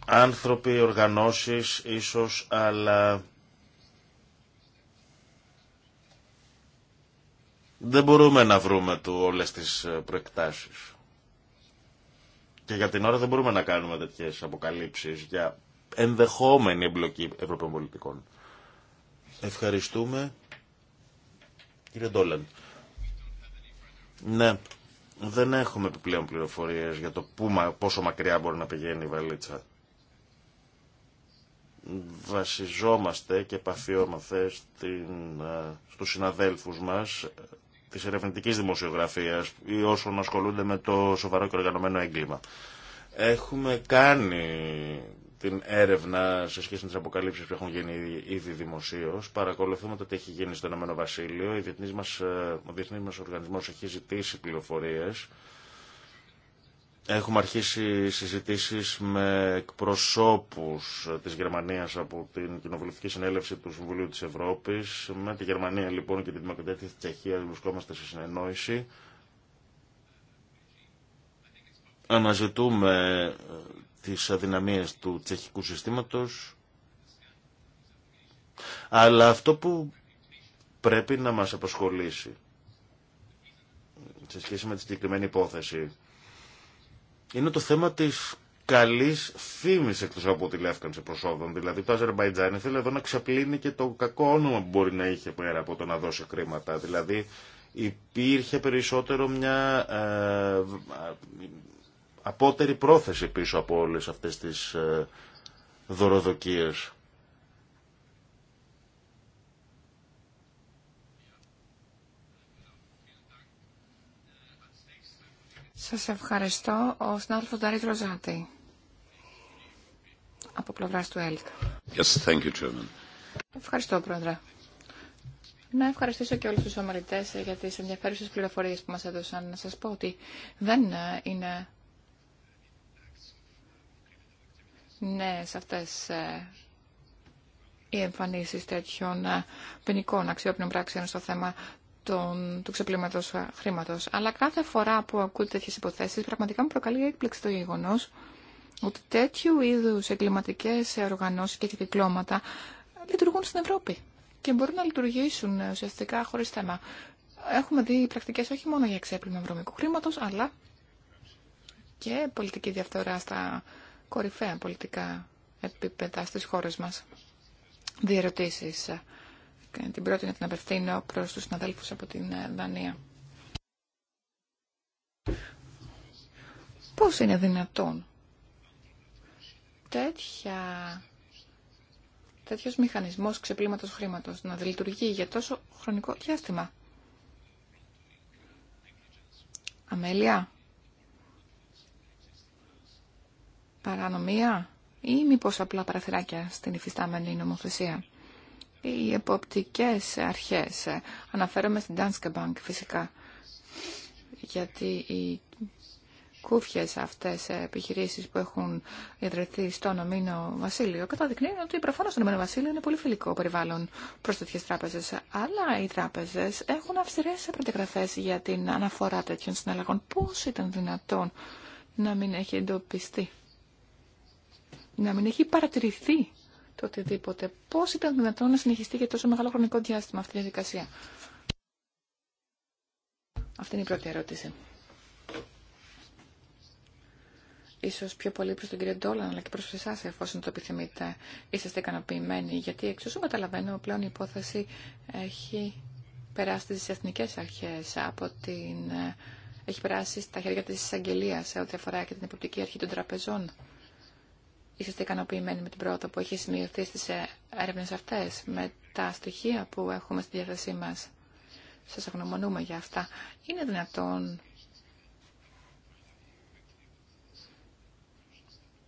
Άνθρωποι, οργανώσεις ίσως, αλλά δεν μπορούμε να βρούμε του όλες τις προεκτάσεις. Και για την ώρα δεν μπορούμε να κάνουμε τέτοιε αποκαλύψει για ενδεχόμενη εμπλοκή Ευρωπαίων πολιτικών. Ευχαριστούμε. Κύριε Ντόλεν. Ναι, δεν έχουμε επιπλέον πληροφορίες για το που, πόσο μακριά μπορεί να πηγαίνει η βαλίτσα. Βασιζόμαστε και επαφιόμαστε στου ε, στους συναδέλφους μας Τη ερευνητική δημοσιογραφία ή όσων ασχολούνται με το σοβαρό και οργανωμένο έγκλημα. Έχουμε κάνει την έρευνα σε σχέση με τι αποκαλύψει που έχουν γίνει ήδη δημοσίω. Παρακολουθούμε το τι έχει γίνει στο Ηνωμένο Βασίλειο. Ε, ο διεθνή μα οργανισμό έχει ζητήσει πληροφορίε Έχουμε αρχίσει συζητήσεις με εκπροσώπους της Γερμανίας από την Κοινοβουλευτική Συνέλευση του Συμβουλίου της Ευρώπης. Με τη Γερμανία λοιπόν και τη Δημοκρατία της Τσεχίας βρισκόμαστε σε συνεννόηση. Αναζητούμε ε, τις αδυναμίες του τσεχικού συστήματος. Αλλά αυτό που πρέπει να μας απασχολήσει σε σχέση με τη συγκεκριμένη υπόθεση είναι το θέμα τη καλής φήμη εκτός από τη σε προσόδων. Δηλαδή το Αζερμπαϊτζάν θέλει εδώ να ξαπλύνει και το κακό όνομα που μπορεί να είχε πέρα από το να δώσει χρήματα. Δηλαδή υπήρχε περισσότερο μια ε, απότερη πρόθεση πίσω από όλες αυτές τις ε,
Σας ευχαριστώ. Ο συνάδελφος Νταρίτ Ροζάτη από πλευρά του ΕΛΚ.
Yes, thank you, Chairman.
Ευχαριστώ, Πρόεδρε. Να ευχαριστήσω και όλους τους ομιλητές για τις ενδιαφέρουσες πληροφορίες που μας έδωσαν. Να σας πω ότι δεν είναι σε αυτές ε, οι εμφανίσει τέτοιων ε, ποινικών αξιόπινων πράξεων στο θέμα του ξεπλήματο χρήματο. Αλλά κάθε φορά που ακούω τέτοιε υποθέσει, πραγματικά μου προκαλεί έκπληξη το γεγονό ότι τέτοιου είδου εγκληματικέ οργανώσει και κυκλώματα λειτουργούν στην Ευρώπη και μπορούν να λειτουργήσουν ουσιαστικά χωρί θέμα. Έχουμε δει πρακτικέ όχι μόνο για ξέπλυμα βρωμικού χρήματο, αλλά και πολιτική διαφθορά στα κορυφαία πολιτικά επίπεδα στι χώρε μα Διερωτήσει την πρώτη να την απευθύνω προς τους συναδέλφους από την ε, Δανία. Πώς είναι δυνατόν τέτοια, τέτοιος μηχανισμός ξεπλήματος χρήματος να λειτουργεί για τόσο χρονικό διάστημα. Αμέλεια. Παρανομία ή μήπως απλά παραθυράκια στην υφιστάμενη νομοθεσία οι εποπτικές αρχές. Αναφέρομαι στην Danske Bank φυσικά, γιατί οι κούφιες αυτές επιχειρήσεις που έχουν ιδρυθεί στο Νομίνο Βασίλειο καταδεικνύουν ότι προφανώ το Νομίνο Βασίλειο είναι πολύ φιλικό περιβάλλον προς τέτοιες τράπεζες. Αλλά οι τράπεζες έχουν αυστηρές προδιαγραφές για την αναφορά τέτοιων συναλλαγών. Πώς ήταν δυνατόν να μην έχει εντοπιστεί, να μην έχει παρατηρηθεί το οτιδήποτε. Πώ ήταν δυνατόν να συνεχιστεί για τόσο μεγάλο χρονικό διάστημα αυτή η διαδικασία. Αυτή είναι η πρώτη ερώτηση. Ίσως πιο πολύ προς τον κύριο Ντόλαν, αλλά και προς εσάς, εφόσον το επιθυμείτε, είσαστε ικανοποιημένοι, γιατί εξ όσου καταλαβαίνω, πλέον η υπόθεση έχει περάσει στις εθνικές αρχές από την... Ε, έχει περάσει στα χέρια της εισαγγελίας σε ό,τι αφορά και την υποπτική αρχή των τραπεζών είσαστε ικανοποιημένοι με την πρόοδο που έχει σημειωθεί στις ε, έρευνες αυτές, με τα στοιχεία που έχουμε στη διάθεσή μας. Σας αγνωμονούμε για αυτά. Είναι δυνατόν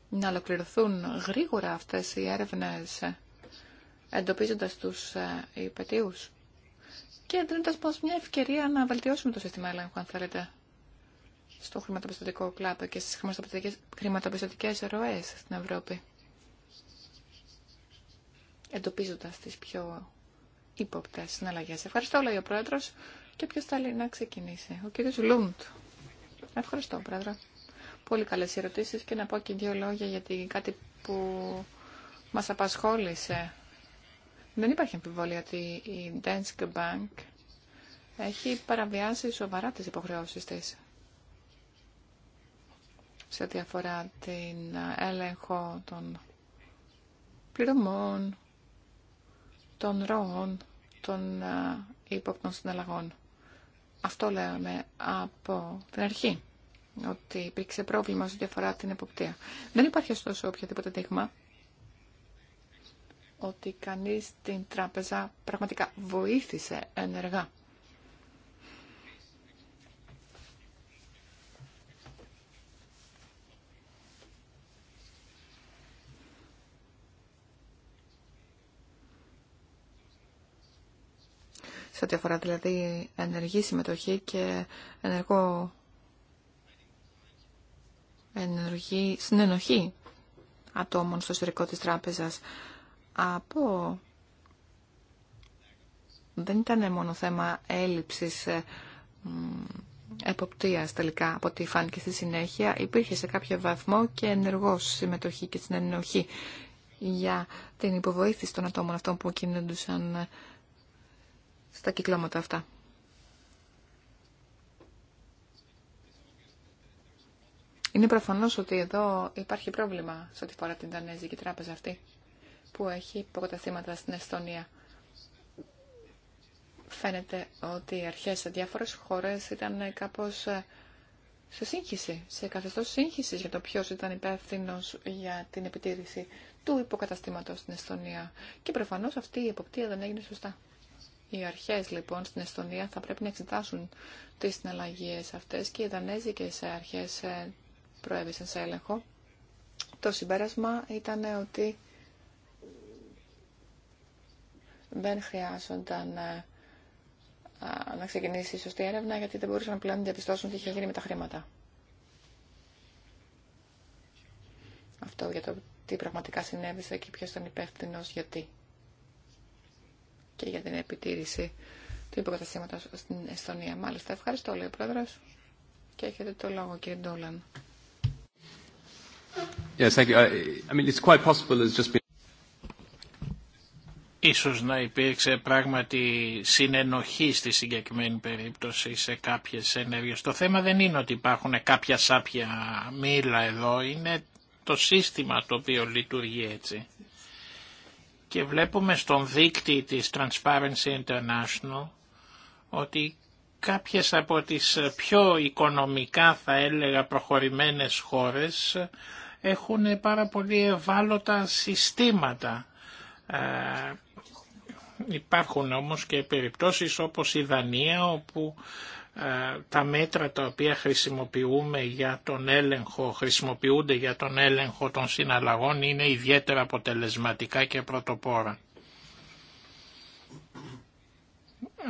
να ολοκληρωθούν γρήγορα αυτές οι έρευνες ε, εντοπίζοντας τους ε, υπετίους και δίνοντας μας μια ευκαιρία να βελτιώσουμε το σύστημα ελέγχου αν θέλετε στο χρηματοπιστωτικό κλάδο και στις χρηματοπιστωτικές ροές στην Ευρώπη, εντοπίζοντας τις πιο ύποπτες συναλλαγές. Ευχαριστώ, λέει ο Πρόεδρος. Και ποιος θέλει να ξεκινήσει. Ο κύριος Λούντ. Ευχαριστώ, πρόεδρο. Πολύ καλές ερωτήσεις και να πω και δύο λόγια γιατί κάτι που μας απασχόλησε. Δεν υπάρχει αμφιβολία ότι η Danske Bank έχει παραβιάσει σοβαρά τις υποχρεώσεις της σε ό,τι αφορά την ε, έλεγχο των πληρωμών, των ροών, των ε, ύποπτων συναλλαγών. Αυτό λέμε από την αρχή, ότι υπήρξε πρόβλημα σε ό,τι αφορά την εποπτεία. Δεν υπάρχει ωστόσο οποιοδήποτε δείγμα ότι κανείς την τράπεζα πραγματικά βοήθησε ενεργά σε ό,τι αφορά δηλαδή ενεργή συμμετοχή και ενεργό ενεργή συνενοχή ατόμων στο ιστορικό της τράπεζας από δεν ήταν μόνο θέμα έλλειψης ε, εποπτείας τελικά από ό,τι φάνηκε στη συνέχεια υπήρχε σε κάποιο βαθμό και ενεργός συμμετοχή και συνενοχή για την υποβοήθηση των ατόμων αυτών που κινούντουσαν ε, στα κυκλώματα αυτά. Είναι προφανώς ότι εδώ υπάρχει πρόβλημα σε ό,τι φορά την Δανέζικη τράπεζα αυτή που έχει υποκαταστήματα στην Εστονία. Φαίνεται ότι οι αρχές σε διάφορες χώρες ήταν κάπως ε, σε σύγχυση, σε καθεστώς σύγχυσης για το ποιος ήταν υπεύθυνο για την επιτήρηση του υποκαταστήματος στην Εστονία. Και προφανώς αυτή η εποπτεία δεν έγινε σωστά. Οι αρχές λοιπόν στην Εστονία θα πρέπει να εξετάσουν τις συναλλαγίες αυτές και οι σε αρχές ε, προέβησαν σε έλεγχο. Το συμπέρασμα ήταν ότι δεν χρειάζονταν ε, να ξεκινήσει η σωστή έρευνα γιατί δεν μπορούσαν πλέον να διαπιστώσουν τι είχε γίνει με τα χρήματα. Αυτό για το τι πραγματικά συνέβησε και ποιος ήταν υπεύθυνο γιατί και για την επιτήρηση του υποκαταστήματος στην Εστονία. Μάλιστα, ευχαριστώ, λέει ο Πρόεδρος. Και έχετε το λόγο, κύριε Ντόλαν.
Yes, Ίσως να υπήρξε πράγματι συνενοχή στη συγκεκριμένη περίπτωση σε κάποιες ενέργειες. Το θέμα δεν είναι ότι υπάρχουν κάποια σάπια μήλα εδώ, είναι το σύστημα το οποίο λειτουργεί έτσι και βλέπουμε στον δίκτυ της Transparency International ότι κάποιες από τις πιο οικονομικά θα έλεγα προχωρημένες χώρες έχουν πάρα πολύ ευάλωτα συστήματα. Ε, υπάρχουν όμως και περιπτώσεις όπως η Δανία όπου ε, τα μέτρα τα οποία χρησιμοποιούμε για τον έλεγχο, χρησιμοποιούνται για τον έλεγχο των συναλλαγών είναι ιδιαίτερα αποτελεσματικά και πρωτοπόρα.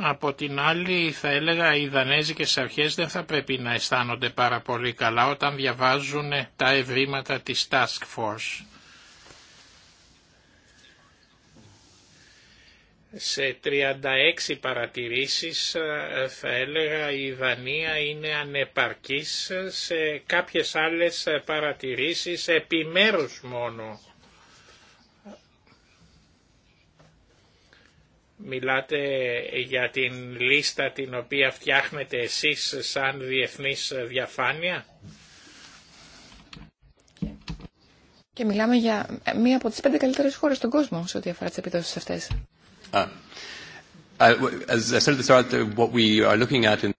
Από την άλλη θα έλεγα οι Δανέζικες αρχές δεν θα πρέπει να αισθάνονται πάρα πολύ καλά όταν διαβάζουν τα ευρήματα της Task Force. Σε 36 παρατηρήσεις ε, θα έλεγα η Δανία είναι ανεπαρκής, σε κάποιες άλλες παρατηρήσεις επιμέρους μόνο. Μιλάτε για την λίστα την οποία φτιάχνετε εσείς σαν διεθνής διαφάνεια.
Και μιλάμε για μία από τις πέντε καλύτερες χώρες στον κόσμο σε ό,τι αφορά τις επιδόσεις αυτές.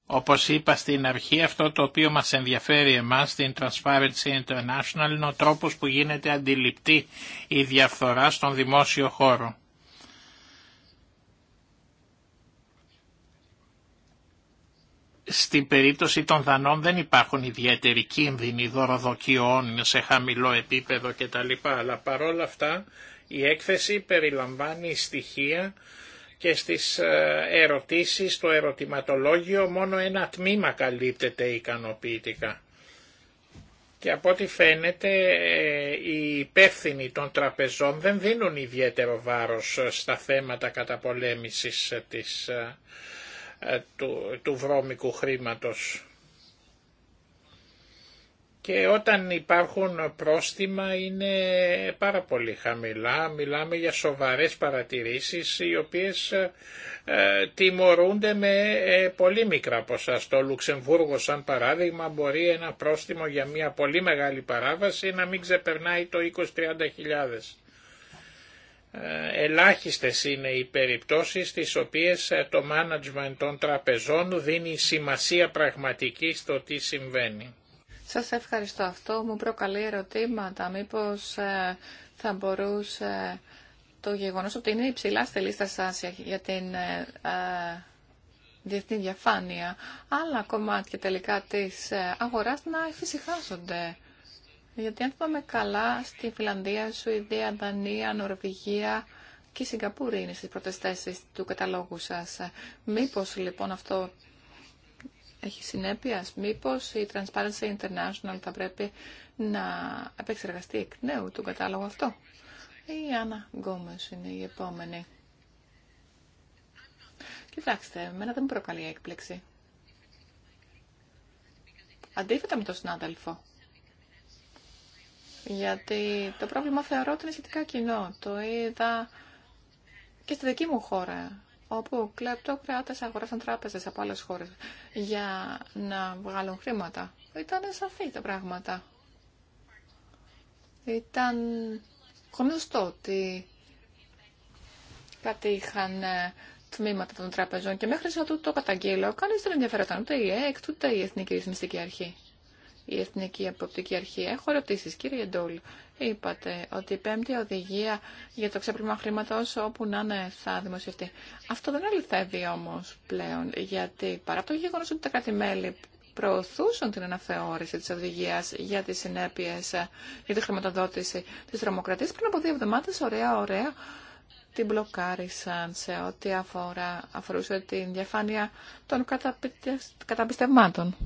Όπως είπα στην αρχή, αυτό το οποίο μας ενδιαφέρει εμάς στην Transparency International είναι ο τρόπος που γίνεται αντιληπτή η διαφθορά στον δημόσιο χώρο. Στην περίπτωση των δανών δεν υπάρχουν ιδιαίτεροι κίνδυνοι δωροδοκιών σε χαμηλό επίπεδο κτλ. Αλλά παρόλα αυτά η έκθεση περιλαμβάνει στοιχεία και στις ε, ερωτήσεις το ερωτηματολόγιο μόνο ένα τμήμα καλύπτεται ικανοποιητικά. Και από ό,τι φαίνεται ε, οι υπεύθυνοι των τραπεζών δεν δίνουν ιδιαίτερο βάρος ε, στα θέματα καταπολέμησης του, του βρώμικου χρήματος και όταν υπάρχουν πρόστιμα είναι πάρα πολύ χαμηλά. Μιλάμε για σοβαρές παρατηρήσεις οι οποίες ε, τιμωρούνται με ε, πολύ μικρά ποσά. Στο Λουξεμβούργο σαν παράδειγμα μπορεί ένα πρόστιμο για μια πολύ μεγάλη παράβαση να μην ξεπερνάει το 20-30 χιλιάδες. Ε, ελάχιστες είναι οι περιπτώσεις στις οποίες το management των τραπεζών δίνει σημασία πραγματική στο τι συμβαίνει.
Σας ευχαριστώ. Αυτό μου προκαλεί ερωτήματα. Μήπως ε, θα μπορούσε το γεγονός ότι είναι υψηλά στη λίστα σας για την ε, ε, διεθνή διαφάνεια, άλλα κομμάτια τελικά της αγοράς να εφησυχάζονται. Γιατί αν θυμάμαι καλά, στη Φιλανδία, Σουηδία, Δανία, Νορβηγία και η Σιγκαπούρη είναι στις πρώτες του καταλόγου σας. Μήπως λοιπόν αυτό έχει συνέπεια. Μήπω, η Transparency International θα πρέπει να επεξεργαστεί εκ νέου τον κατάλογο αυτό. Η Άννα Γκόμε είναι η επόμενη. Κοιτάξτε, εμένα δεν μου προκαλεί έκπληξη. Αντίθετα με τον συνάδελφο. Γιατί το πρόβλημα θεωρώ ότι είναι σχετικά κοινό. Το είδα και στη δική μου χώρα όπου κλαπτοκράτες αγοράσαν τράπεζες από άλλες χώρες για να βγάλουν χρήματα. Ήταν σαφή τα πράγματα. Ήταν γνωστό ότι κάτι είχαν ε, τμήματα των τραπεζών και μέχρι να το καταγγείλω, κανείς δεν ενδιαφέρονταν ούτε η ΕΚΤ ούτε η Εθνική Ρυθμιστική Αρχή η Εθνική Αποπτική Αρχή. Έχω ερωτήσει, κύριε Ντόλ. Είπατε ότι η πέμπτη οδηγία για το ξέπλυμα χρήματο όπου να είναι θα δημοσιευτεί. Αυτό δεν αληθεύει όμω πλέον, γιατί παρά το γεγονό ότι τα κράτη-μέλη προωθούσαν την αναθεώρηση τη οδηγία για τι συνέπειε για τη χρηματοδότηση τη τρομοκρατία, πριν από δύο εβδομάδε, ωραία, ωραία, την μπλοκάρισαν σε ό,τι αφορούσε την διαφάνεια των καταπιστευμάτων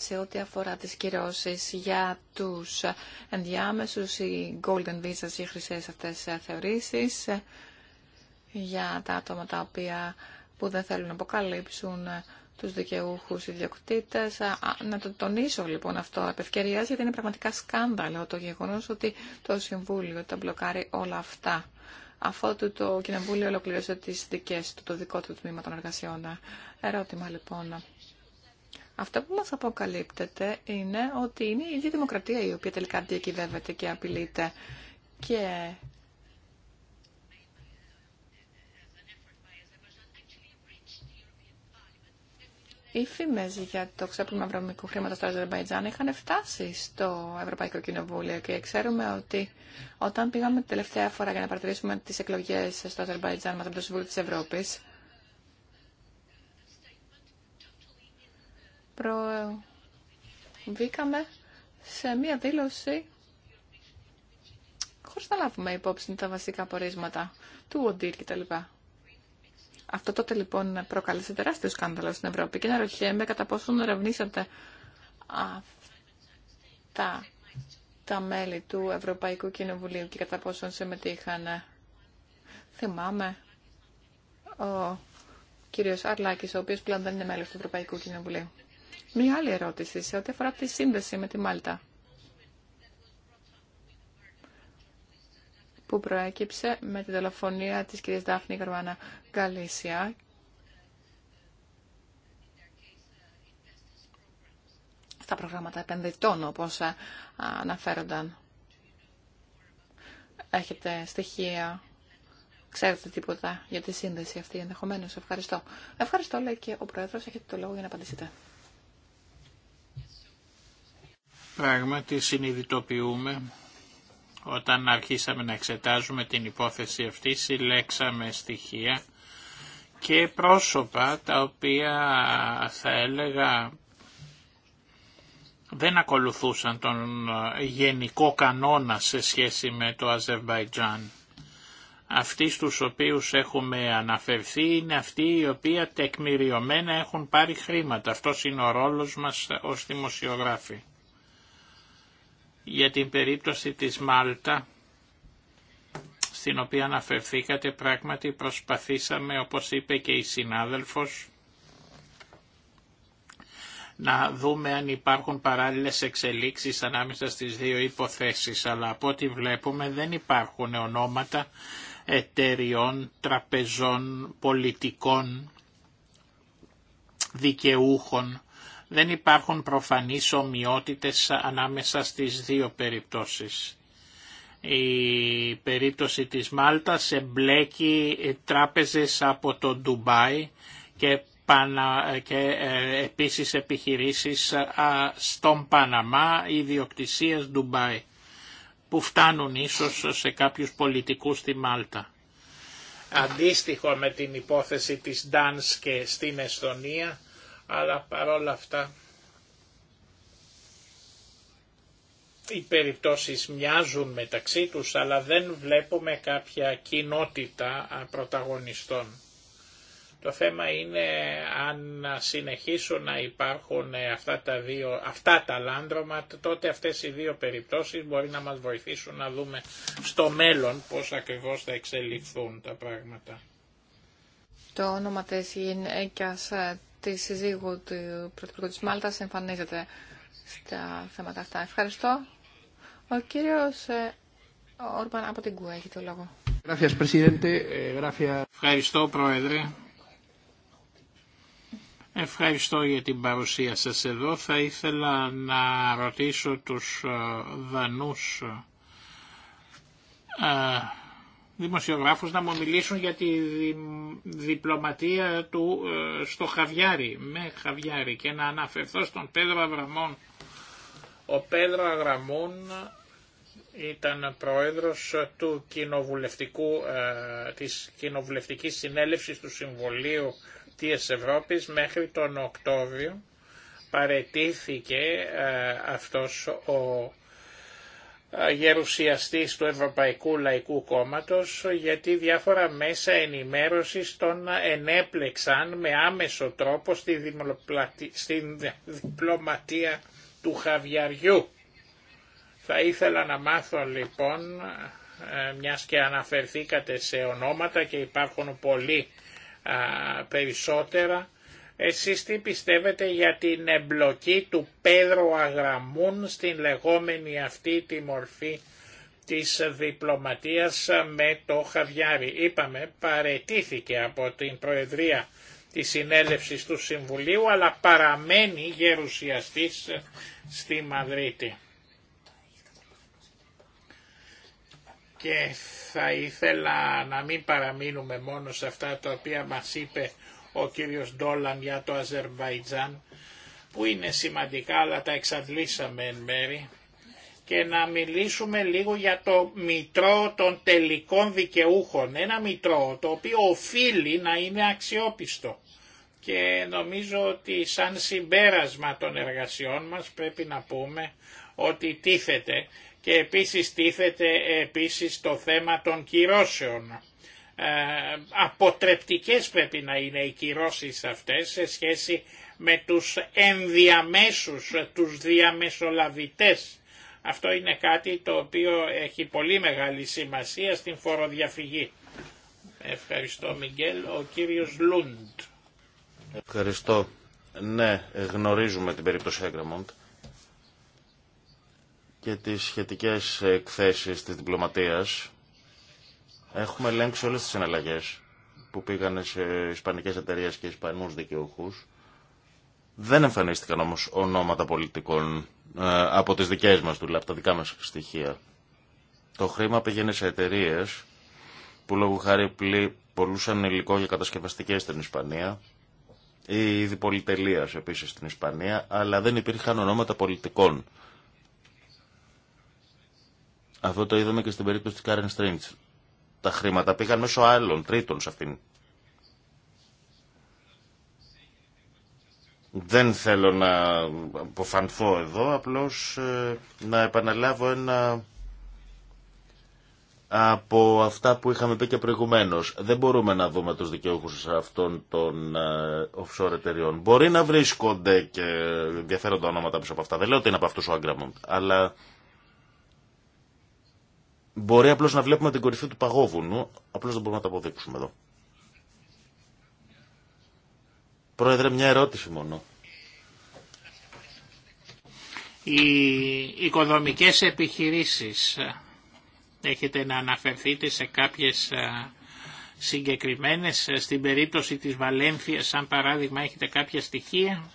σε ό,τι αφορά τις κυρώσεις για τους ενδιάμεσους, οι golden visas, οι χρυσές αυτές θεωρήσεις, για τα άτομα τα οποία που δεν θέλουν να αποκαλύψουν τους δικαιούχους ιδιοκτήτες. Να το τονίσω λοιπόν αυτό επευκαιρίας γιατί είναι πραγματικά σκάνδαλο το γεγονός ότι το Συμβούλιο τα μπλοκάρει όλα αυτά αφότου το Κοινοβούλιο ολοκληρώσε τις δικές του, το δικό του τμήμα των εργασιών. Ερώτημα λοιπόν. Αυτό που μας αποκαλύπτεται είναι ότι είναι η ίδια δημοκρατία η οποία τελικά διακυβεύεται και απειλείται. Και Οι φήμε για το ξέπλυμα βρωμικού χρήματο στο Αζερβαϊτζάν είχαν φτάσει στο Ευρωπαϊκό Κοινοβούλιο και ξέρουμε ότι όταν πήγαμε τελευταία φορά για να παρατηρήσουμε τι εκλογέ στο Αζερβαϊτζάν μετά από το Συμβούλιο τη Ευρώπη, προβήκαμε σε μία δήλωση χωρίς να λάβουμε υπόψη τα βασικά πορίσματα του ΟΝΤΙΡ κτλ. Αυτό τότε λοιπόν προκάλεσε τεράστιο σκάνδαλο στην Ευρώπη και να αναρωτιέμαι κατά πόσον ερευνήσατε αυτά τα μέλη του Ευρωπαϊκού Κοινοβουλίου και κατά πόσον συμμετείχαν. Θυμάμαι ο κύριος Αρλάκης, ο οποίος πλέον δεν είναι μέλος του Ευρωπαϊκού Κοινοβουλίου. Μία άλλη ερώτηση σε ό,τι αφορά τη σύνδεση με τη Μάλτα. που προέκυψε με τη δολοφονία της κυρίας Δάφνη Γαρουάνα Γκαλίσια στα προγράμματα επενδυτών όπως αναφέρονταν. Έχετε στοιχεία, ξέρετε τίποτα για τη σύνδεση αυτή ενδεχομένως. Ευχαριστώ. Ευχαριστώ λέει και ο Πρόεδρος, έχετε το λόγο για να απαντήσετε.
Πράγματι συνειδητοποιούμε όταν αρχίσαμε να εξετάζουμε την υπόθεση αυτή συλλέξαμε στοιχεία και πρόσωπα τα οποία θα έλεγα δεν ακολουθούσαν τον γενικό κανόνα σε σχέση με το Αζερβαϊτζάν. Αυτοί στους οποίους έχουμε αναφερθεί είναι αυτοί οι οποίοι τεκμηριωμένα έχουν πάρει χρήματα. Αυτό είναι ο ρόλος μας ως δημοσιογράφοι. Για την περίπτωση της Μάλτα, στην οποία αναφερθήκατε, πράγματι προσπαθήσαμε, όπως είπε και η συνάδελφος, να δούμε αν υπάρχουν παράλληλες εξελίξεις ανάμεσα στις δύο υποθέσεις, αλλά από ό,τι βλέπουμε δεν υπάρχουν ονόματα εταιριών, τραπεζών, πολιτικών, δικαιούχων δεν υπάρχουν προφανείς ομοιότητες ανάμεσα στις δύο περιπτώσεις. Η περίπτωση της Μάλτας εμπλέκει τράπεζες από το Ντουμπάι και και ε, επίσης επιχειρήσεις στον Παναμά ιδιοκτησίας Ντουμπάι που φτάνουν ίσως σε κάποιους πολιτικούς στη Μάλτα. Αντίστοιχο με την υπόθεση της Ντάνσκε στην Εστονία αλλά παρόλα αυτά οι περιπτώσεις μοιάζουν μεταξύ τους, αλλά δεν βλέπουμε κάποια κοινότητα πρωταγωνιστών. Το θέμα είναι αν συνεχίσουν να υπάρχουν ε, αυτά τα, δύο, αυτά τα λάνδρομα, τότε αυτές οι δύο περιπτώσεις μπορεί να μας βοηθήσουν να δούμε στο μέλλον πώς ακριβώς θα εξελιχθούν τα πράγματα.
Το όνομα της είναι τη συζύγου του Πρωθυπουργού τη Μάλτα εμφανίζεται στα θέματα αυτά. Ευχαριστώ. Ο κύριο ε, Όρμπαν από την ΚΟΕ έχει το λόγο.
Ε, Ευχαριστώ Πρόεδρε. Ευχαριστώ για την παρουσία σας εδώ. Θα ήθελα να ρωτήσω τους ε, Δανούς δημοσιογράφους να μου μιλήσουν για τη διπλωματία του ε, στο Χαβιάρι, με Χαβιάρι και να αναφερθώ στον Πέδρο Αβραμόν. Ο Πέδρο Αγραμούν ήταν πρόεδρος του κοινοβουλευτικού, ε, της κοινοβουλευτικής συνέλευσης του Συμβολίου της Ευρώπης μέχρι τον Οκτώβριο. Παρετήθηκε ε, αυτός ο γερουσιαστής του Ευρωπαϊκού Λαϊκού Κόμματος γιατί διάφορα μέσα ενημέρωσης τον ενέπλεξαν με άμεσο τρόπο στη στην διπλωματία του Χαβιαριού. Θα ήθελα να μάθω λοιπόν, μιας και αναφερθήκατε σε ονόματα και υπάρχουν πολλοί περισσότερα, εσείς τι πιστεύετε για την εμπλοκή του Πέδρο Αγραμούν στην λεγόμενη αυτή τη μορφή της διπλωματίας με το Χαβιάρι. Είπαμε παρετήθηκε από την Προεδρία της συνέλευσης του Συμβουλίου αλλά παραμένει γερουσιαστής στη Μαδρίτη. Και θα ήθελα να μην παραμείνουμε μόνο σε αυτά τα οποία μας είπε ο κύριος Ντόλαν για το Αζερβαϊτζάν που είναι σημαντικά αλλά τα εξαντλήσαμε εν μέρη και να μιλήσουμε λίγο για το μητρό των τελικών δικαιούχων. Ένα μητρό το οποίο οφείλει να είναι αξιόπιστο και νομίζω ότι σαν συμπέρασμα των εργασιών μας πρέπει να πούμε ότι τίθεται και επίσης τίθεται επίσης το θέμα των κυρώσεων. Ε, αποτρεπτικές πρέπει να είναι οι κυρώσεις αυτές σε σχέση με τους ενδιαμέσους, τους διαμεσολαβητές. Αυτό είναι κάτι το οποίο έχει πολύ μεγάλη σημασία στην φοροδιαφυγή. Ευχαριστώ Μιγγέλ. Ο κύριος Λούντ.
Ευχαριστώ. Ναι, γνωρίζουμε την περίπτωση Έγκραμοντ και τις σχετικές εκθέσεις της διπλωματίας Έχουμε ελέγξει όλε τι συναλλαγές που πήγαν σε ισπανικέ εταιρείε και ισπανού δικαιούχου. Δεν εμφανίστηκαν όμω ονόματα πολιτικών ε, από τι δικέ μα δουλειά, από τα δικά μα στοιχεία. Το χρήμα πήγαινε σε εταιρείε που λόγω χάρη πολλούσαν υλικό για κατασκευαστικές στην Ισπανία ή είδη πολυτελεία επίση στην Ισπανία, αλλά δεν υπήρχαν ονόματα πολιτικών. Αυτό το είδαμε και στην περίπτωση τη Κάρεν Στρίντς τα χρήματα πήγαν μέσω άλλων, τρίτων σε αυτήν. Δεν θέλω να αποφανθώ εδώ, απλώς ε, να επαναλάβω ένα από αυτά που είχαμε πει και προηγουμένως. Δεν μπορούμε να δούμε τους δικαιούχους αυτών των ε, offshore εταιριών. Μπορεί να βρίσκονται και ενδιαφέροντα ονόματα πίσω από αυτά. Δεν λέω ότι είναι από αυτούς ο Άγκραμον, αλλά Μπορεί απλώ να βλέπουμε την κορυφή του παγόβουνου, Απλώ δεν μπορούμε να τα αποδείξουμε εδώ. Πρόεδρε, μια ερώτηση μόνο. Οι οικοδομικές
επιχειρήσεις, έχετε να αναφερθείτε σε κάποιες ε, συγκεκριμένες, ε, στην περίπτωση της Βαλένθια, σαν παράδειγμα έχετε κάποια στοιχεία.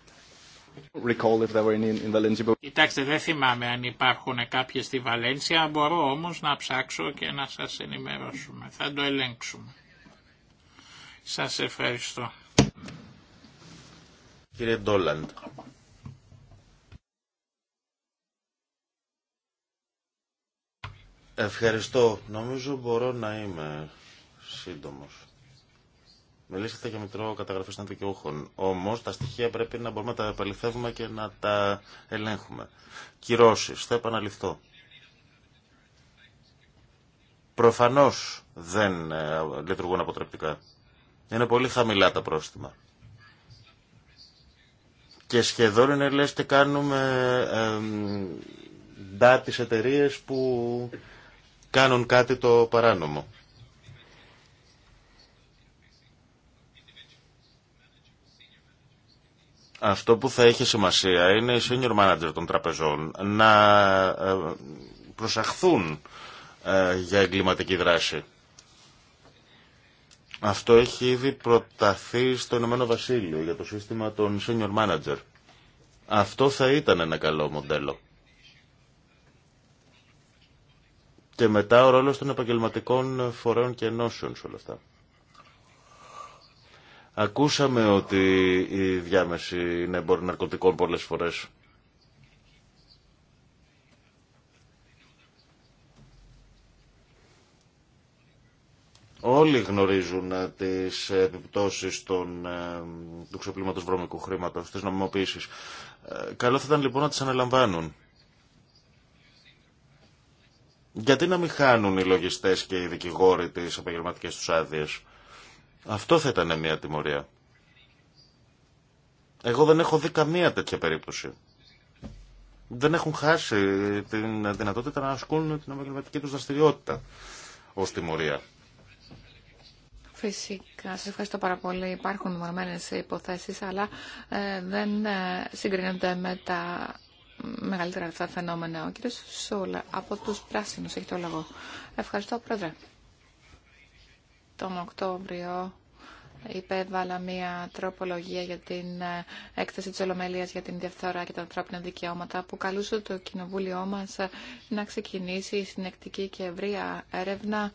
Κοιτάξτε, δεν θυμάμαι αν υπάρχουν κάποιε στη Βαλένσια, μπορώ όμω να ψάξω και να σα ενημερώσουμε. Θα το ελέγξουμε. Σα ευχαριστώ.
Κύριε Ντόλαντ. Ευχαριστώ. Νομίζω μπορώ να είμαι σύντομος. Μιλήσατε για μητρό καταγραφή των δικαιούχων. Όμω τα στοιχεία πρέπει να μπορούμε να τα επαληθεύουμε και να τα ελέγχουμε. Κυρώσει. Θα επαναληφθώ. Προφανώ δεν ε, λειτουργούν αποτρεπτικά. Είναι πολύ χαμηλά τα πρόστιμα. Και σχεδόν είναι λες και κάνουμε ε, ντά τις εταιρείε που κάνουν κάτι το παράνομο. Αυτό που θα έχει σημασία είναι οι senior manager των τραπεζών να ε, προσαχθούν ε, για εγκληματική δράση. Αυτό έχει ήδη προταθεί στο Ηνωμένο Βασίλειο για το σύστημα των senior manager. Αυτό θα ήταν ένα καλό μοντέλο. Και μετά ο ρόλος των επαγγελματικών φορέων και ενώσεων σε όλα αυτά. Ακούσαμε ότι η διάμεση είναι εμπόριο ναρκωτικών πολλές φορές. Όλοι γνωρίζουν ε, τις επιπτώσεις των, ε, του ξεπλήματος βρώμικου χρήματος, της νομιμοποίησης. Ε, καλό θα ήταν λοιπόν να τις αναλαμβάνουν. Γιατί να μην χάνουν οι λογιστές και οι δικηγόροι τις επαγγελματικές τους άδειες. Αυτό θα ήταν μια τιμωρία. Εγώ δεν έχω δει καμία τέτοια περίπτωση. Δεν έχουν χάσει την δυνατότητα να ασκούν την επαγγελματική του δραστηριότητα ω τιμωρία.
Φυσικά, σα ευχαριστώ πάρα πολύ. Υπάρχουν μορμένες υποθέσεις, αλλά ε, δεν ε, συγκρίνονται με τα μεγαλύτερα αυτά φαινόμενα. Ο κύριος Σούλα από τους Πράσινους έχει το λόγο. Ευχαριστώ, Πρόεδρε τον Οκτώβριο υπέβαλα μία τροπολογία για την ε, έκθεση της Ολομέλειας για την διαφθορά και τα ανθρώπινα δικαιώματα που καλούσε το Κοινοβούλιο μας ε, να ξεκινήσει συνεκτική και ευρεία έρευνα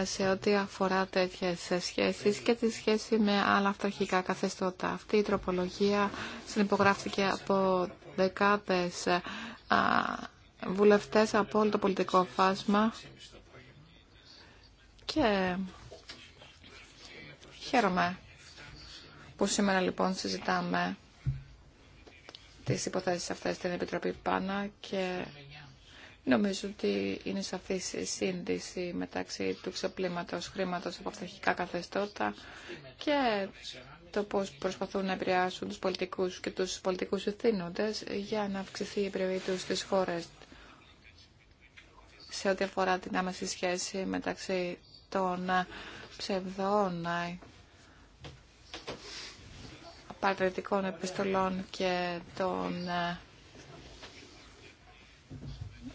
ε, σε ό,τι αφορά τέτοιες σχέσεις και τη σχέση με άλλα αυτορχικά καθεστώτα. Αυτή η τροπολογία συνυπογράφηκε από δεκάδες βουλευτές από όλο το πολιτικό φάσμα Χαίρομαι που σήμερα λοιπόν συζητάμε τις υποθέσεις αυτές στην Επιτροπή Πάνα και νομίζω ότι είναι σαφή η σύνδεση μεταξύ του ξεπλήματος χρήματος από αυταρχικά καθεστώτα και το πώς προσπαθούν να επηρεάσουν τους πολιτικούς και τους πολιτικούς ευθύνοντες για να αυξηθεί η επιρροή τους στις χώρες σε ό,τι αφορά την άμεση σχέση μεταξύ των ψευδών παρατηρητικών επιστολών και των ε,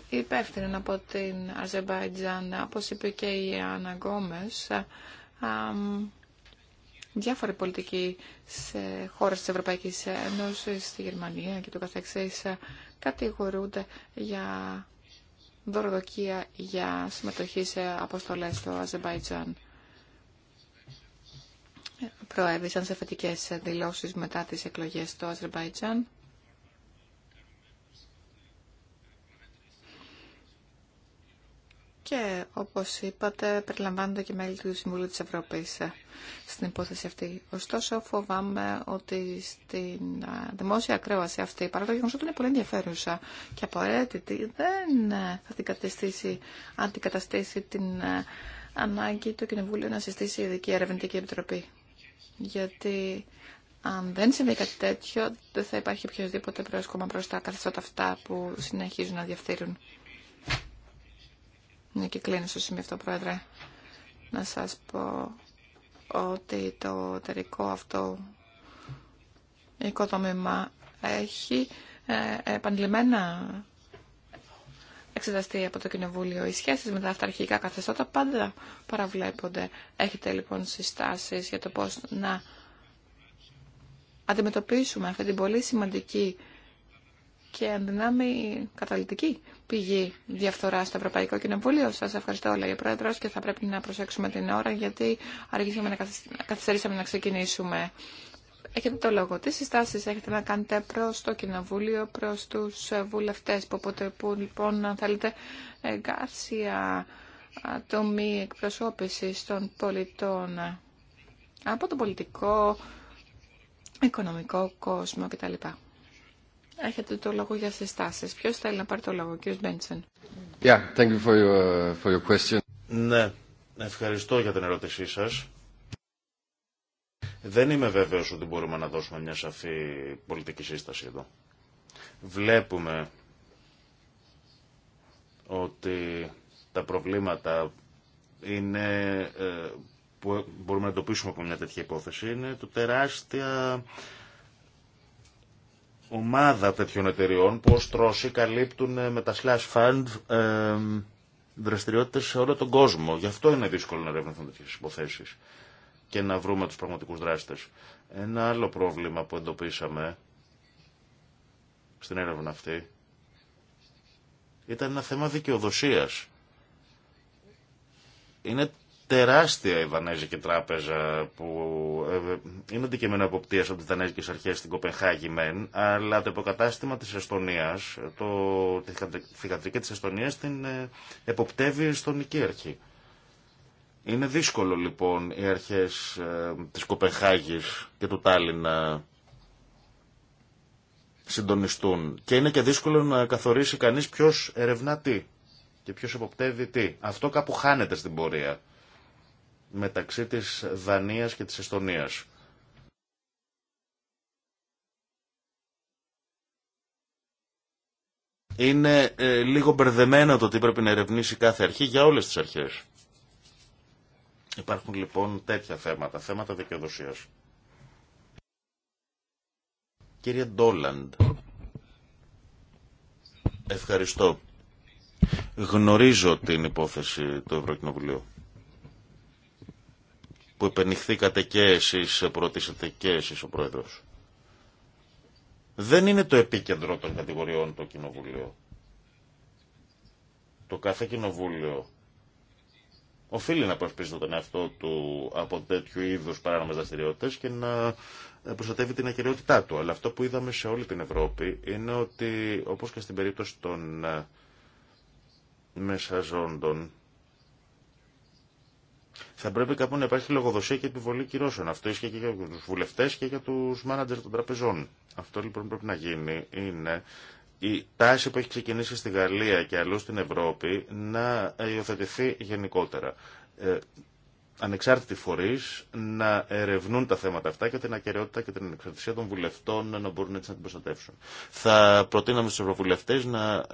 υπεύθυνων από την Αζερβαϊτζάν, όπως είπε και η Άννα Γκόμες, ε, διάφοροι πολιτικοί σε χώρες της Ευρωπαϊκής Ένωσης, στη Γερμανία και το καθεξής, ε, κατηγορούνται για δωροδοκία για συμμετοχή σε αποστολές στο Αζεμπάιτζαν προέβησαν σε θετικές δηλώσεις μετά τις εκλογές στο Αζερβαϊτζάν. Και όπως είπατε, περιλαμβάνονται και μέλη του Συμβουλίου της Ευρώπης στην υπόθεση αυτή. Ωστόσο, φοβάμαι ότι στην δημόσια ακρόαση αυτή, παρά το γεγονός ότι είναι πολύ ενδιαφέρουσα και απαραίτητη, δεν ε, θα την καταστήσει, αντικαταστήσει την ε, ανάγκη του Κοινοβούλου να συστήσει ειδική ερευνητική επιτροπή γιατί αν δεν συμβεί κάτι τέτοιο, δεν θα υπάρχει οποιοδήποτε πρόσκομα προς τα καθεστώτα αυτά που συνεχίζουν να διαφθείρουν. Ναι, και κλείνω στο σημείο αυτό, Πρόεδρε. Να σας πω ότι το εταιρικό αυτό οικοδόμημα έχει ε, επανειλημμένα εξεταστεί από το Κοινοβούλιο. Οι σχέσεις με τα αυταρχικά καθεστώτα πάντα παραβλέπονται. Έχετε λοιπόν συστάσεις για το πώς να αντιμετωπίσουμε αυτή την πολύ σημαντική και δυνάμει καταλητική πηγή διαφθορά στο Ευρωπαϊκό Κοινοβούλιο. Σα ευχαριστώ, λέει ο Πρόεδρο, και θα πρέπει να προσέξουμε την ώρα, γιατί αργήσαμε να καθυστερήσαμε να ξεκινήσουμε. Έχετε το λόγο. Τι συστάσεις έχετε να κάνετε προς το Κοινοβούλιο, προς τους βουλευτές που που λοιπόν, αν θέλετε, εγκάρσια ατομή εκπροσώπησης των πολιτών ε, από το πολιτικό, οικονομικό κόσμο κτλ. Έχετε το λόγο για συστάσεις. Ποιος θέλει να πάρει το λόγο, κ. Μπέντσεν.
Yeah, thank you for your, for your question. Ναι, ευχαριστώ για την ερώτησή σας. Δεν είμαι βέβαιο ότι μπορούμε να δώσουμε μια σαφή πολιτική σύσταση εδώ. Βλέπουμε ότι τα προβλήματα είναι, ε, που μπορούμε να εντοπίσουμε από μια τέτοια υπόθεση είναι το τεράστια ομάδα τέτοιων εταιριών που ως τρόση καλύπτουν ε, με τα slash fund ε, δραστηριότητες σε όλο τον κόσμο. Γι' αυτό είναι δύσκολο να ερευνηθούν τέτοιες υποθέσεις και να βρούμε τους πραγματικούς δράστες. Ένα άλλο πρόβλημα που εντοπίσαμε στην έρευνα αυτή ήταν ένα θέμα δικαιοδοσίας. Είναι τεράστια η Δανέζικη Τράπεζα που ε, ε, είναι αντικείμενο εποπτεία από τι Δανέζικε Αρχέ στην Κοπενχάγη, μεν, αλλά το υποκατάστημα τη Εστονία, το... τη θηγατρική τη Εστονία την ε, εποπτεύει η Εστονική Αρχή. Είναι δύσκολο λοιπόν οι αρχές ε, της Κοπεχάγης και του Τάλιν να συντονιστούν και είναι και δύσκολο να καθορίσει κανείς ποιος ερευνά τι και ποιος εποπτεύει τι. Αυτό κάπου χάνεται στην πορεία μεταξύ της Δανίας και της Εστονίας. Είναι ε, λίγο μπερδεμένο το τι πρέπει να ερευνήσει κάθε αρχή για όλες τις αρχές. Υπάρχουν λοιπόν τέτοια θέματα, θέματα δικαιοδοσίας. Κύριε Ντόλαντ, ευχαριστώ. Γνωρίζω την υπόθεση του Ευρωκοινοβουλίου που επενηχθήκατε και εσείς, προτίσατε και εσείς ο Πρόεδρος. Δεν είναι το επίκεντρο των κατηγοριών το Κοινοβουλίο. Το κάθε Κοινοβούλιο οφείλει να προσπίσει τον εαυτό του από τέτοιου είδου παράνομε δραστηριότητε και να προστατεύει την ακεραιότητά του. Αλλά αυτό που είδαμε σε όλη την Ευρώπη είναι ότι, όπω και στην περίπτωση των ε, μεσαζόντων, θα πρέπει κάπου να υπάρχει λογοδοσία και επιβολή κυρώσεων. Αυτό ισχύει και για του βουλευτέ και για του μάνατζερ των τραπεζών. Αυτό λοιπόν πρέπει να γίνει είναι η τάση που έχει ξεκινήσει στη Γαλλία και αλλού στην Ευρώπη να υιοθετηθεί γενικότερα. Ε, ανεξάρτητοι φορεί να ερευνούν τα θέματα αυτά και την ακαιρεότητα και την ανεξαρτησία των βουλευτών να μπορούν έτσι να την προστατεύσουν. Θα προτείναμε στου ευρωβουλευτέ να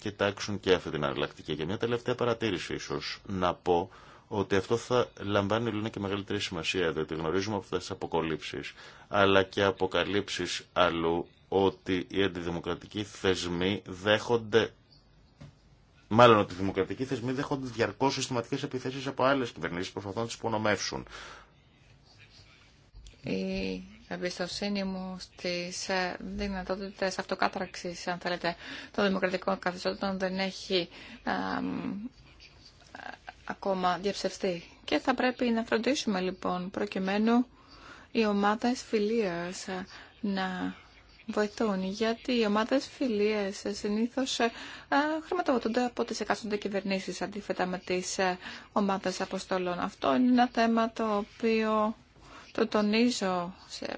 κοιτάξουν και αυτή την αναλλακτική. Για μια τελευταία παρατήρηση ίσω να πω ότι αυτό θα λαμβάνει λίγο και μεγαλύτερη σημασία, διότι γνωρίζουμε από αυτές τις αλλά και αποκαλύψει αλλού ότι οι αντιδημοκρατικοί θεσμοί δέχονται Μάλλον ότι οι δημοκρατικοί θεσμοί δέχονται διαρκώ συστηματικέ επιθέσει από άλλε κυβερνήσει που προσπαθούν να τι υπονομεύσουν.
Η εμπιστοσύνη μου στι ε, δυνατότητε αυτοκάταρξη, αν θέλετε, των δημοκρατικών καθεστώτων δεν έχει ακόμα διαψευστεί. Και θα πρέπει να φροντίσουμε λοιπόν προκειμένου οι ομάδε φιλία να βοηθούν, γιατί οι ομάδες φιλίε συνήθω ε, χρηματοδοτούνται από τις εκάστοτε κυβερνήσει αντίθετα με τι ε, ομάδες αποστολών. Αυτό είναι ένα θέμα το οποίο το τονίζω σε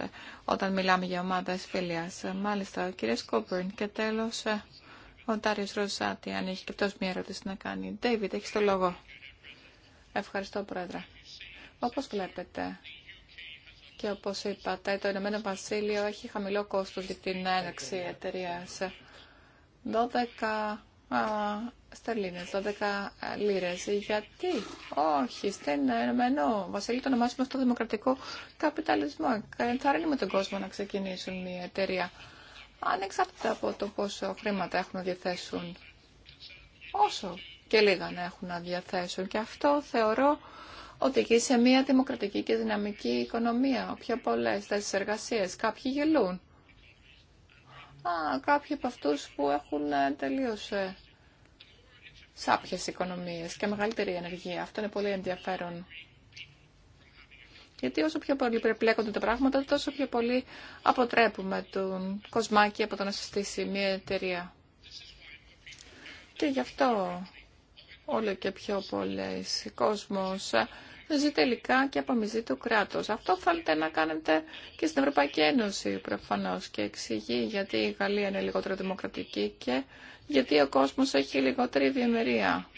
ε, όταν μιλάμε για ομάδες φιλία. Μάλιστα, ο κύριο και τέλος ο Ντάριος Ροζάτη, αν έχει και αυτό μια ερώτηση να κάνει. Ντέιβιτ, έχει το λόγο. Ευχαριστώ, Πρόεδρε. Όπως βλέπετε, και όπως είπατε, το Ηνωμένο Βασίλειο έχει χαμηλό κόστος για την έναξη εταιρεία. 12 α, 12 λίρες. Γιατί, όχι, στην Ηνωμένο Βασίλειο το ονομάζουμε στο δημοκρατικό καπιταλισμό. Ενθαρρύνουμε τον κόσμο να ξεκινήσουν μια εταιρεία. Ανεξάρτητα από το πόσο χρήματα έχουν να διαθέσουν. Όσο και λίγα να έχουν να διαθέσουν. Και αυτό θεωρώ οδηγεί σε μια δημοκρατική και δυναμική οικονομία. Πιο πολλέ θέσει εργασίας. Κάποιοι γελούν. Α, κάποιοι από αυτού που έχουν ε, τελείω ε, σάπιες οικονομίε και μεγαλύτερη ενεργία. Αυτό είναι πολύ ενδιαφέρον. Γιατί όσο πιο πολύ περιπλέκονται τα πράγματα, τόσο πιο πολύ αποτρέπουμε τον κοσμάκι από το να συστήσει μια εταιρεία. Και γι' αυτό όλο και πιο πολλές κόσμος ε, ζει τελικά και από το του κράτος. Αυτό θέλετε να κάνετε και στην Ευρωπαϊκή Ένωση προφανώς και εξηγεί γιατί η Γαλλία είναι λιγότερο δημοκρατική και γιατί ο κόσμος έχει λιγότερη ευημερία.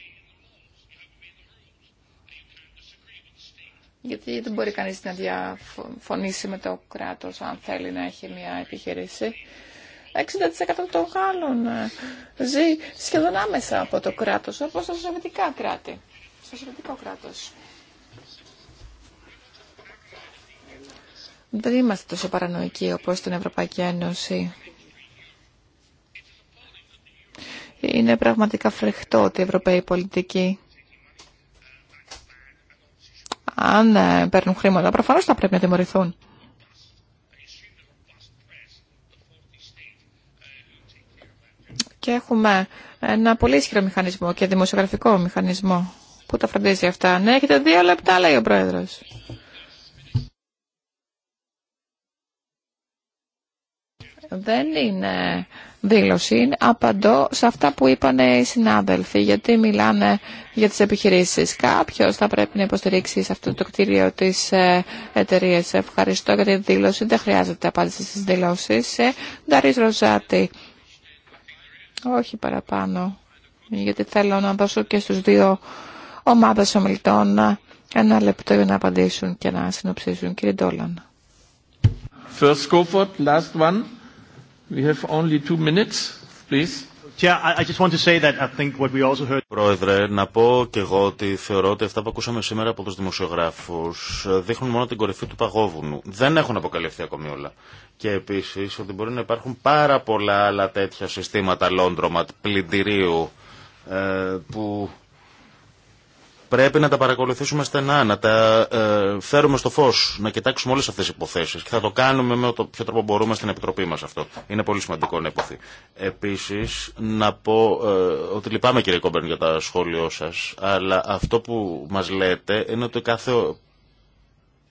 Γιατί δεν μπορεί κανείς να διαφωνήσει με το κράτος αν θέλει να έχει μια επιχειρήση. 60% των Γάλλων ε, ζει σχεδόν άμεσα από το κράτος, όπως στο σοβιετικά κράτη. Στο σοβιετικό κράτος. Δεν είμαστε τόσο παρανοϊκοί όπως στην Ευρωπαϊκή Ένωση. Είναι πραγματικά φρεχτό ότι οι Ευρωπαίοι πολιτικοί αν ε, παίρνουν χρήματα, προφανώς θα πρέπει να τιμωρηθούν. Και έχουμε ένα πολύ ισχυρό μηχανισμό και δημοσιογραφικό μηχανισμό που τα φροντίζει αυτά. Ναι, έχετε δύο λεπτά, λέει ο Πρόεδρος. Δεν είναι δήλωση, είναι απαντώ σε αυτά που είπαν οι συνάδελφοι, γιατί μιλάνε για τις επιχειρήσεις. Κάποιος θα πρέπει να υποστηρίξει σε αυτό το κτίριο της ε, εταιρείας. Ευχαριστώ για τη δήλωση, δεν χρειάζεται απάντηση στις δηλώσεις. Ε. Νταρίς Ροζάτη. Όχι παραπάνω, γιατί θέλω να δώσω και στους δύο ομάδες ομιλητών ε, ένα λεπτό για να απαντήσουν και να συνοψίσουν. Κύριε Ντόλαν.
First
Πρόεδρε, να πω και εγώ ότι θεωρώ ότι αυτά που ακούσαμε σήμερα από τους δημοσιογράφους ε, δείχνουν μόνο την κορυφή του παγόβουνου. Δεν έχουν αποκαλυφθεί ακόμη όλα. Και επίσης ότι μπορεί να υπάρχουν πάρα πολλά άλλα τέτοια συστήματα λόντρωμα πλυντηρίου ε, που Πρέπει να τα παρακολουθήσουμε στενά, να τα ε, φέρουμε στο φω, να κοιτάξουμε όλε αυτέ τι υποθέσει και θα το κάνουμε με το ποιο τρόπο μπορούμε στην Επιτροπή μα αυτό. Είναι πολύ σημαντικό να υποθεί. Επίση, να πω ε, ότι λυπάμαι κύριε Κόμπερν για τα σχόλια σα, αλλά αυτό που μα λέτε είναι ότι κάθε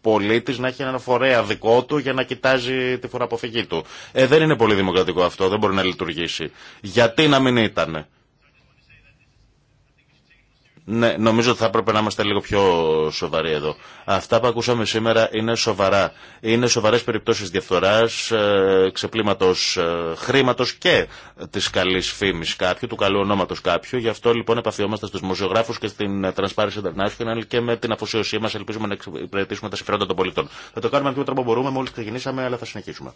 πολίτης να έχει έναν φορέα δικό του για να κοιτάζει τη φοροαποφυγή του. Ε, δεν είναι πολύ δημοκρατικό αυτό, δεν μπορεί να λειτουργήσει. Γιατί να μην ήτανε. Ναι, νομίζω ότι θα έπρεπε να είμαστε λίγο πιο σοβαροί εδώ. Αυτά που ακούσαμε σήμερα είναι σοβαρά. Είναι σοβαρέ περιπτώσει διαφθορά, ε, ξεπλήματο ε, χρήματο και τη καλή φήμη κάποιου, του καλού ονόματο κάποιου. Γι' αυτό λοιπόν επαφιόμαστε στου δημοσιογράφου και στην ε, Transparency International και με την αφοσίωσή μα ελπίζουμε να υπηρετήσουμε τα συμφέροντα των πολιτών. Θα το κάνουμε με ποιο τρόπο μπορούμε, μόλι ξεκινήσαμε, αλλά θα συνεχίσουμε.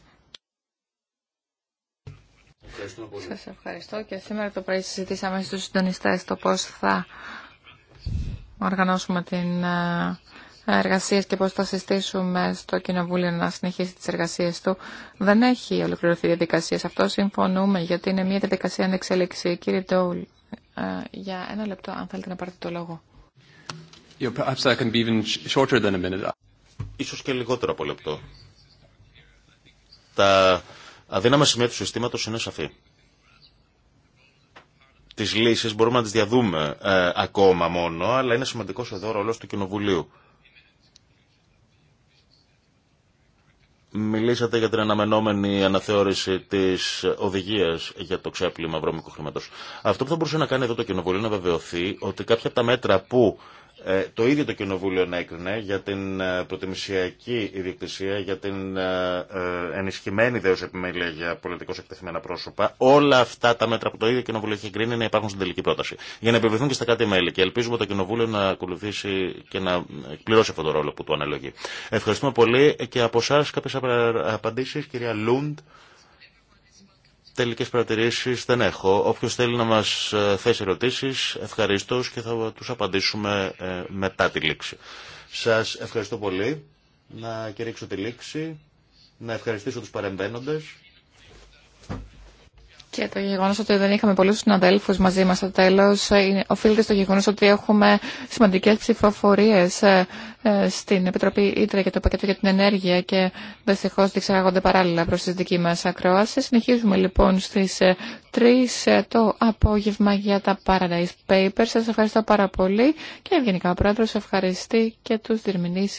Σας ευχαριστώ και σήμερα το πρωί συζητήσαμε στους συντονιστές το πώς θα οργανώσουμε την ε, εργασία και πώς θα συστήσουμε στο Κοινοβούλιο να συνεχίσει τις εργασίες του. Δεν έχει ολοκληρωθεί η διαδικασία. Σε αυτό συμφωνούμε γιατί είναι μια διαδικασία ανεξέλιξη. Κύριε Ντόουλ, ε, για ένα λεπτό αν θέλετε να πάρετε το λόγο.
Ίσως και λιγότερο από λεπτό. Τα αδύναμα σημεία του συστήματος είναι σαφή τις λύσεις μπορούμε να τις διαδούμε ε, ακόμα μόνο, αλλά είναι σημαντικό εδώ ο ρόλος του Κοινοβουλίου. Μιλήσατε για την αναμενόμενη αναθεώρηση τη οδηγία για το ξέπλυμα βρώμικου χρήματο. Αυτό που θα μπορούσε να κάνει εδώ το Κοινοβούλιο να βεβαιωθεί ότι κάποια από τα μέτρα που ε, το ίδιο το Κοινοβούλιο να έκρινε για την ε, προτιμησιακή ιδιοκτησία, για την ε, ενισχυμένη δέος επιμέλεια για πολιτικώς εκτεθειμένα πρόσωπα, όλα αυτά τα μέτρα που το ίδιο Κοινοβούλιο έχει εγκρίνει να υπάρχουν στην τελική πρόταση. Για να επιβληθούν και στα κάτι μέλη και ελπίζουμε το Κοινοβούλιο να ακολουθήσει και να πληρώσει αυτόν τον ρόλο που του αναλογεί. Ευχαριστούμε πολύ και από εσά κάποιε απαντήσει, κυρία Λούντ. Τελικές παρατηρήσεις δεν έχω. Όποιος θέλει να μας ε, θέσει ερωτήσεις, ευχαριστώ και θα τους απαντήσουμε ε, μετά τη λήξη. Σας ευχαριστώ πολύ. Να κηρύξω τη λήξη. Να ευχαριστήσω τους παρεμβαίνοντες.
Και το γεγονό ότι δεν είχαμε πολλού συναδέλφου μαζί μα στο τέλο ε, οφείλεται στο γεγονό ότι έχουμε σημαντικέ ψηφοφορίε ε, ε, στην Επιτροπή Ήτρα για το πακέτο για την ενέργεια και δυστυχώ διεξάγονται παράλληλα προ τη δική μα ακρόαση. Συνεχίζουμε λοιπόν στι 3 το απόγευμα για τα Paradise Papers. Σα ευχαριστώ πάρα πολύ και ευγενικά ο Πρόεδρο ευχαριστεί και του διερμηνεί.